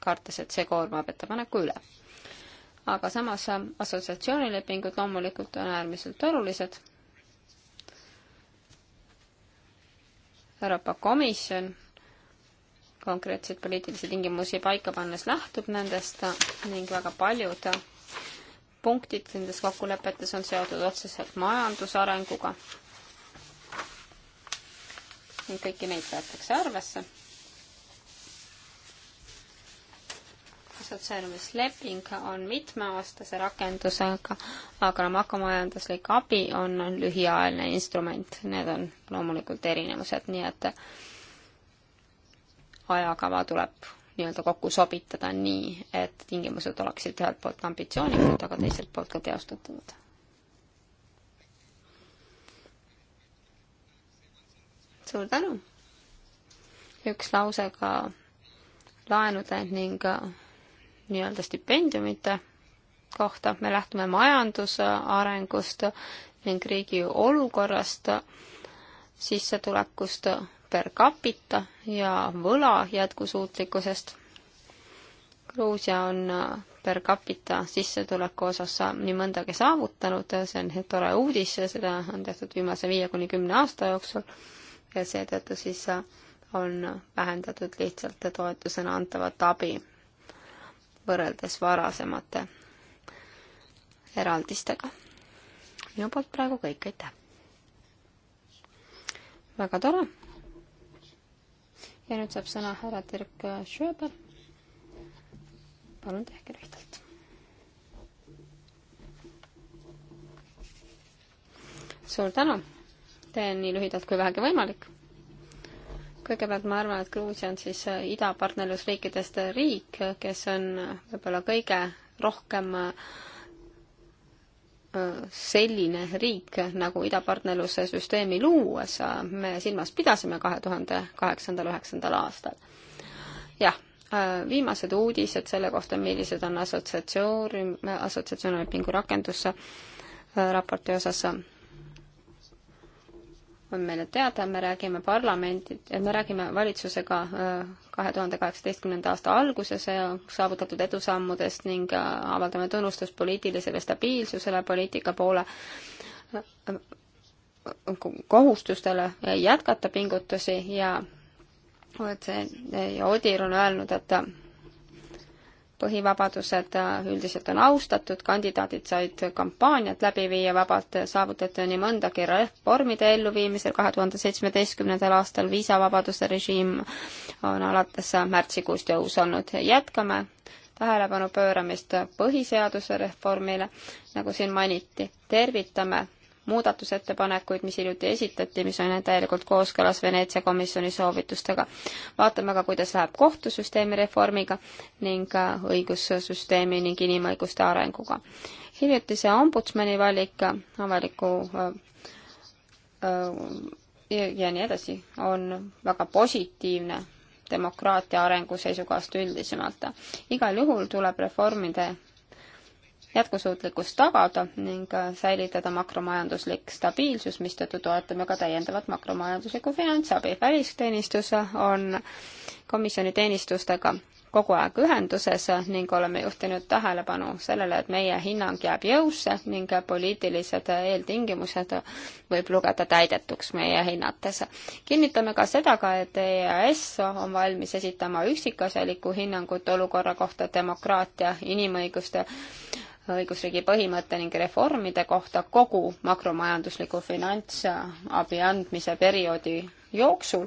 kartes, et see koormab ettepaneku üle. aga samas assotsiatsioonilepingud loomulikult on äärmiselt olulised. Euroopa Komisjon konkreetseid poliitilisi tingimusi paika pannes lähtub nendest ning väga paljud punktid nendes kokkulepetes on seotud otseselt majandusarenguga. kõiki neid võetakse arvesse. sotsiaalmisleping on mitmeaastase rakendusega, aga makromajanduslik abi on, on lühiajaline instrument, need on loomulikult erinevused, nii et ajakava tuleb nii-öelda kokku sobitada nii, et tingimused oleksid ühelt poolt ambitsioonikad, aga teiselt poolt ka teostatavad. suur tänu! üks lause ka laenude ning äh, nii-öelda stipendiumite kohta, me lähtume majandusarengust ning riigi olukorrast, äh, sissetulekust per capita ja võla jätkusuutlikkusest. Gruusia on äh, per capita sissetuleku osas nii mõndagi saavutanud, see on tore uudis ja seda on tehtud viimase viie kuni kümne aasta jooksul ja seetõttu siis äh, on vähendatud lihtsalt toetusena antavat abi võrreldes varasemate eraldistega. minu poolt praegu kõik, aitäh! väga tore! ja nüüd saab sõna härra Dirk Schöber. palun tehke lühidalt. suur tänu, teen nii lühidalt kui vähegi võimalik kõigepealt ma arvan, et Gruusia on siis idapartnerlusriikidest riik, kes on võib-olla kõige rohkem äh, selline riik nagu idapartnerluse süsteemi luues me silmas pidasime kahe tuhande kaheksandal, üheksandal aastal. jah, viimased uudised selle kohta, millised on assotsiatsioon, assotsiatsioonilepingu rakendusse raporti osas on meile teada, me räägime parlamendi, me räägime valitsusega äh, kahe tuhande kaheksateistkümnenda aasta alguses äh, saavutatud edusammudest ning äh, avaldame tunnustust poliitilisele stabiilsusele, poliitika poole kohustustele jätkata pingutusi ja OECD e ja Odir on öelnud, et põhivabadused äh, üldiselt on austatud, kandidaadid said kampaaniat läbi viia vabalt, saavutati nii mõndagi reformide elluviimisel kahe tuhande seitsmeteistkümnendal aastal, viisavabaduse režiim on alates märtsikuust jõus olnud. jätkame tähelepanu pööramist põhiseaduse reformile, nagu siin mainiti, tervitame muudatusettepanekuid, mis hiljuti esitati, mis on täielikult kooskõlas Veneetsia komisjoni soovitustega. vaatame ka, kuidas läheb kohtusüsteemi reformiga ning äh, õigussüsteemi ning inimõiguste arenguga. hiljutise ombudsmani valik avaliku äh, äh, ja nii edasi on väga positiivne demokraatia arengu seisukohast üldisemalt. igal juhul tuleb reformide jätkusuutlikkus tagada ning äh, säilitada makromajanduslik stabiilsus, mistõttu toetame ka täiendavat makromajanduslikku finantsabi. välisteenistus on komisjoni teenistustega kogu aeg ühenduses ning oleme juhtinud tähelepanu sellele, et meie hinnang jääb jõusse ning poliitilised eeltingimused võib lugeda täidetuks meie hinnates. kinnitame ka seda ka, et EAS on valmis esitama üksikasjalikku hinnangut olukorra kohta demokraatia, inimõiguste õigusriigi põhimõtte ning reformide kohta kogu makromajandusliku finantsabi andmise perioodi jooksul.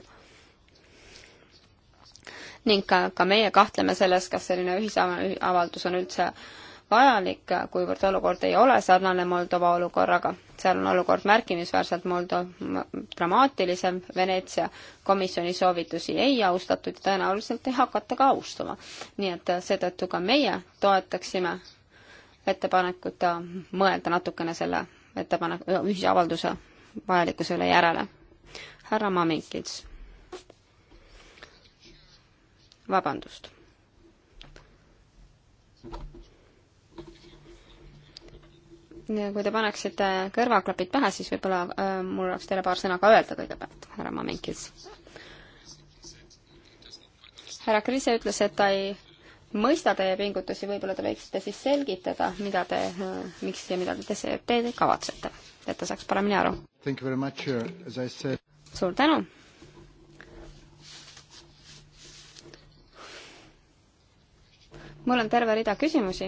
ning ka, ka meie kahtleme selles, kas selline ühisavaldus on üldse vajalik, kuivõrd olukord ei ole sarnane Moldova olukorraga. seal on olukord märkimisväärselt Moldo-, dramaatilisem, Veneetsia komisjoni soovitusi ei austatud ja tõenäoliselt ei hakata ka austama. nii et seetõttu ka meie toetaksime ettepanekut mõelda natukene selle ettepaneku, ühisavalduse vajalikkuse üle järele. härra Mamikits. vabandust. ja kui te paneksite kõrvaklapid pähe, siis võib-olla äh, mul oleks teile paar sõna ka öelda kõigepealt, härra Mamikits. härra Krise ütles, et ta ei mõista teie pingutusi, võib-olla te võiksite siis selgitada, mida te, miks ja mida te teete, kavatsete, et ta saaks paremini aru. suur tänu! mul on terve rida küsimusi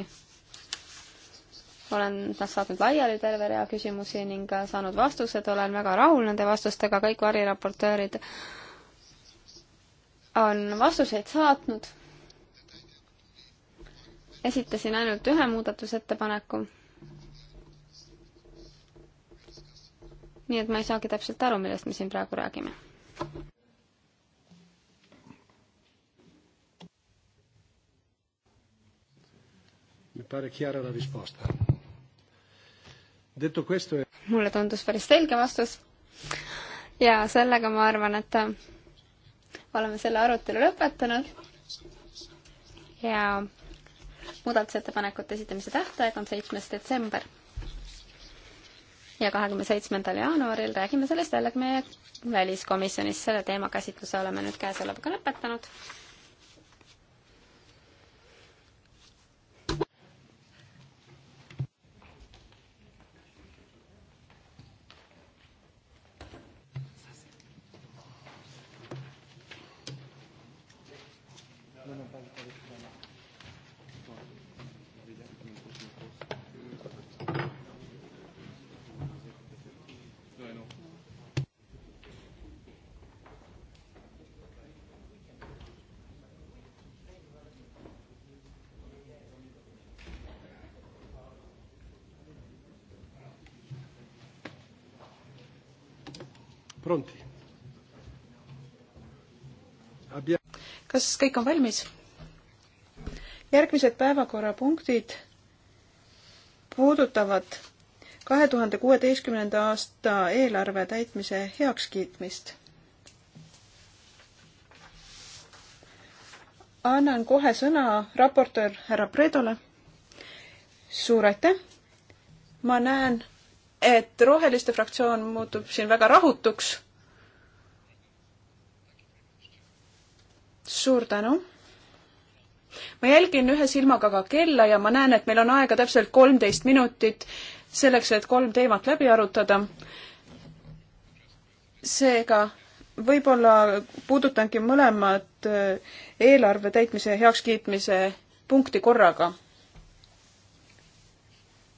olen saatnud laiali terve rea küsimusi ning saanud vastused, olen väga rahul nende vastustega, kõik variraportöörid on vastuseid saatnud esitasin ainult ühe muudatusettepaneku. nii et ma ei saagi täpselt aru, millest me siin praegu räägime. mulle tundus päris selge vastus ja sellega ma arvan, et oleme selle arutelu lõpetanud ja muudatusettepanekute esitamise tähtaeg on seitsmes detsember. ja kahekümne seitsmendal jaanuaril räägime sellest jällegi meie väliskomisjonis, selle teema käsitluse oleme nüüd käesolevaga lõpetanud Pronti. kas kõik on valmis? järgmised päevakorrapunktid puudutavad kahe tuhande kuueteistkümnenda aasta eelarve täitmise heakskiitmist. annan kohe sõna raportöör härra Predole. suur aitäh! ma näen et Roheliste fraktsioon muutub siin väga rahutuks. suur tänu. ma jälgin ühe silmaga ka kella ja ma näen, et meil on aega täpselt kolmteist minutit selleks, et kolm teemat läbi arutada. seega võib-olla puudutangi mõlemat äh, eelarve täitmise ja heakskiitmise punkti korraga.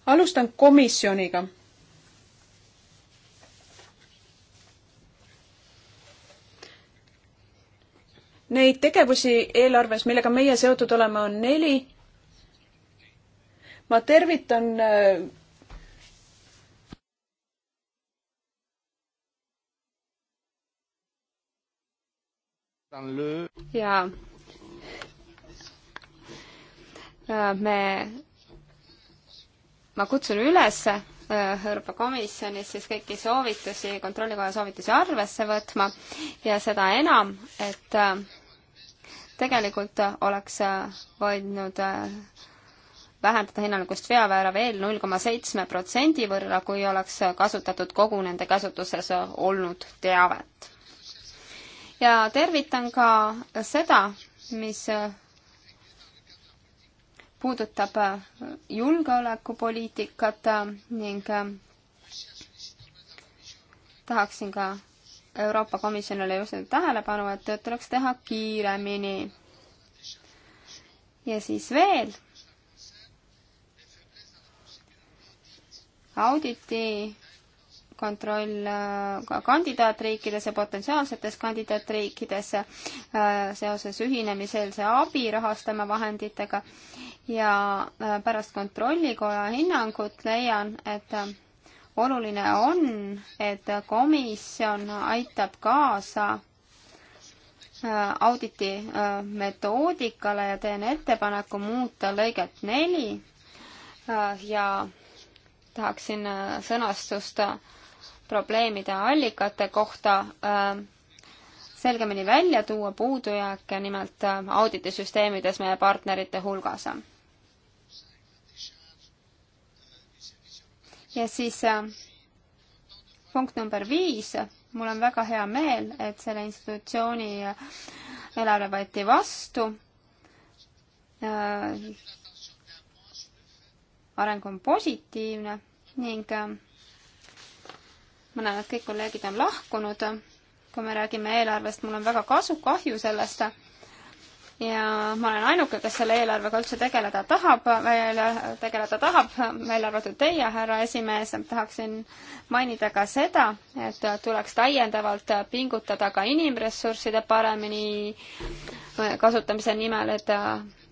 alustan komisjoniga Neid tegevusi eelarves, millega meie seotud oleme, on neli. ma tervitan äh, ja äh, me, ma kutsun üles äh, Euroopa Komisjonis siis kõiki soovitusi, kontrollikoja soovitusi arvesse võtma ja seda enam, et äh, tegelikult oleks äh, võinud äh, vähendada hinnangust veamäära veel null koma seitsme protsendi võrra, kui oleks kasutatud kogu nende käsutuses äh, olnud teavet. ja tervitan ka seda, mis puudutab julgeolekupoliitikat ning tahaksin ka Euroopa Komisjon oli just tähelepanu, et tööd tuleks teha kiiremini. ja siis veel. auditi kontroll äh, kandidaatriikides ja potentsiaalsetes kandidaatriikides äh, seoses ühinemiseelse abi rahastama vahenditega ja äh, pärast kontrollikoja hinnangut leian, et oluline on, et komisjon aitab kaasa äh, auditi äh, metoodikale ja teen ettepaneku muuta lõiget neli äh, ja tahaksin sõnastust probleemide allikate kohta selgemini välja tuua puudujääke nimelt auditisüsteemides meie partnerite hulgas. ja siis äh, punkt number viis, mul on väga hea meel, et selle institutsiooni äh, eelarve võeti vastu. Äh, areng on positiivne ning ma näen, et kõik kolleegid on lahkunud. kui me räägime eelarvest, mul on väga kasu, kahju sellest ja ma olen ainuke, kes selle eelarvega üldse tegeleda tahab, veel tegeleda tahab, välja arvatud teie, härra esimees, tahaksin mainida ka seda, et tuleks täiendavalt pingutada ka inimressursside paremini kasutamise nimel, et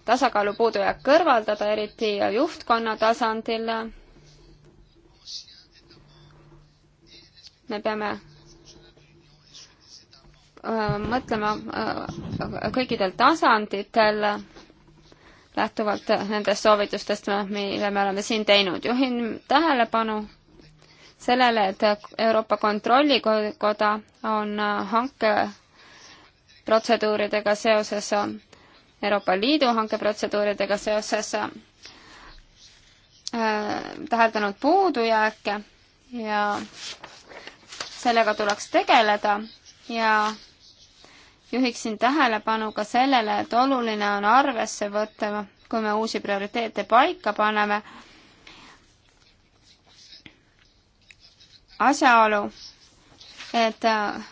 tasakaalu puudujääk kõrvaldada, eriti juhtkonna tasandil. me peame Äh, mõtlema äh, kõikidel tasanditel lähtuvalt nendest soovitustest, mille me oleme siin teinud. juhin tähelepanu sellele, et Euroopa Kontrollikoda on hankeprotseduuridega seoses, Euroopa Liidu hankeprotseduuridega seoses äh, täheldanud puudujääke ja sellega tuleks tegeleda ja juhiksin tähelepanu ka sellele, et oluline on arvesse võtta, kui me uusi prioriteete paika paneme, asjaolu, et äh,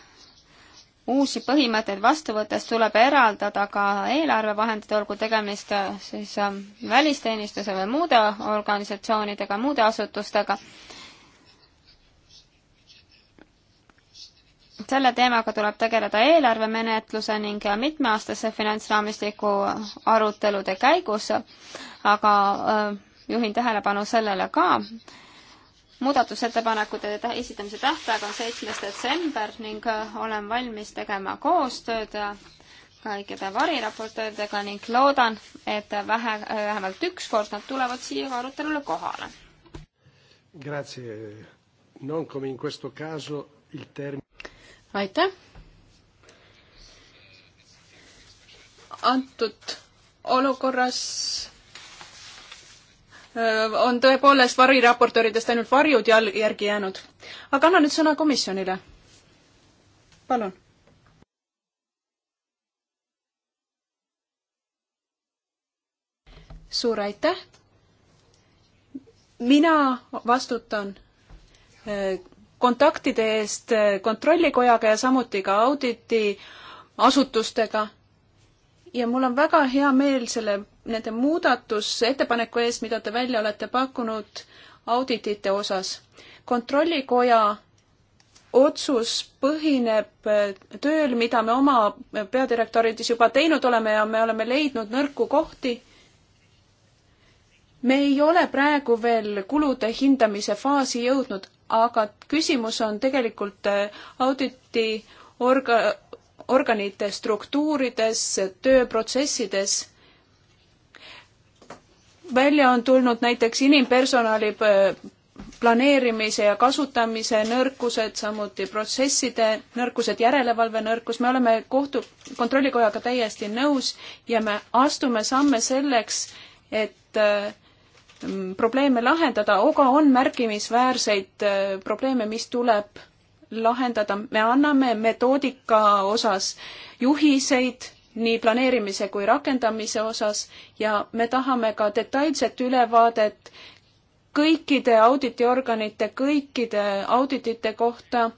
uusi põhimõtteid vastu võttes tuleb eraldada ka eelarvevahendid, olgu tegemist äh, siis äh, välisteenistuse või muude organisatsioonidega, muude asutustega selle teemaga tuleb tegeleda eelarvemenetluse ning mitmeaastase finantsraamistiku arutelude käigus, aga äh, juhin tähelepanu sellele ka, muudatusettepanekute esitamise tähtaeg on seitsmes detsember ning äh, olen valmis tegema koostööd kõikide variraportööridega ning loodan, et vähe, vähemalt üks kord nad tulevad siia arutelule kohale. Grazie, non come in questo caso il term- aitäh. antud olukorras äh, on tõepoolest variraportööridest ainult varjud jal-, järgi jäänud. aga anna nüüd sõna komisjonile. palun. suur aitäh. mina vastutan äh, kontaktide eest Kontrollikojaga ja samuti ka auditi asutustega. ja mul on väga hea meel selle, nende muudatusettepaneku eest, mida te välja olete pakkunud auditite osas. kontrollikoja otsus põhineb tööl, mida me oma peadirektorides juba teinud oleme ja me oleme leidnud nõrku kohti. me ei ole praegu veel kulude hindamise faasi jõudnud, aga küsimus on tegelikult äh, auditi orga-, organite struktuurides, tööprotsessides välja on tulnud näiteks inimpersonali äh, planeerimise ja kasutamise nõrkused, samuti protsesside nõrkused, järelevalve nõrkus, me oleme kohtu, kontrollikojaga täiesti nõus ja me astume samme selleks, et äh, Mm, probleeme lahendada, aga on märkimisväärseid äh, probleeme, mis tuleb lahendada. me anname metoodika osas juhiseid nii planeerimise kui rakendamise osas ja me tahame ka detailset ülevaadet kõikide auditiorganite, kõikide auditite kohta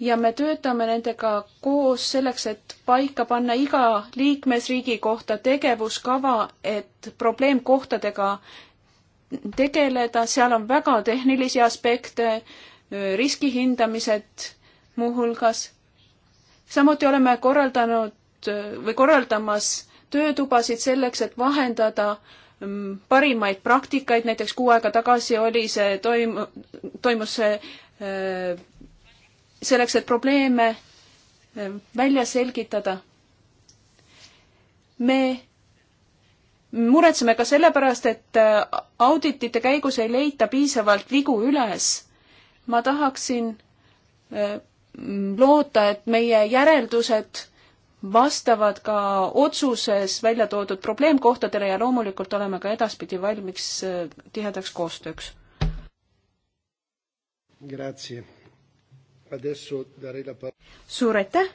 ja me töötame nendega koos selleks, et paika panna iga liikmesriigi kohta tegevuskava, et probleemkohtadega tegeleda, seal on väga tehnilisi aspekte, riskihindamised muuhulgas. samuti oleme korraldanud äh, või korraldamas töötubasid selleks, et vahendada mm, parimaid praktikaid, näiteks kuu aega tagasi oli see toim-, toimus see äh, selleks, et probleeme äh, välja selgitada. me muretseme ka sellepärast, et auditite käigus ei leita piisavalt vigu üles. ma tahaksin äh, mm, loota, et meie järeldused vastavad ka otsuses välja toodud probleemkohtadele ja loomulikult oleme ka edaspidi valmis äh, tihedaks koostööks. suur aitäh!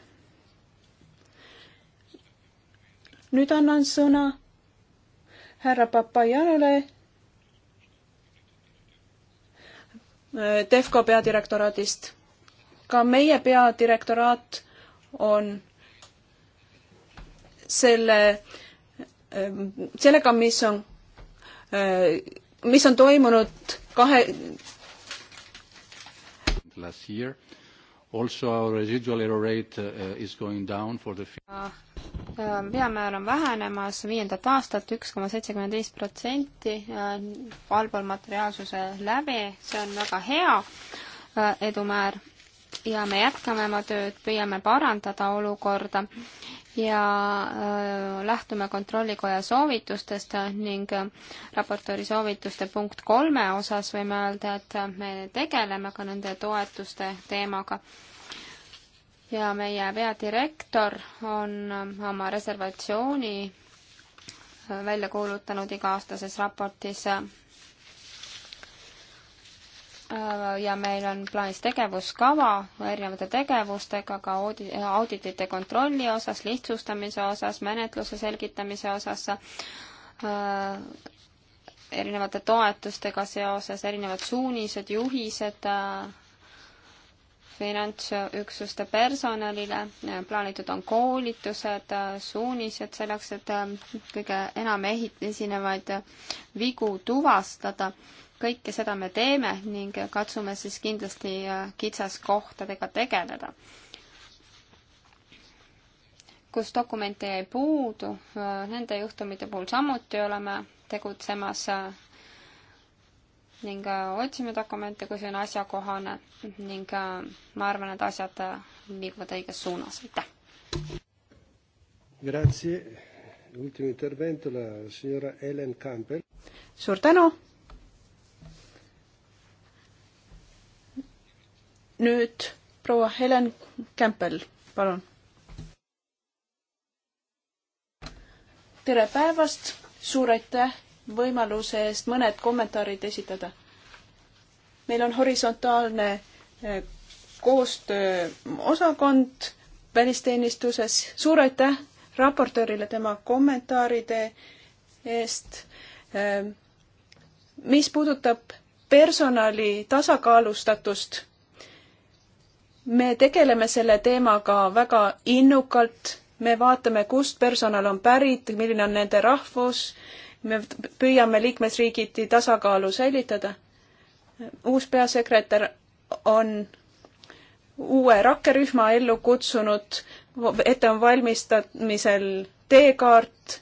nüüd annan sõna härra Papajanole Defco peadirektoraadist. ka meie peadirektoraat on selle, ähm, sellega, mis on, äh, mis on toimunud kahe last year. Also, our residual error rate uh, is going down for the ah veamäär äh, on vähenemas viiendat aastat üks koma seitsekümmend viis protsenti äh, allpool materiaalsuse läbi, see on väga hea äh, edumäär ja me jätkame oma tööd, püüame parandada olukorda ja lähtume Kontrollikoja soovitustest ning raportööri soovituste punkt kolme osas võime öelda, et me tegeleme ka nende toetuste teemaga ja meie peadirektor on ähm, oma reservatsiooni äh, välja kuulutanud iga-aastases raportis. Äh, ja meil on plaanis tegevuskava erinevate tegevustega ka audi-, auditite kontrolli osas, lihtsustamise osas, menetluse selgitamise osas, äh, erinevate toetustega seoses, erinevad suunised, juhised finantsüksuste personalile, plaanitud on koolitused, suunised selleks, et äh, kõige enam ehit-, esinevaid äh, vigu tuvastada. kõike seda me teeme ning katsume siis kindlasti äh, kitsaskohtadega tegeleda. kus dokumente jäi puudu, nende juhtumite puhul samuti oleme tegutsemas ning äh, otsime dokumente, kui see on asjakohane ning äh, ma arvan, et asjad äh, liiguvad õiges suunas, aitäh! Grazie, ultimo intervento la signora Helen Campbell. suur tänu! nüüd proua Helen Campbell, palun. tere päevast, suur aitäh võimaluse eest mõned kommentaarid esitada. meil on horisontaalne eh, koostööosakond välisteenistuses, suur aitäh raportöörile tema kommentaaride eest. Eh, mis puudutab personali tasakaalustatust, me tegeleme selle teemaga väga innukalt, me vaatame, kust personal on pärit, milline on nende rahvus, me püüame liikmesriigiti tasakaalu säilitada. uus peasekretär on uue rakkerühma ellu kutsunud, ette on valmistamisel teekaart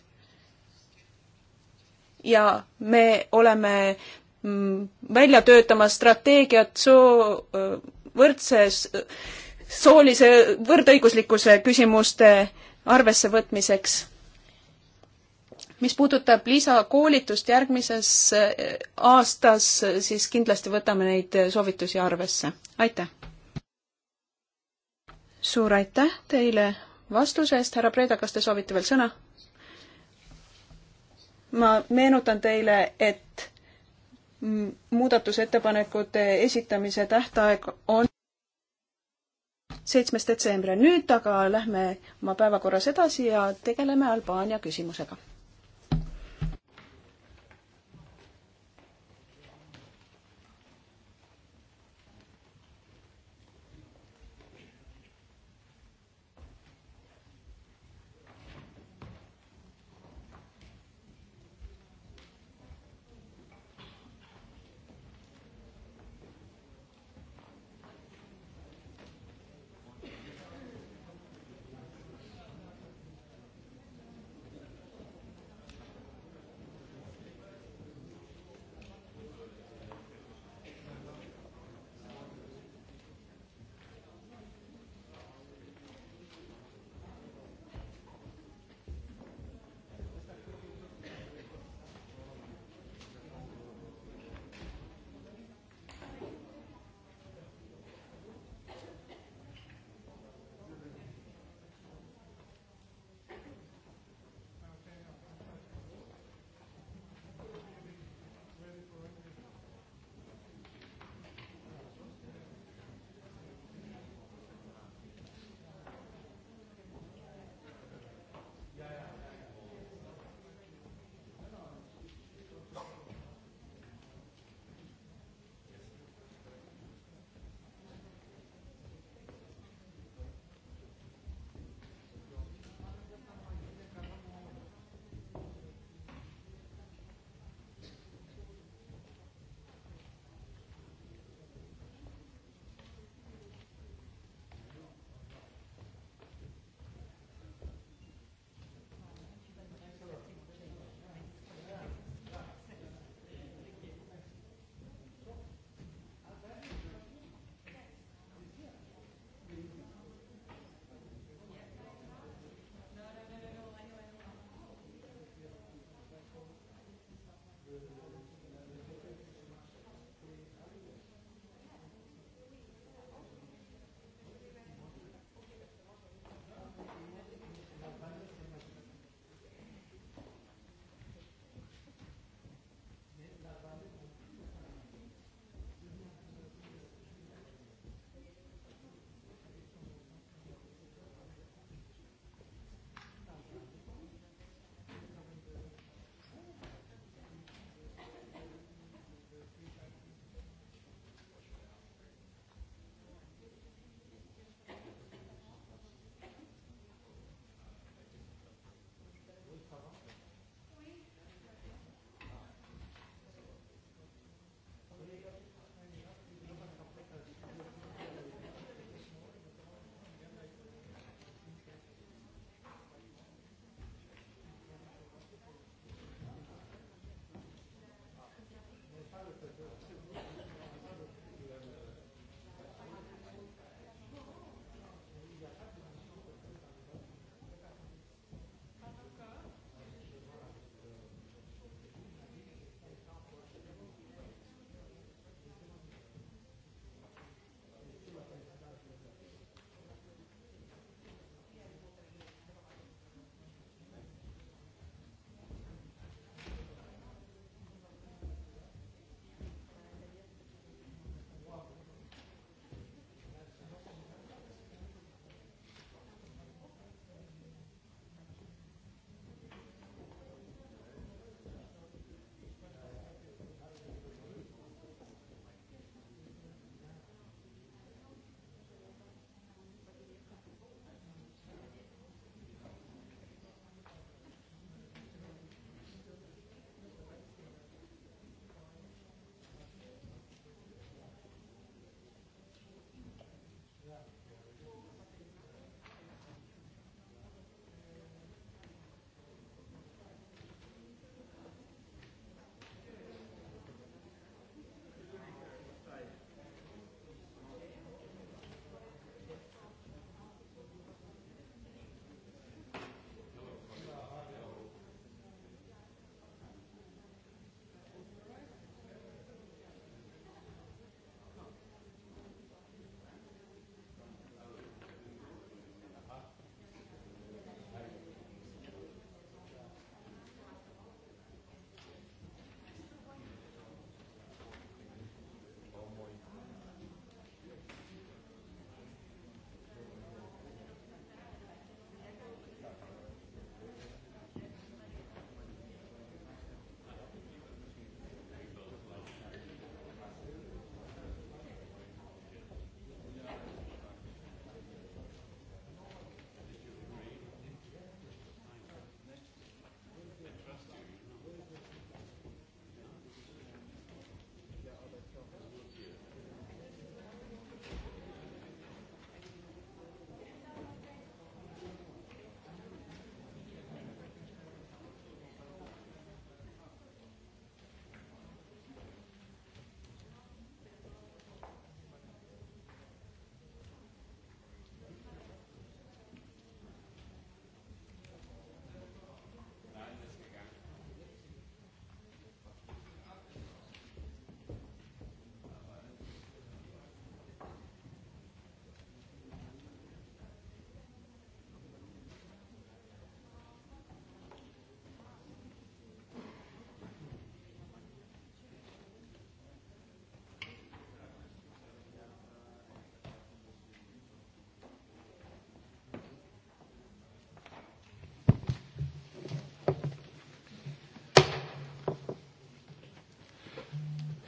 ja me oleme mm, välja töötamas strateegiat soo võrdses, soolise võrdõiguslikkuse küsimuste arvessevõtmiseks mis puudutab lisakoolitust järgmises äh, aastas, siis kindlasti võtame neid äh, soovitusi arvesse. aitäh! suur aitäh teile vastuse eest, härra Preeda, kas te soovite veel sõna? ma meenutan teile, et muudatusettepanekute esitamise tähtaeg on seitsmes detsembril. nüüd aga lähme oma päevakorras edasi ja tegeleme Albaania küsimusega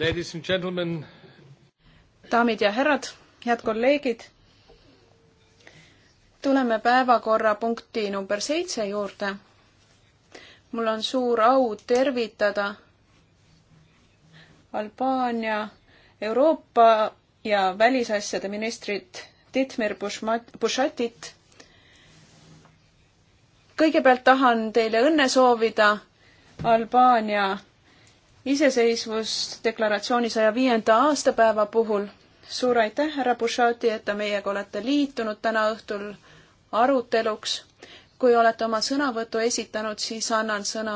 Ladies and gentlemen. daamid ja härrad, head kolleegid. tuleme päevakorrapunkti number seitse juurde. mul on suur au tervitada Albaania Euroopa ja välisasjade ministrit Ditmir Bushatit. kõigepealt tahan teile õnne soovida Albaania iseseisvusdeklaratsiooni saja viienda aastapäeva puhul. suur aitäh, härra Bushati, et te meiega olete liitunud täna õhtul aruteluks. kui olete oma sõnavõtu esitanud, siis annan sõna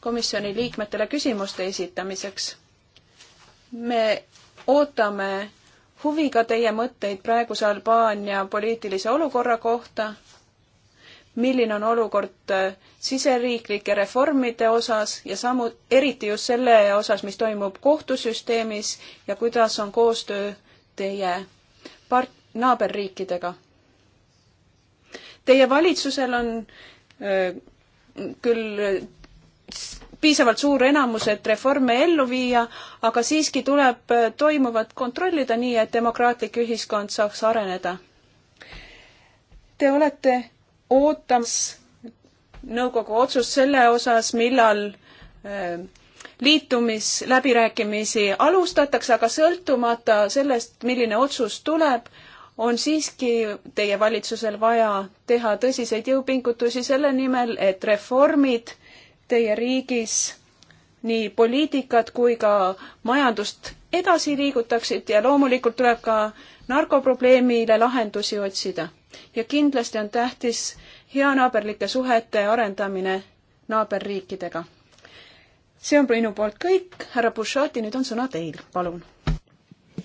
komisjoni liikmetele küsimuste esitamiseks. me ootame huviga teie mõtteid praeguse Albaania poliitilise olukorra kohta milline on olukord äh, siseriiklike reformide osas ja samu, eriti just selle osas, mis toimub kohtusüsteemis ja kuidas on koostöö teie part-, naaberriikidega? Teie valitsusel on öö, äh, küll äh, piisavalt suur enamus, et reforme ellu viia, aga siiski tuleb toimuvat kontrollida nii, et demokraatlik ühiskond saaks areneda. Te olete ootamas nõukogu otsust selle osas, millal ähm, liitumisläbirääkimisi alustatakse, aga sõltumata sellest, milline otsus tuleb, on siiski teie valitsusel vaja teha tõsiseid jõupingutusi selle nimel, et reformid teie riigis nii poliitikat kui ka majandust edasi liigutaksid ja loomulikult tuleb ka narkoprobleemile lahendusi otsida ja kindlasti on tähtis heanaaberlike suhete arendamine naaberriikidega. see on minu poolt kõik, härra Bushati, nüüd on sõna teil, palun.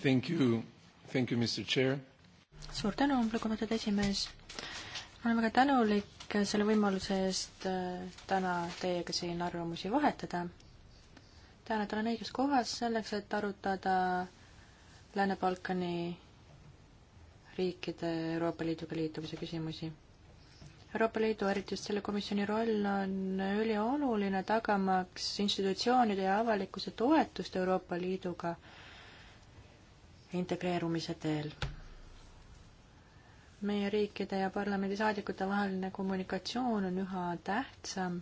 Thank you, thank you, Mr Chair. suur tänu, lugupeetud esimees. ma olen väga tänulik selle võimaluse eest äh, täna teiega siin arvamusi vahetada. tänan, et olen õiges kohas selleks, et arutada Lääne-Balkani riikide Euroopa Liiduga liitumise küsimusi. Euroopa Liidu, eriti just selle komisjoni roll on ülioluline, tagamaks institutsioonide ja avalikkuse toetust Euroopa Liiduga integreerumise teel. meie riikide ja parlamendisaadikute vaheline kommunikatsioon on üha tähtsam,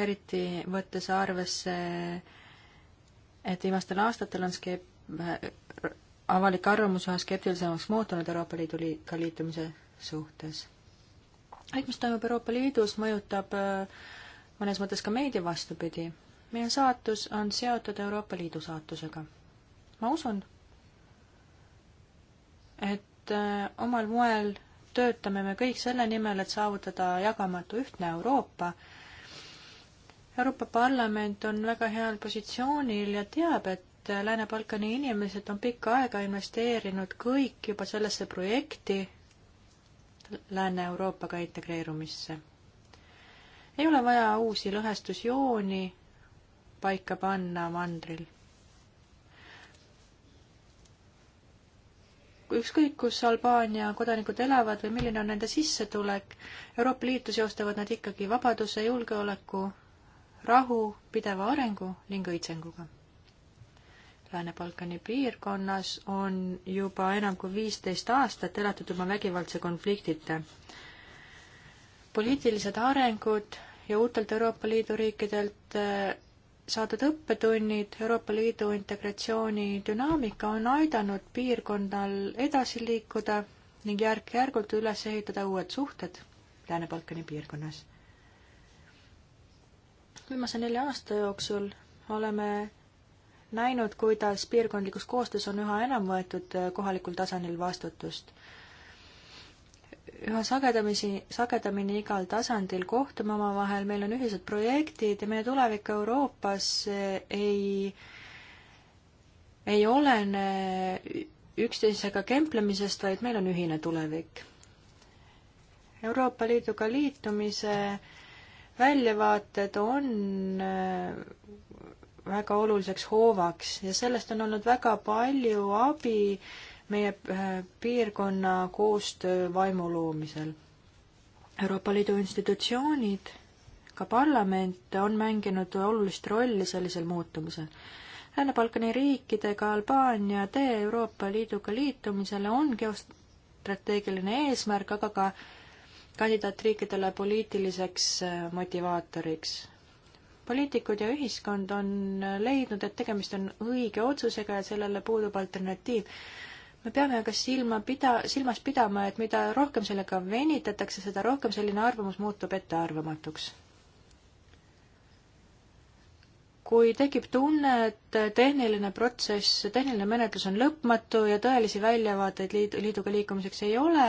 eriti võttes arvesse, et viimastel aastatel on skep-, avalik arvamus üha skeptilisemaks muutunud Euroopa Liiduga liitumise suhtes. kõik, mis toimub Euroopa Liidus, mõjutab äh, mõnes mõttes ka meid ja vastupidi. meie saatus on seotud Euroopa Liidu saatusega. ma usun, et äh, omal moel töötame me kõik selle nimel, et saavutada jagamatu ühtne Euroopa. Euroopa Parlament on väga heal positsioonil ja teab, et et Lääne-Balkani inimesed on pikka aega investeerinud kõik juba sellesse projekti Lääne-Euroopaga integreerumisse. ei ole vaja uusi lõhestusjooni paika panna mandril. ükskõik, kus Albaania kodanikud elavad või milline on nende sissetulek, Euroopa Liitu seostavad nad ikkagi vabaduse, julgeoleku, rahu, pideva arengu ning õitsenguga Lääne-Balkani piirkonnas on juba enam kui viisteist aastat elatud ilma vägivaldse konfliktita. poliitilised arengud ja uutelt Euroopa Liidu riikidelt äh, saadud õppetunnid Euroopa Liidu integratsiooni dünaamika on aidanud piirkonnal edasi liikuda ning järk-järgult üles ehitada uued suhted Lääne-Balkani piirkonnas. viimase nelja aasta jooksul oleme näinud, kuidas piirkondlikus koostöös on üha enam võetud äh, kohalikul tasandil vastutust. üha sagedamisi, sagedamini igal tasandil kohtume omavahel, meil on ühised projektid ja meie tulevik Euroopas äh, ei, ei olene üksteisega kemplemisest, vaid meil on ühine tulevik. Euroopa Liiduga liitumise väljavaated on äh, väga oluliseks hoovaks ja sellest on olnud väga palju abi meie äh, piirkonna koostöö vaimu loomisel. Euroopa Liidu institutsioonid, ka parlament on mänginud olulist rolli sellisel muutumisel. Lääne-Balkani riikidega Albaania tee Euroopa Liiduga liitumisele on geostrateegiline eesmärk, aga ka kandidaatriikidele poliitiliseks äh, motivaatoriks poliitikud ja ühiskond on leidnud, et tegemist on õige otsusega ja sellele puudub alternatiiv. me peame aga silma pida-, silmas pidama, et mida rohkem sellega venitatakse, seda rohkem selline arvamus muutub ettearvamatuks kui tekib tunne, et tehniline protsess, tehniline menetlus on lõpmatu ja tõelisi väljavaateid liid-, liiduga liikumiseks ei ole,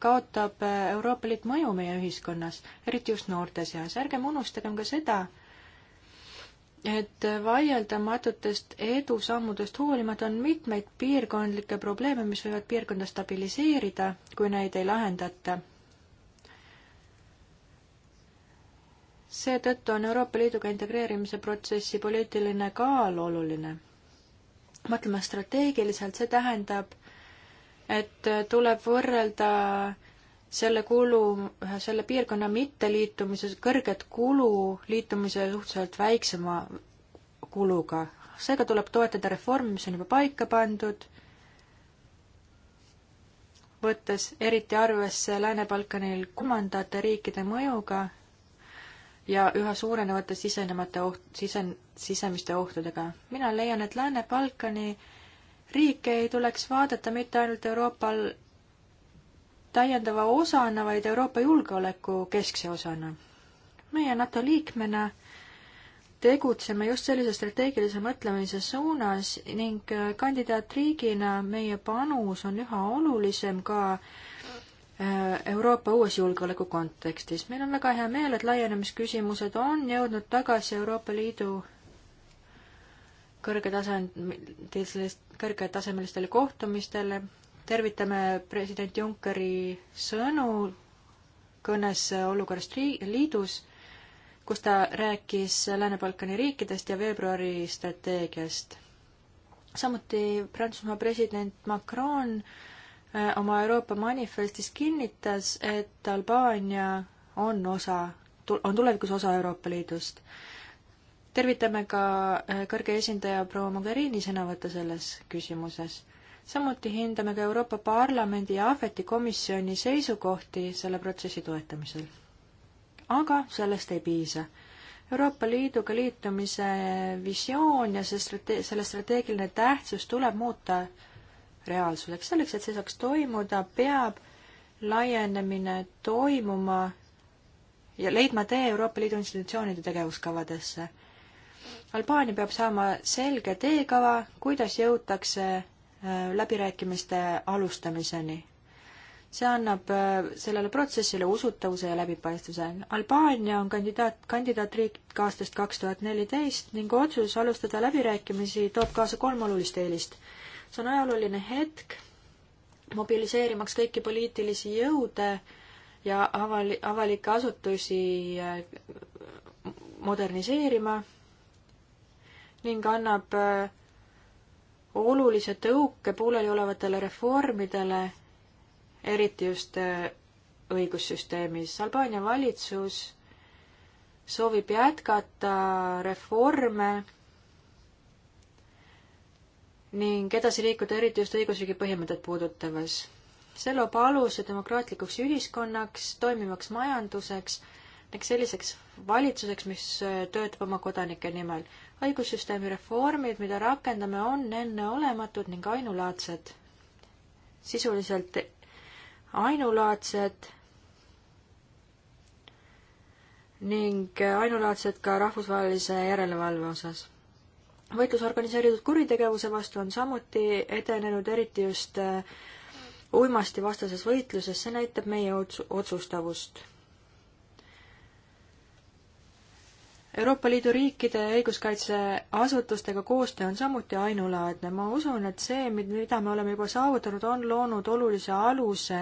kaotab Euroopa Liit mõju meie ühiskonnas, eriti just noorte seas. ärgem unustagem ka seda, et vaieldamatutest edusammudest hoolimata on mitmeid piirkondlikke probleeme, mis võivad piirkonda stabiliseerida, kui neid ei lahendata. seetõttu on Euroopa Liiduga integreerimise protsessi poliitiline kaal oluline. mõtleme strateegiliselt, see tähendab, et tuleb võrrelda selle kulu, selle piirkonna mitteliitumise, kõrget kulu liitumise suhteliselt väiksema kuluga. seega tuleb toetada reformi, mis on juba paika pandud, võttes eriti arvesse Lääne-Balkanil kolmandate riikide mõjuga ja üha suurenevate sisenemate oht, sisen-, sisemiste ohtudega. mina leian, et Lääne-Balkani riike ei tuleks vaadata mitte ainult Euroopal täiendava osana, vaid Euroopa julgeoleku keskse osana. meie NATO liikmena tegutseme just sellise strateegilise mõtlemise suunas ning äh, kandidaatriigina meie panus on üha olulisem ka äh, Euroopa uues julgeoleku kontekstis. meil on väga hea meel, et laienemisküsimused on jõudnud tagasi Euroopa Liidu kõrgetasandilist, kõrgetasemelistele kohtumistele tervitame president Junckeri sõnu kõnes olukorrast liidus, kus ta rääkis Lääne-Balkani riikidest ja veebruari strateegiast. samuti Prantsusmaa president Macron äh, oma Euroopa manifestis kinnitas, et Albaania on osa, on tulevikus osa Euroopa Liidust. tervitame ka äh, kõrge esindaja proua Mogherini sõnavõtte selles küsimuses samuti hindame ka Euroopa Parlamendi ja Ahveti komisjoni seisukohti selle protsessi toetamisel. aga sellest ei piisa. Euroopa Liiduga liitumise visioon ja see strate-, selle strateegiline tähtsus tuleb muuta reaalsuseks. selleks, et see saaks toimuda, peab laienemine toimuma ja leidma tee Euroopa Liidu institutsioonide tegevuskavadesse. Albaania peab saama selge teekava, kuidas jõutakse Äh, läbirääkimiste alustamiseni. see annab äh, sellele protsessile usutavuse ja läbipaistvuse. Albaania on kandidaat, kandidaatriik aastast kaks tuhat neliteist ning otsus alustada läbirääkimisi toob kaasa kolm olulist eelist. see on ajalooline hetk, mobiliseerimaks kõiki poliitilisi jõude ja avali-, avalikke asutusi äh, moderniseerima ning annab äh, olulise tõuke pooleliolevatele reformidele, eriti just äh, õigussüsteemis. Albaania valitsus soovib jätkata reforme ning edasi liikuda eriti just õigusriigi põhimõtet puudutavas. see loob aluse demokraatlikuks ühiskonnaks, toimivaks majanduseks ning selliseks valitsuseks, mis äh, töötab oma kodanike nimel õigussüsteemi reformid, mida rakendame, on enneolematud ning ainulaadsed. sisuliselt ainulaadsed ning ainulaadsed ka rahvusvahelise järelevalve osas. võitlus organiseeritud kuritegevuse vastu on samuti edenenud, eriti just äh, uimastivastases võitluses, see näitab meie otsustavust Euroopa Liidu riikide õiguskaitseasutustega koostöö on samuti ainulaadne. ma usun, et see, mida me oleme juba saavutanud, on loonud olulise aluse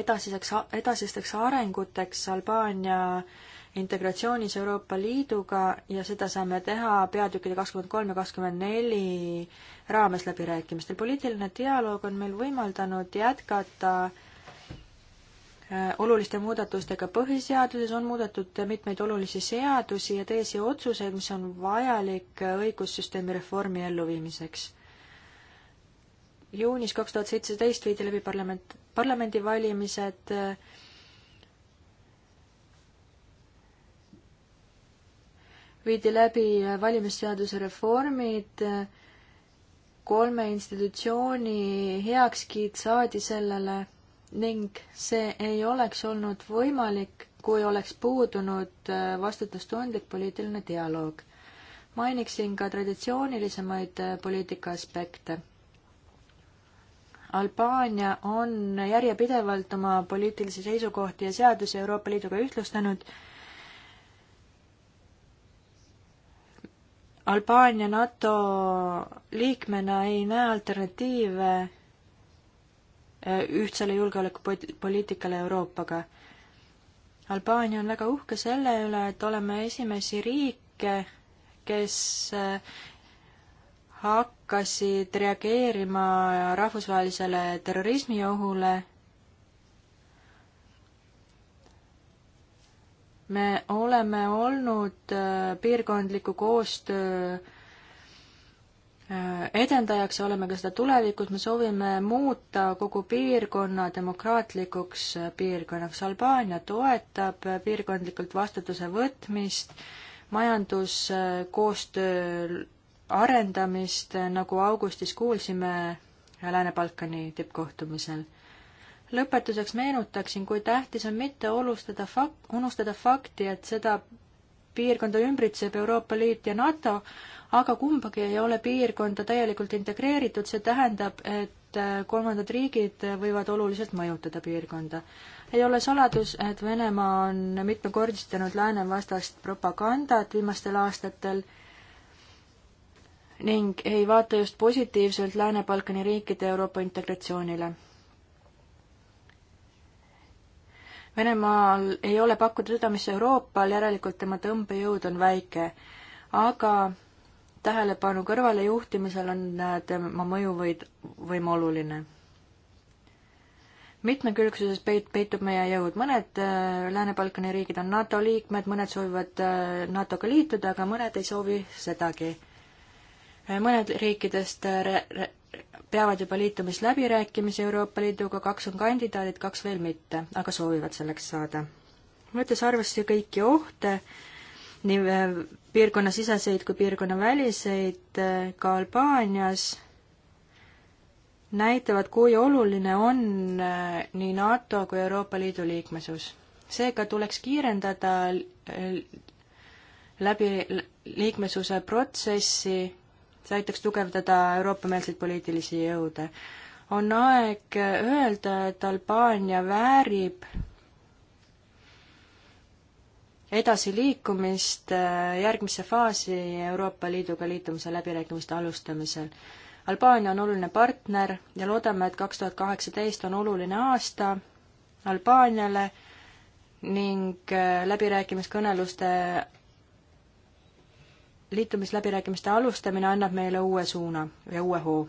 edasiseks, edasisteks arenguteks Albaania integratsioonis Euroopa Liiduga ja seda saame teha peatükkide kakskümmend kolm ja kakskümmend neli raames läbirääkimistel. poliitiline dialoog on meil võimaldanud jätkata Äh, oluliste muudatustega põhiseaduses, on muudetud mitmeid olulisi seadusi ja teisi otsuseid, mis on vajalik äh, õigussüsteemi reformi elluviimiseks. juunis kaks tuhat seitseteist viidi läbi parlament, parlamendivalimised äh, viidi läbi valimisseaduse reformid, kolme institutsiooni heakskiit saadi sellele ning see ei oleks olnud võimalik, kui oleks puudunud äh, vastutustundlik poliitiline dialoog. mainiksin ka traditsioonilisemaid äh, poliitika aspekte. Albaania on järjepidevalt oma poliitilisi seisukohti ja seadusi Euroopa Liiduga ühtlustanud. Albaania NATO liikmena ei näe alternatiive ühtsele julgeolekupoliitikale Euroopaga. Albaania on väga uhke selle üle, et oleme esimesi riike, kes äh, hakkasid reageerima rahvusvahelisele terrorismiohule. me oleme olnud äh, piirkondliku koostöö Äh, edendajaks ja oleme ka seda tulevikus, me soovime muuta kogu piirkonna demokraatlikuks äh, piirkonnaks. Albaania toetab äh, piirkondlikult vastutuse võtmist, majanduskoostöö arendamist, nagu augustis kuulsime Lääne-Balkani tippkohtumisel. lõpetuseks meenutaksin, kui tähtis on mitte unustada fak-, unustada fakti, et seda piirkonda ümbritseb Euroopa Liit ja NATO, aga kumbagi ei ole piirkonda täielikult integreeritud, see tähendab, et äh, kolmandad riigid võivad oluliselt mõjutada piirkonda. ei ole saladus, et Venemaa on mitmekordistanud läänevastast propagandat viimastel aastatel ning ei vaata just positiivselt Lääne-Balkani riikide Euroopa integratsioonile Venemaal ei ole pakkuda seda, mis Euroopal, järelikult tema tõmbejõud on väike. aga tähelepanu kõrvalejuhtimisel on tema mõjuvõid, võim oluline. mitmekülgsuses peit-, peitub meie jõud, mõned äh, Lääne-Balkani riigid on NATO liikmed, mõned soovivad äh, NATO-ga liituda, aga mõned ei soovi sedagi. mõned riikidest äh, re-, re-, peavad juba liitumisläbirääkimisi Euroopa Liiduga, kaks on kandidaadid, kaks veel mitte, aga soovivad selleks saada. võttes arvesse kõiki ohte, nii piirkonnasiseseid kui piirkonnaväliseid äh, ka Albaanias, näitavad, kui oluline on äh, nii NATO kui Euroopa Liidu liikmesus. seega tuleks kiirendada läbi liikmesuse protsessi, see aitaks tugevdada Euroopa-meelseid poliitilisi jõude. on aeg äh, öelda, et Albaania väärib edasiliikumist äh, järgmisse faasi Euroopa Liiduga liitumise läbirääkimiste alustamisel. Albaania on oluline partner ja loodame, et kaks tuhat kaheksateist on oluline aasta Albaaniale ning äh, läbirääkimiskõneluste, liitumisläbirääkimiste alustamine annab meile uue suuna ja uue hoo.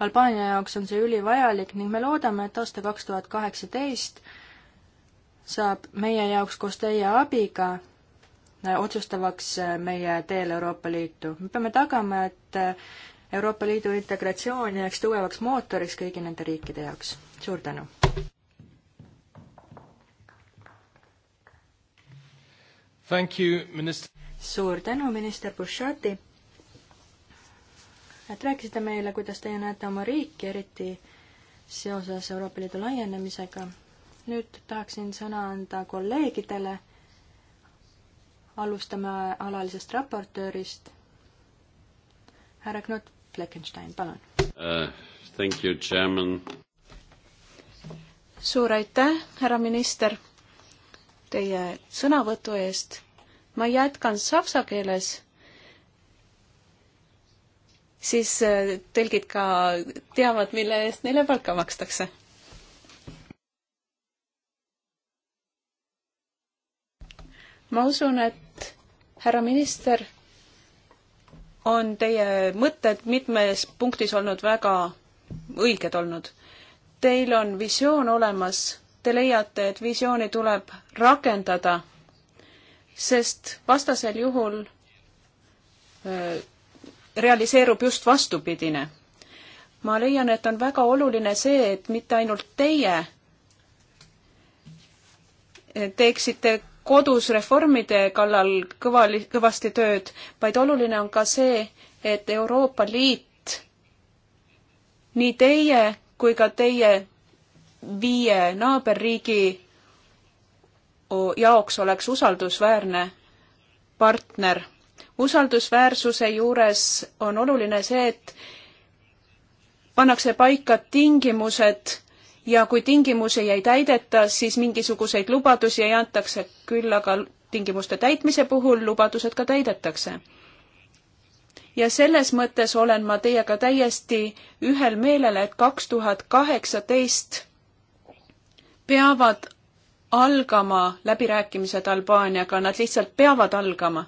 Albaania jaoks on see ülivajalik ning me loodame, et aasta kaks tuhat kaheksateist saab meie jaoks koos teie abiga äh, otsustavaks äh, meie teel Euroopa Liitu. me peame tagama, et äh, Euroopa Liidu integratsioon jääks tugevaks mootoriks kõigi nende riikide jaoks. suur tänu! Thank you, minister. suur tänu, minister Bushati, et rääkisite meile, kuidas teie näete oma riiki, eriti seoses Euroopa Liidu laienemisega nüüd tahaksin sõna anda kolleegidele. alustame alalisest raportöörist. härra Knut Fleckenstein, palun uh,. Thank you, chairman. suur aitäh, härra minister, teie sõnavõtu eest. ma jätkan saksa keeles siis eh, tõlgid ka teavad, mille eest neile palka makstakse ma usun, et härra minister on teie mõtted mitmes punktis olnud väga õiged olnud. Teil on visioon olemas, te leiate, et visiooni tuleb rakendada, sest vastasel juhul öö, äh, realiseerub just vastupidine. ma leian, et on väga oluline see, et mitte ainult teie äh, teeksite kodus reformide kallal kõva, kõvasti tööd, vaid oluline on ka see, et Euroopa Liit, nii teie kui ka teie viie naaberriigi jaoks oleks usaldusväärne partner. usaldusväärsuse juures on oluline see, et pannakse paika tingimused ja kui tingimusi ei täideta, siis mingisuguseid lubadusi ei antakse, küll aga tingimuste täitmise puhul lubadused ka täidetakse. ja selles mõttes olen ma teiega täiesti ühel meelel, et kaks tuhat kaheksateist peavad algama läbirääkimised Albaaniaga, nad lihtsalt peavad algama.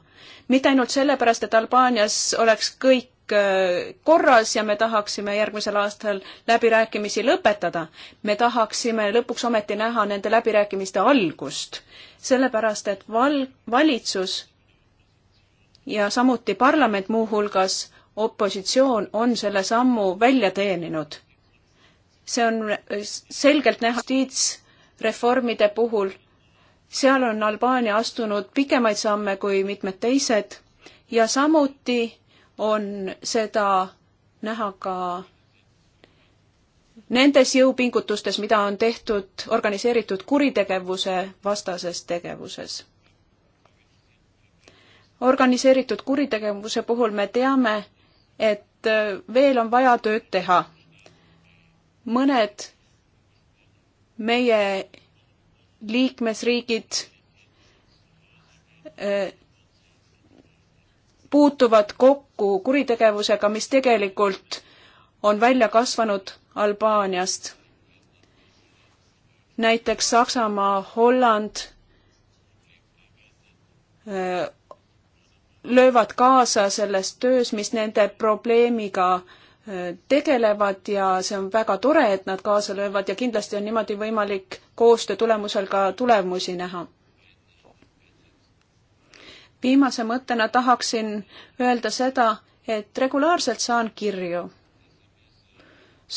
mitte ainult sellepärast, et Albaanias oleks kõik kõik äh, korras ja me tahaksime järgmisel aastal läbirääkimisi lõpetada. me tahaksime lõpuks ometi näha nende läbirääkimiste algust, sellepärast et val-, valitsus ja samuti parlament muuhulgas, opositsioon on selle sammu välja teeninud. see on selgelt näha justiitsreformide puhul, seal on Albaania astunud pikemaid samme kui mitmed teised ja samuti on seda näha ka nendes jõupingutustes, mida on tehtud organiseeritud kuritegevuse vastases tegevuses. organiseeritud kuritegevuse puhul me teame, et veel on vaja tööd teha. mõned meie liikmesriigid puutuvad kokku kuritegevusega, mis tegelikult on välja kasvanud Albaaniast. näiteks Saksamaa, Holland löövad kaasa selles töös, mis nende probleemiga tegelevad ja see on väga tore, et nad kaasa löövad ja kindlasti on niimoodi võimalik koostöö tulemusel ka tulemusi näha viimase mõttena tahaksin öelda seda, et regulaarselt saan kirju,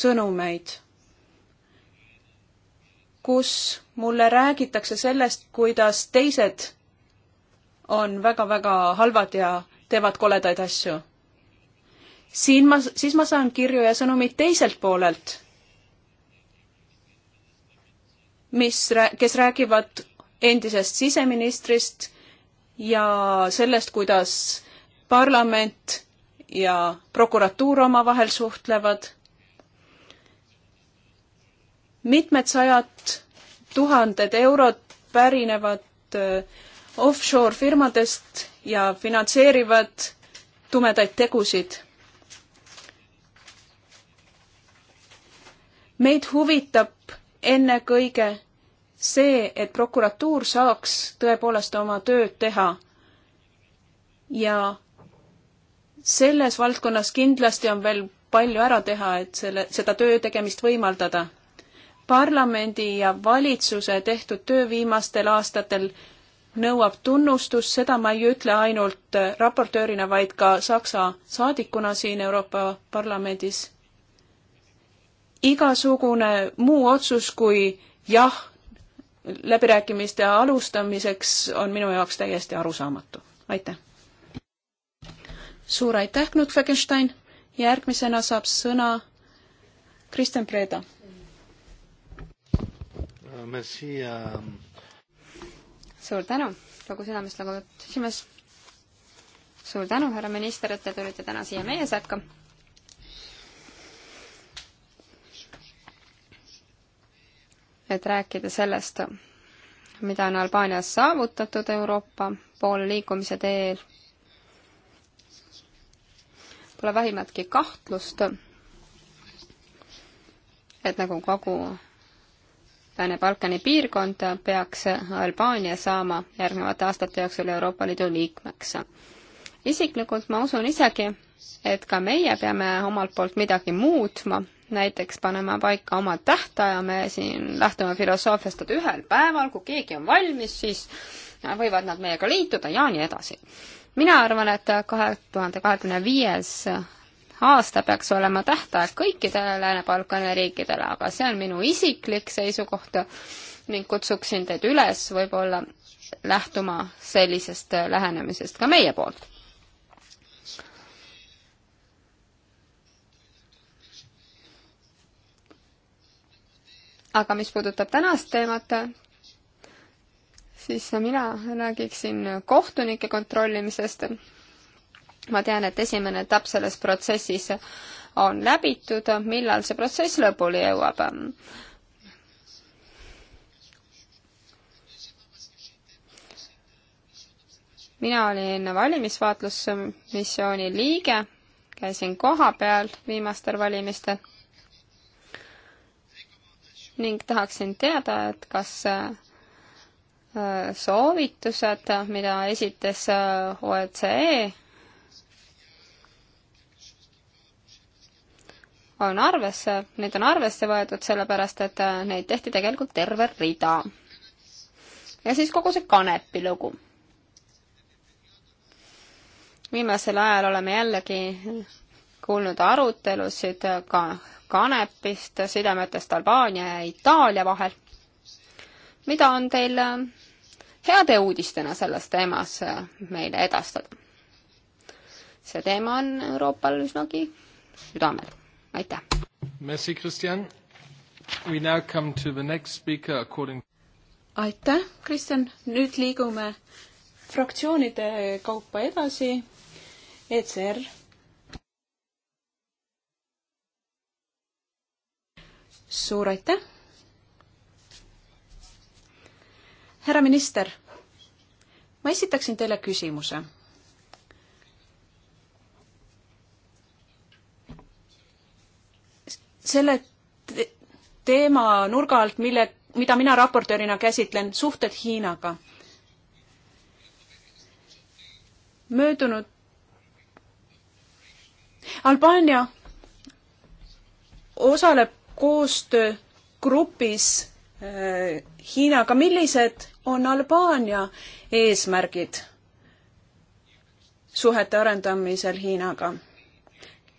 sõnumeid, kus mulle räägitakse sellest, kuidas teised on väga-väga halvad ja teevad koledaid asju. siin ma, siis ma saan kirju ja sõnumeid teiselt poolelt, mis, kes räägivad endisest siseministrist ja sellest, kuidas parlament ja prokuratuur omavahel suhtlevad. mitmed sajad tuhanded eurod pärinevad äh, offshore firmadest ja finantseerivad tumedaid tegusid. meid huvitab ennekõike see, et prokuratuur saaks tõepoolest oma tööd teha. ja selles valdkonnas kindlasti on veel palju ära teha, et selle, seda töö tegemist võimaldada. parlamendi ja valitsuse tehtud töö viimastel aastatel nõuab tunnustust, seda ma ei ütle ainult raportöörina, vaid ka Saksa saadikuna siin Euroopa Parlamendis. igasugune muu otsus kui jah läbirääkimiste alustamiseks on minu jaoks täiesti arusaamatu. aitäh! suur aitäh, Knut Fegenstein! järgmisena saab sõna Kristjan Preda. Äh, ähm. suur tänu, kogu südamest lugupeetud nagu esimees! suur tänu, härra minister, et te tulite täna siia meie sekka et rääkida sellest, mida on Albaanias saavutatud Euroopa poole liikumise teel. Pole vähimatki kahtlust, et nagu kogu Lääne-Balkani piirkond peaks Albaania saama järgnevate aastate jooksul Euroopa Liidu liikmeks. isiklikult ma usun isegi, et ka meie peame omalt poolt midagi muutma, näiteks panema paika oma tähtaja, me siin lähtume filosoofiast, et ühel päeval, kui keegi on valmis, siis võivad nad meiega liituda ja nii edasi. mina arvan, et kahe tuhande kahekümne viies aasta peaks olema tähtaeg kõikidele Lääne-Balkani riikidele, aga see on minu isiklik seisukoht ning kutsuksin teid üles võib-olla lähtuma sellisest lähenemisest ka meie poolt aga mis puudutab tänast teemat, siis mina räägiksin kohtunike kontrollimisest. ma tean, et esimene etapp selles protsessis on läbitud, millal see protsess lõpule jõuab? mina olin valimisvaatlusmissiooni liige, käisin kohapeal viimastel valimistel ning tahaksin teada, et kas äh, soovitused, mida esitas äh, OECD, e, on arvesse, neid on arvesse võetud, sellepärast et äh, neid tehti tegelikult terve rida. ja siis kogu see kanepi lugu. viimasel ajal oleme jällegi kuulnud arutelusid ka kanepist, sidemetest Albaania ja Itaalia vahel. mida on teil äh, heade uudistena selles teemas äh, meile edastada? see teema on Euroopal üsnagi südamel. aitäh! Merci, Kristjan! We now come to the next speaker according aitäh, Kristjan, nüüd liigume fraktsioonide kaupa edasi. ECR suur aitäh! härra minister, ma esitaksin teile küsimuse. selle te teema nurga alt, mille, mida mina raportöörina käsitlen, suhted Hiinaga. möödunud Albaania osaleb koostöögrupis äh, Hiinaga, millised on Albaania eesmärgid suhete arendamisel Hiinaga?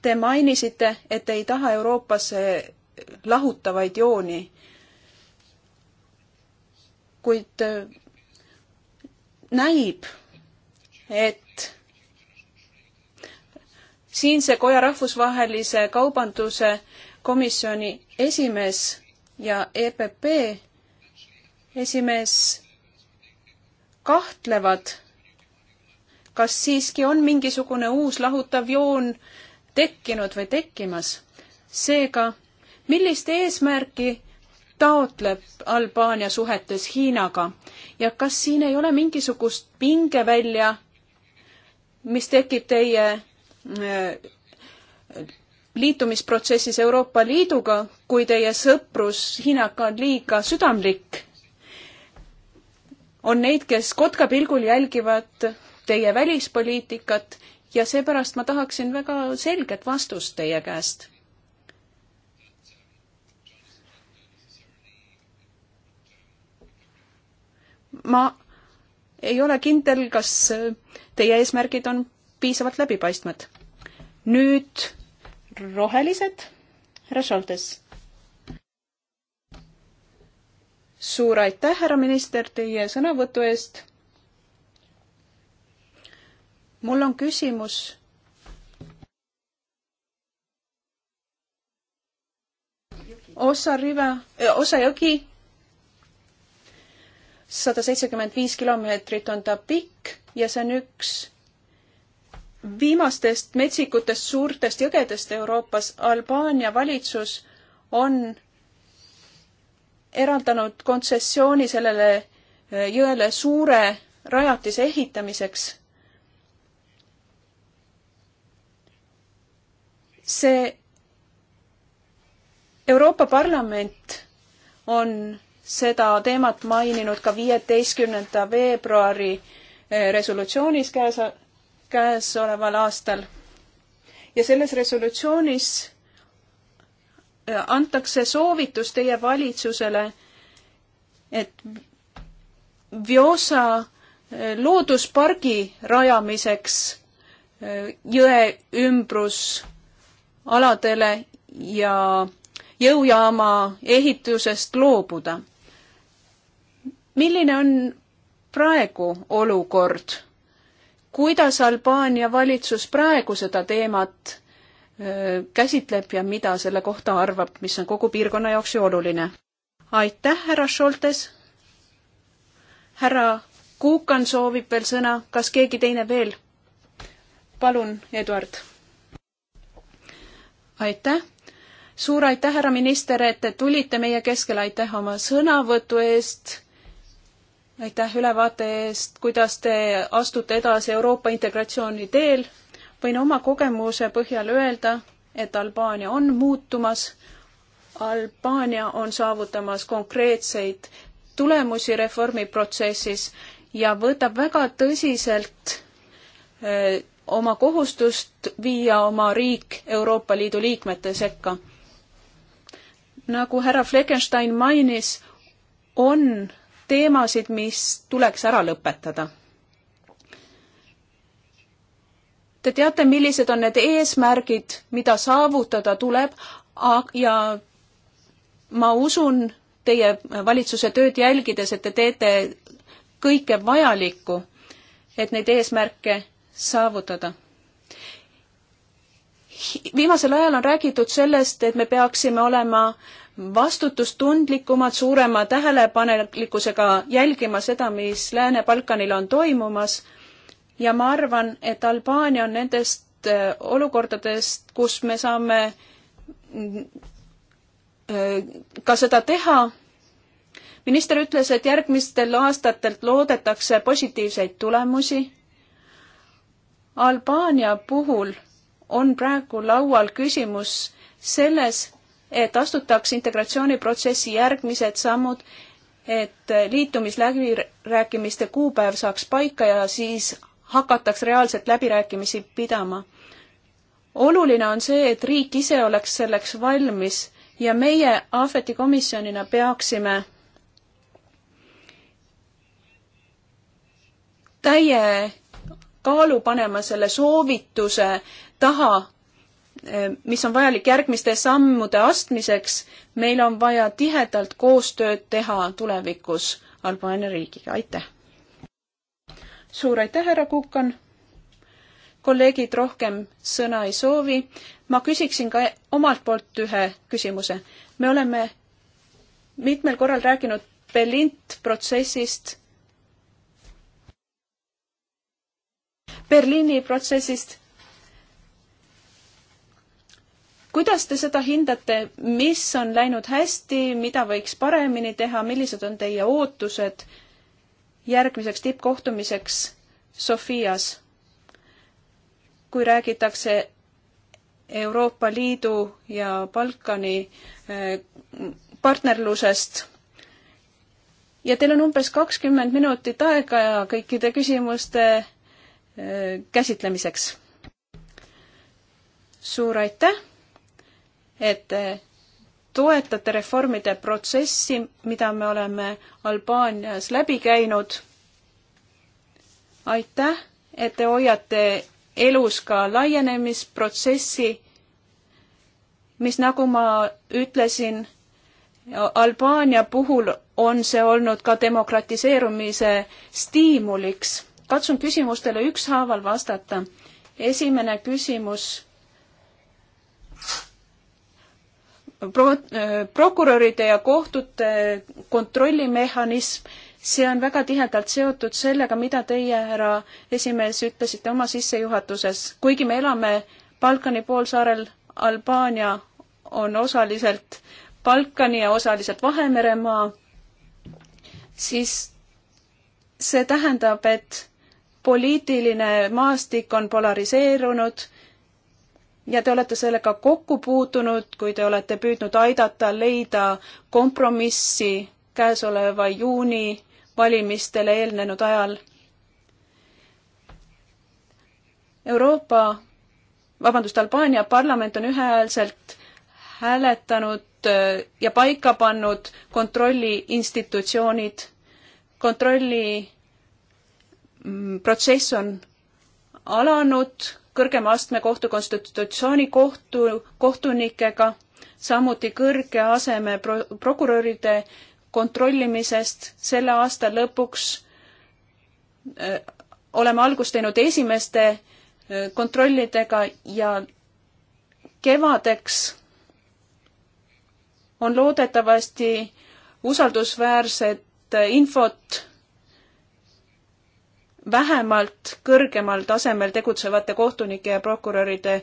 Te mainisite, et ei taha Euroopasse lahutavaid jooni. kuid äh, näib, et siinse koja rahvusvahelise kaubanduse äh, komisjoni esimees ja EPP esimees kahtlevad, kas siiski on mingisugune uus lahutav joon tekkinud või tekkimas. seega, millist eesmärki taotleb Albaania suhetes Hiinaga ja kas siin ei ole mingisugust pingevälja, mis tekib teie äh, liitumisprotsessis Euroopa Liiduga, kui teie sõprus Hiinaga on liiga südamlik. on neid, kes kotkapilgul jälgivad teie välispoliitikat ja seepärast ma tahaksin väga selget vastust teie käest. ma ei ole kindel, kas teie eesmärgid on piisavalt läbipaistvad. nüüd rohelised, härra Šoltes. suur aitäh, härra minister, teie sõnavõtu eest. mul on küsimus. osa rive, eh, osa jõgi, sada seitsekümmend viis kilomeetrit on ta pikk ja see on üks viimastest metsikutest suurtest jõgedest Euroopas Albaania valitsus on eraldanud kontsessiooni sellele eh, jõele suure rajatise ehitamiseks. see Euroopa Parlament on seda teemat maininud ka viieteistkümnenda veebruari eh, resolutsioonis käesa-, käesoleval aastal. ja selles resolutsioonis äh, antakse soovitus teie valitsusele, et Vjosa äh, looduspargi rajamiseks äh, jõe ümbrusaladele ja jõujaama ehitusest loobuda. milline on praegu olukord? kuidas Albaania valitsus praegu seda teemat käsitleb ja mida selle kohta arvab, mis on kogu piirkonna jaoks ju oluline. aitäh, härra Šoltes. härra Kuukan soovib veel sõna, kas keegi teine veel? palun, Eduard. aitäh. suur aitäh, härra minister, et te tulite meie keskele, aitäh oma sõnavõtu eest aitäh ülevaate eest, kuidas te astute edasi Euroopa integratsiooni teel. võin oma kogemuse põhjal öelda, et Albaania on muutumas. Albaania on saavutamas konkreetseid tulemusi reformiprotsessis ja võtab väga tõsiselt eh, oma kohustust viia oma riik Euroopa Liidu liikmete sekka. nagu härra Fleckenstein mainis, on teemasid, mis tuleks ära lõpetada. Te teate, millised on need eesmärgid, mida saavutada tuleb ja ma usun teie valitsuse tööd jälgides, et te teete kõike vajalikku, et neid eesmärke saavutada viimasel ajal on räägitud sellest, et me peaksime olema vastutustundlikumad, suurema tähelepanelikkusega jälgima seda, mis Lääne-Balkanil on toimumas ja ma arvan, et Albaania on nendest äh, olukordadest, kus me saame äh, ka seda teha. minister ütles, et järgmistel aastatel loodetakse positiivseid tulemusi. Albaania puhul on praegu laual küsimus selles, et astutaks integratsiooniprotsessi järgmised sammud, et liitumisläbirääkimiste kuupäev saaks paika ja siis hakataks reaalselt läbirääkimisi pidama. oluline on see, et riik ise oleks selleks valmis ja meie Ahveti komisjonina peaksime täie kaalu panema selle soovituse taha, eh, mis on vajalik järgmiste sammude astmiseks, meil on vaja tihedalt koostööd teha tulevikus Albaania riigiga, aitäh! suur aitäh, härra Kukan! kolleegid rohkem sõna ei soovi. ma küsiksin ka omalt poolt ühe küsimuse. me oleme mitmel korral rääkinud Berliint protsessist, Berliini protsessist kuidas te seda hindate, mis on läinud hästi, mida võiks paremini teha, millised on teie ootused järgmiseks tippkohtumiseks Sofias, kui räägitakse Euroopa Liidu ja Balkani eh, partnerlusest. ja teil on umbes kakskümmend minutit aega kõikide küsimuste eh, käsitlemiseks. suur aitäh! et te toetate reformide protsessi, mida me oleme Albaanias läbi käinud. aitäh, et te hoiate elus ka laienemisprotsessi, mis, nagu ma ütlesin, Albaania puhul on see olnud ka demokratiseerumise stiimuliks. katsun küsimustele ükshaaval vastata. esimene küsimus pro-, prokuröride ja kohtute kontrollimehhanism, see on väga tihedalt seotud sellega, mida teie, härra esimees, ütlesite oma sissejuhatuses. kuigi me elame Balkani poolsaarel, Albaania on osaliselt Balkani ja osaliselt Vahemeremaa, siis see tähendab, et poliitiline maastik on polariseerunud ja te olete sellega kokku puutunud, kui te olete püüdnud aidata leida kompromissi käesoleva juuni valimistele eelnenud ajal. Euroopa, vabandust, Albaania parlament on ühehäälselt hääletanud äh, ja paika pannud kontrolli institutsioonid. Mm, kontrolli protsess on alanud kõrgema astme kohtu konstitutsioonikohtu kohtunikega, samuti kõrge aseme pro-, prokuröride kontrollimisest selle aasta lõpuks öö, äh, oleme algust teinud esimeste öö, äh, kontrollidega ja kevadeks on loodetavasti usaldusväärset äh, infot vähemalt kõrgemal tasemel tegutsevate kohtunike ja prokuröride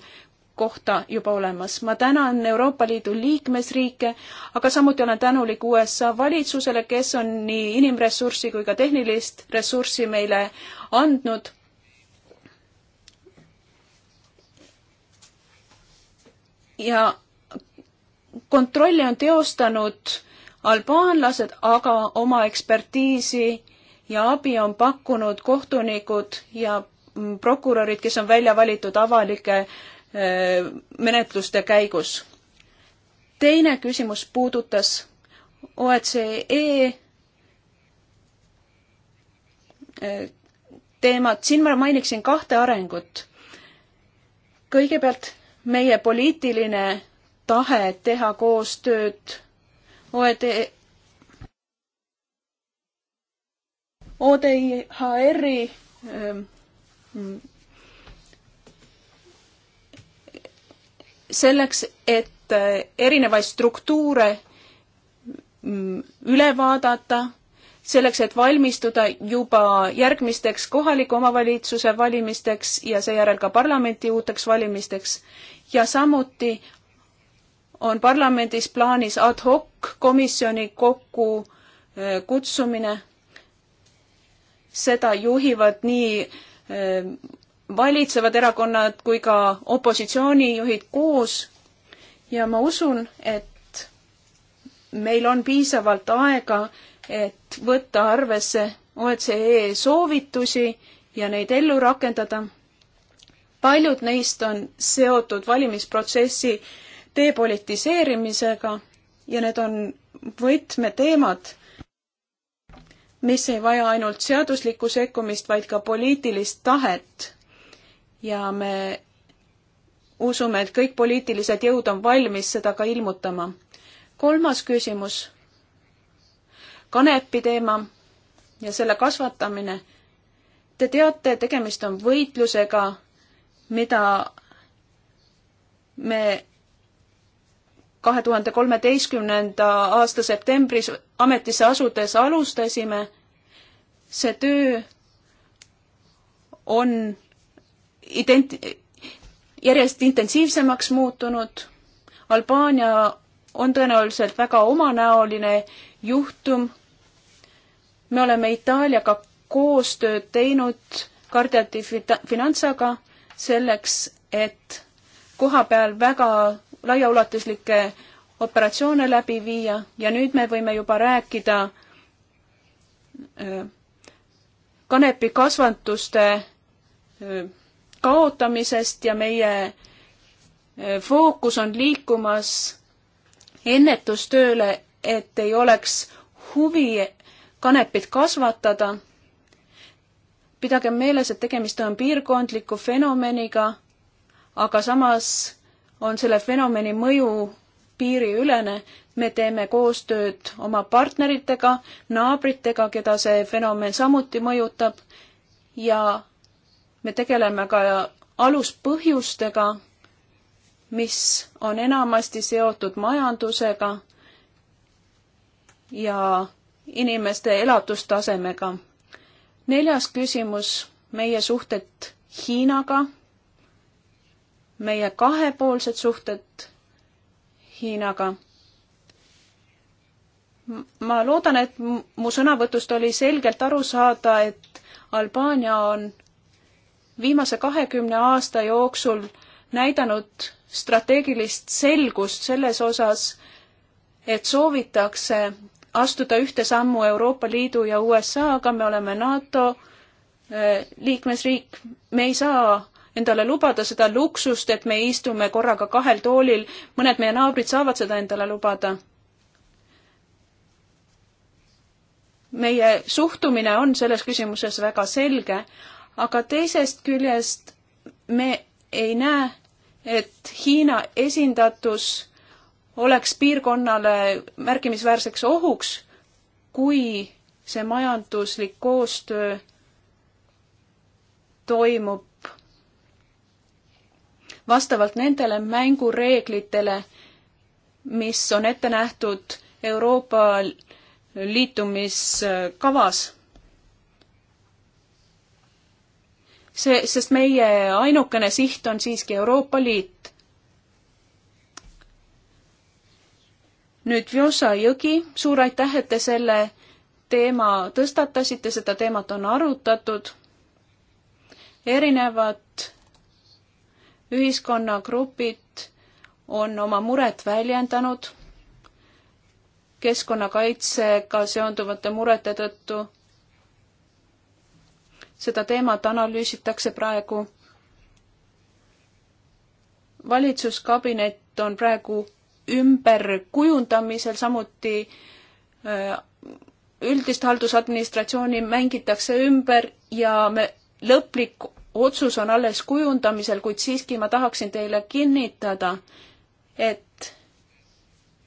kohta juba olemas. ma tänan Euroopa Liidu liikmesriike, aga samuti olen tänulik USA valitsusele, kes on nii inimressurssi kui ka tehnilist ressurssi meile andnud. ja kontrolli on teostanud albaanlased, aga oma ekspertiisi ja abi on pakkunud kohtunikud ja mm, prokurörid, kes on välja valitud avalike eh, menetluste käigus. teine küsimus puudutas OECD e, eh, teemat, siin ma mainiksin kahte arengut. kõigepealt meie poliitiline tahe teha koostööd OECD e ODIHR-i ähm, selleks, et äh, erinevaid struktuure mm, üle vaadata, selleks, et valmistuda juba järgmisteks kohaliku omavalitsuse valimisteks ja seejärel ka parlamenti uuteks valimisteks ja samuti on parlamendis plaanis ad hoc komisjoni kokku äh, kutsumine seda juhivad nii eh, valitsevad erakonnad kui ka opositsioonijuhid koos ja ma usun, et meil on piisavalt aega, et võtta arvesse OECD e soovitusi ja neid ellu rakendada. paljud neist on seotud valimisprotsessi depolitiseerimisega ja need on võtmeteemad mis ei vaja ainult seaduslikku sekkumist, vaid ka poliitilist tahet. ja me usume, et kõik poliitilised jõud on valmis seda ka ilmutama. kolmas küsimus. kanepi teema ja selle kasvatamine. Te teate, tegemist on võitlusega, mida me kahe tuhande kolmeteistkümnenda aasta septembris ametisse asudes alustasime. see töö on ident-, järjest intensiivsemaks muutunud. Albaania on tõenäoliselt väga omanäoline juhtum. me oleme Itaaliaga koostööd teinud Guardiati finantsaga selleks, et koha peal väga laiaulatuslikke operatsioone läbi viia ja nüüd me võime juba rääkida kanepikasvanduste kaotamisest ja meie fookus on liikumas ennetustööle, et ei oleks huvi kanepit kasvatada. pidagem meeles, et tegemist on piirkondliku fenomeniga, aga samas on selle fenomeni mõju piiriülene, me teeme koostööd oma partneritega, naabritega, keda see fenomen samuti mõjutab ja me tegeleme ka aluspõhjustega, mis on enamasti seotud majandusega ja inimeste elatustasemega. neljas küsimus, meie suhted Hiinaga meie kahepoolsed suhted Hiinaga. ma loodan, et mu sõnavõtust oli selgelt aru saada, et Albaania on viimase kahekümne aasta jooksul näidanud strateegilist selgust selles osas, et soovitakse astuda ühte sammu Euroopa Liidu ja USA-ga, me oleme NATO eh, liikmesriik, me ei saa endale lubada seda luksust, et me istume korraga kahel toolil, mõned meie naabrid saavad seda endale lubada. meie suhtumine on selles küsimuses väga selge, aga teisest küljest me ei näe, et Hiina esindatus oleks piirkonnale märkimisväärseks ohuks, kui see majanduslik koostöö toimub vastavalt nendele mängureeglitele, mis on ette nähtud Euroopa liitumiskavas. see, sest meie ainukene siht on siiski Euroopa Liit. nüüd Vjosa jõgi, suur aitäh, et te selle teema tõstatasite, seda teemat on arutatud. erinevad ühiskonnagrupid on oma muret väljendanud keskkonnakaitsega seonduvate murete tõttu. seda teemat analüüsitakse praegu. valitsuskabinet on praegu ümberkujundamisel, samuti äh, üldist haldusadministratsiooni mängitakse ümber ja me lõplik otsus on alles kujundamisel, kuid siiski ma tahaksin teile kinnitada, et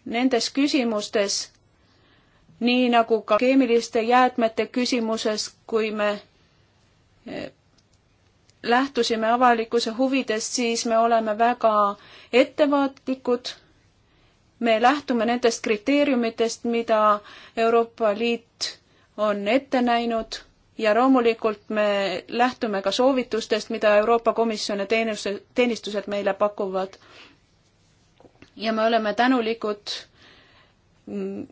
nendes küsimustes, nii nagu ka keemiliste jäätmete küsimuses, kui me eh, lähtusime avalikkuse huvidest, siis me oleme väga ettevaatlikud. me lähtume nendest kriteeriumitest, mida Euroopa Liit on ette näinud ja loomulikult me lähtume ka soovitustest, mida Euroopa Komisjon ja teenuse, teenistused meile pakuvad. ja me oleme tänulikud mm,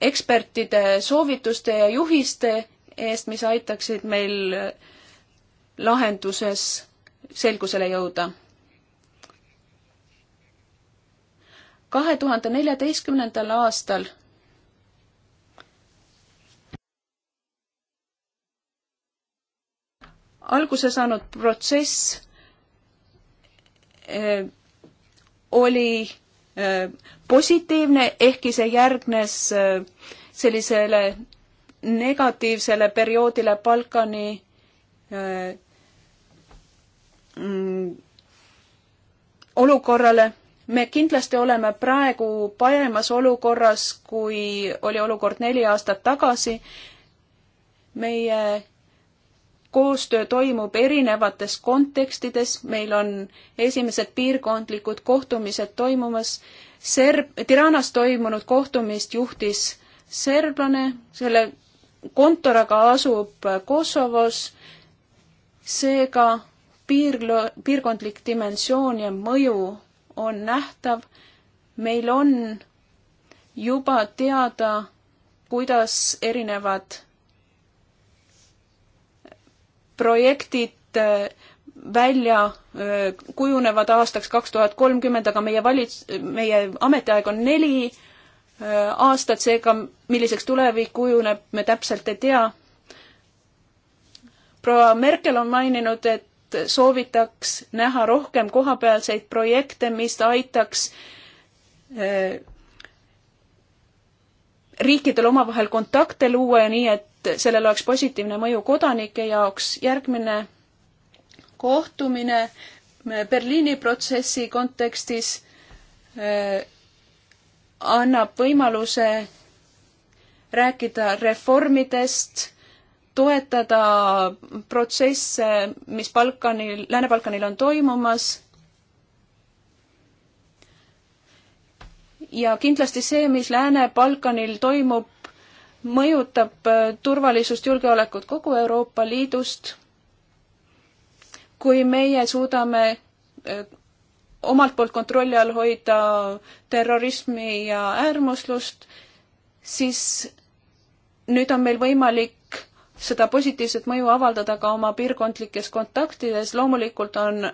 ekspertide soovituste ja juhiste eest, mis aitaksid meil lahenduses selgusele jõuda. kahe tuhande neljateistkümnendal aastal alguse saanud protsess eh, oli eh, positiivne, ehkki see järgnes eh, sellisele negatiivsele perioodile Balkani mm, olukorrale. me kindlasti oleme praegu paremas olukorras, kui oli olukord neli aastat tagasi. meie koostöö toimub erinevates kontekstides, meil on esimesed piirkondlikud kohtumised toimumas, Serb-, Tiranas toimunud kohtumist juhtis serblane, selle kontor aga asub Kosovos, seega piirlo-, piirkondlik dimensioon ja mõju on nähtav, meil on juba teada, kuidas erinevad projektid äh, välja äh, kujunevad aastaks kaks tuhat kolmkümmend, aga meie valits-, meie ametiaeg on neli äh, aastat, seega milliseks tulevik kujuneb, me täpselt ei tea. proua Merkel on maininud, et soovitaks näha rohkem kohapealseid projekte, mis aitaks riikidel omavahel kontakte luua ja nii, et sellel oleks positiivne mõju kodanike jaoks. järgmine kohtumine Berliini protsessi kontekstis äh, annab võimaluse rääkida reformidest, toetada protsesse, mis Balkanil, Lääne-Balkanil on toimumas ja kindlasti see, mis Lääne-Balkanil toimub, mõjutab äh, turvalisust, julgeolekut kogu Euroopa Liidust. kui meie suudame äh, omalt poolt kontrolli all hoida terrorismi ja äärmuslust, siis nüüd on meil võimalik seda positiivset mõju avaldada ka oma piirkondlikes kontaktides. loomulikult on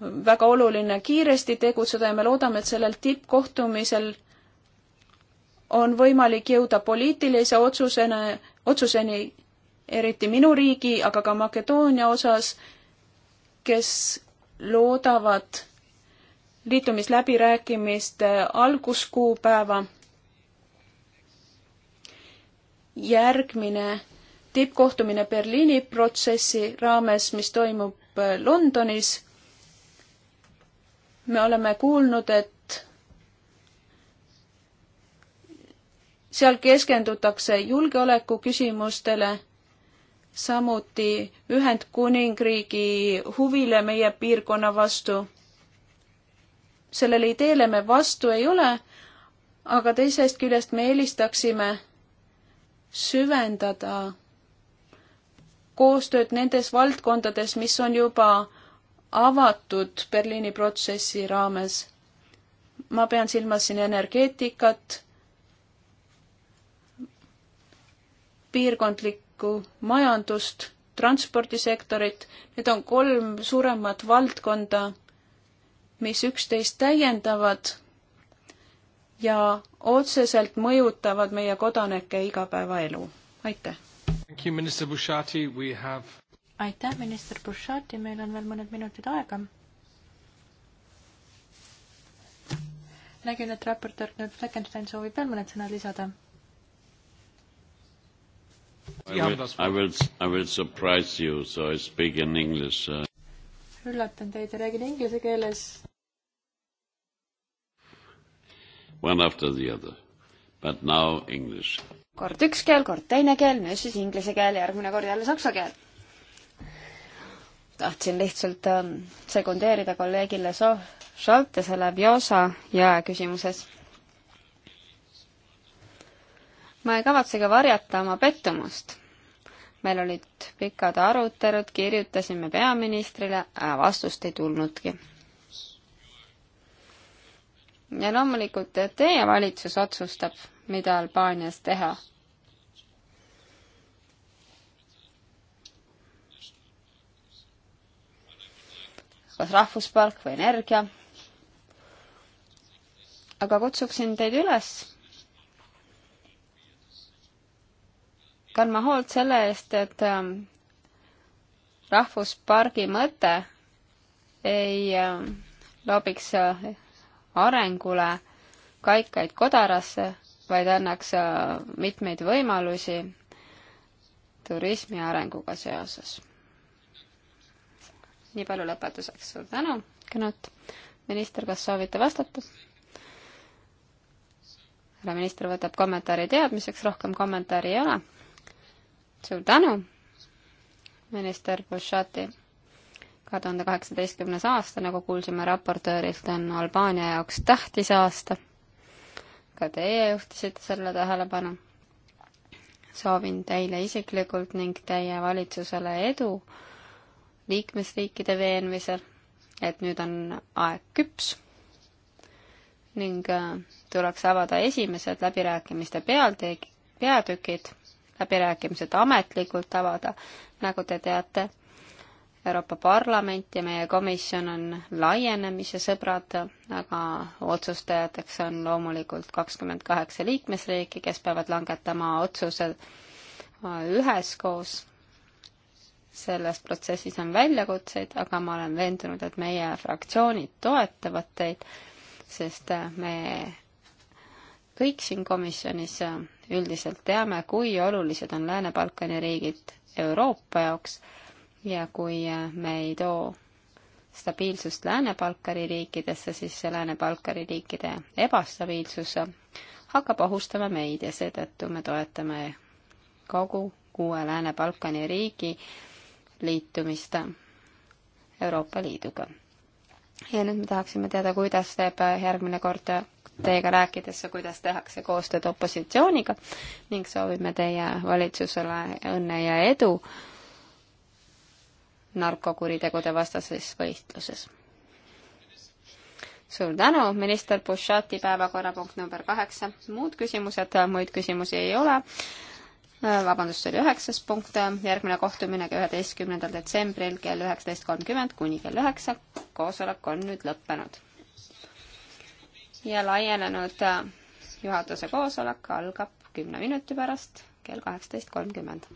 väga oluline kiiresti tegutseda ja me loodame, et sellel tippkohtumisel on võimalik jõuda poliitilise otsusena, otsuseni, eriti minu riigi, aga ka Makedoonia osas, kes loodavad liitumisläbirääkimiste alguskuupäeva. järgmine tippkohtumine Berliini protsessi raames, mis toimub Londonis me oleme kuulnud, et seal keskendutakse julgeoleku küsimustele, samuti Ühendkuningriigi huvile meie piirkonna vastu. sellele ideele me vastu ei ole, aga teisest küljest me eelistaksime süvendada koostööd nendes valdkondades, mis on juba avatud Berliini protsessi raames. ma pean silmas siin energeetikat, piirkondlikku majandust, transpordisektorit, need on kolm suuremat valdkonda, mis üksteist täiendavad ja otseselt mõjutavad meie kodanike igapäevaelu. aitäh! Have aitäh, minister Bushati, meil on veel mõned minutid aega. nägin, et raportöör Knut Fleckenstein soovib veel mõned sõnad lisada. I will, I will, I will surprise you, so I speak in english uh.... üllatan teid ja räägin inglise keeles. One after the other, but now english. kord üks keel, kord teine keel, nüüd siis inglise keel, järgmine kord jälle saksa keel tahtsin lihtsalt ähm, sekundeerida kolleegile Šaltesele Vjosa jää küsimuses. ma ei kavatsegi varjata oma pettumust. meil olid pikad arutelud, kirjutasime peaministrile, vastust ei tulnudki. ja loomulikult teie valitsus otsustab, mida Albaanias teha kas rahvuspark või energia. aga kutsuksin teid üles kandma hoolt selle eest, et ähm, rahvuspargi mõte ei ähm, loobiks äh, arengule kaikaid kodarasse, vaid annaks äh, mitmeid võimalusi turismi arenguga seoses nii palju lõpetuseks. suur tänu, Knut. minister, kas soovite vastata? härra minister võtab kommentaari teadmiseks, rohkem kommentaari ei ole. suur tänu, minister Bushati. kahe tuhande kaheksateistkümnes aasta, nagu kuulsime raportöörilt, on Albaania jaoks tähtis aasta. ka teie juhtisite selle tähelepanu. soovin teile isiklikult ning teie valitsusele edu liikmesriikide veenmisel, et nüüd on aeg küps ning äh, tuleks avada esimesed läbirääkimiste pealtee-, peatükid, läbirääkimised ametlikult avada, nagu te teate, Euroopa Parlament ja meie komisjon on laienemise sõbrad, aga otsustajateks on loomulikult kakskümmend kaheksa liikmesriiki, kes peavad langetama otsused äh, üheskoos selles protsessis on väljakutseid, aga ma olen veendunud, et meie fraktsioonid toetavad teid, sest äh, me kõik siin komisjonis äh, üldiselt teame, kui olulised on Lääne-Balkani riigid Euroopa jaoks ja kui äh, me ei too stabiilsust Lääne-Balkani riikidesse, siis see Lääne-Balkani riikide ebastabiilsus hakkab ohustama meid ja seetõttu me toetame kogu kuue Lääne-Balkani riigi liitumist Euroopa Liiduga. ja nüüd me tahaksime teada, kuidas teeb järgmine kord teiega rääkides, kuidas tehakse koostööd opositsiooniga ning soovime teie valitsusele õnne ja edu narkokuritegude vastases võistluses. suur tänu, minister Bushati päevakorrapunkt number kaheksa, muud küsimused, muid küsimusi ei ole Äh, vabandust, see oli üheksas punkt, järgmine kohtumine üheteistkümnendal detsembril kell üheksateist kolmkümmend kuni kell üheksa, koosolek on nüüd lõppenud. ja laienenud äh, juhatuse koosolek algab kümne minuti pärast kell kaheksateist kolmkümmend.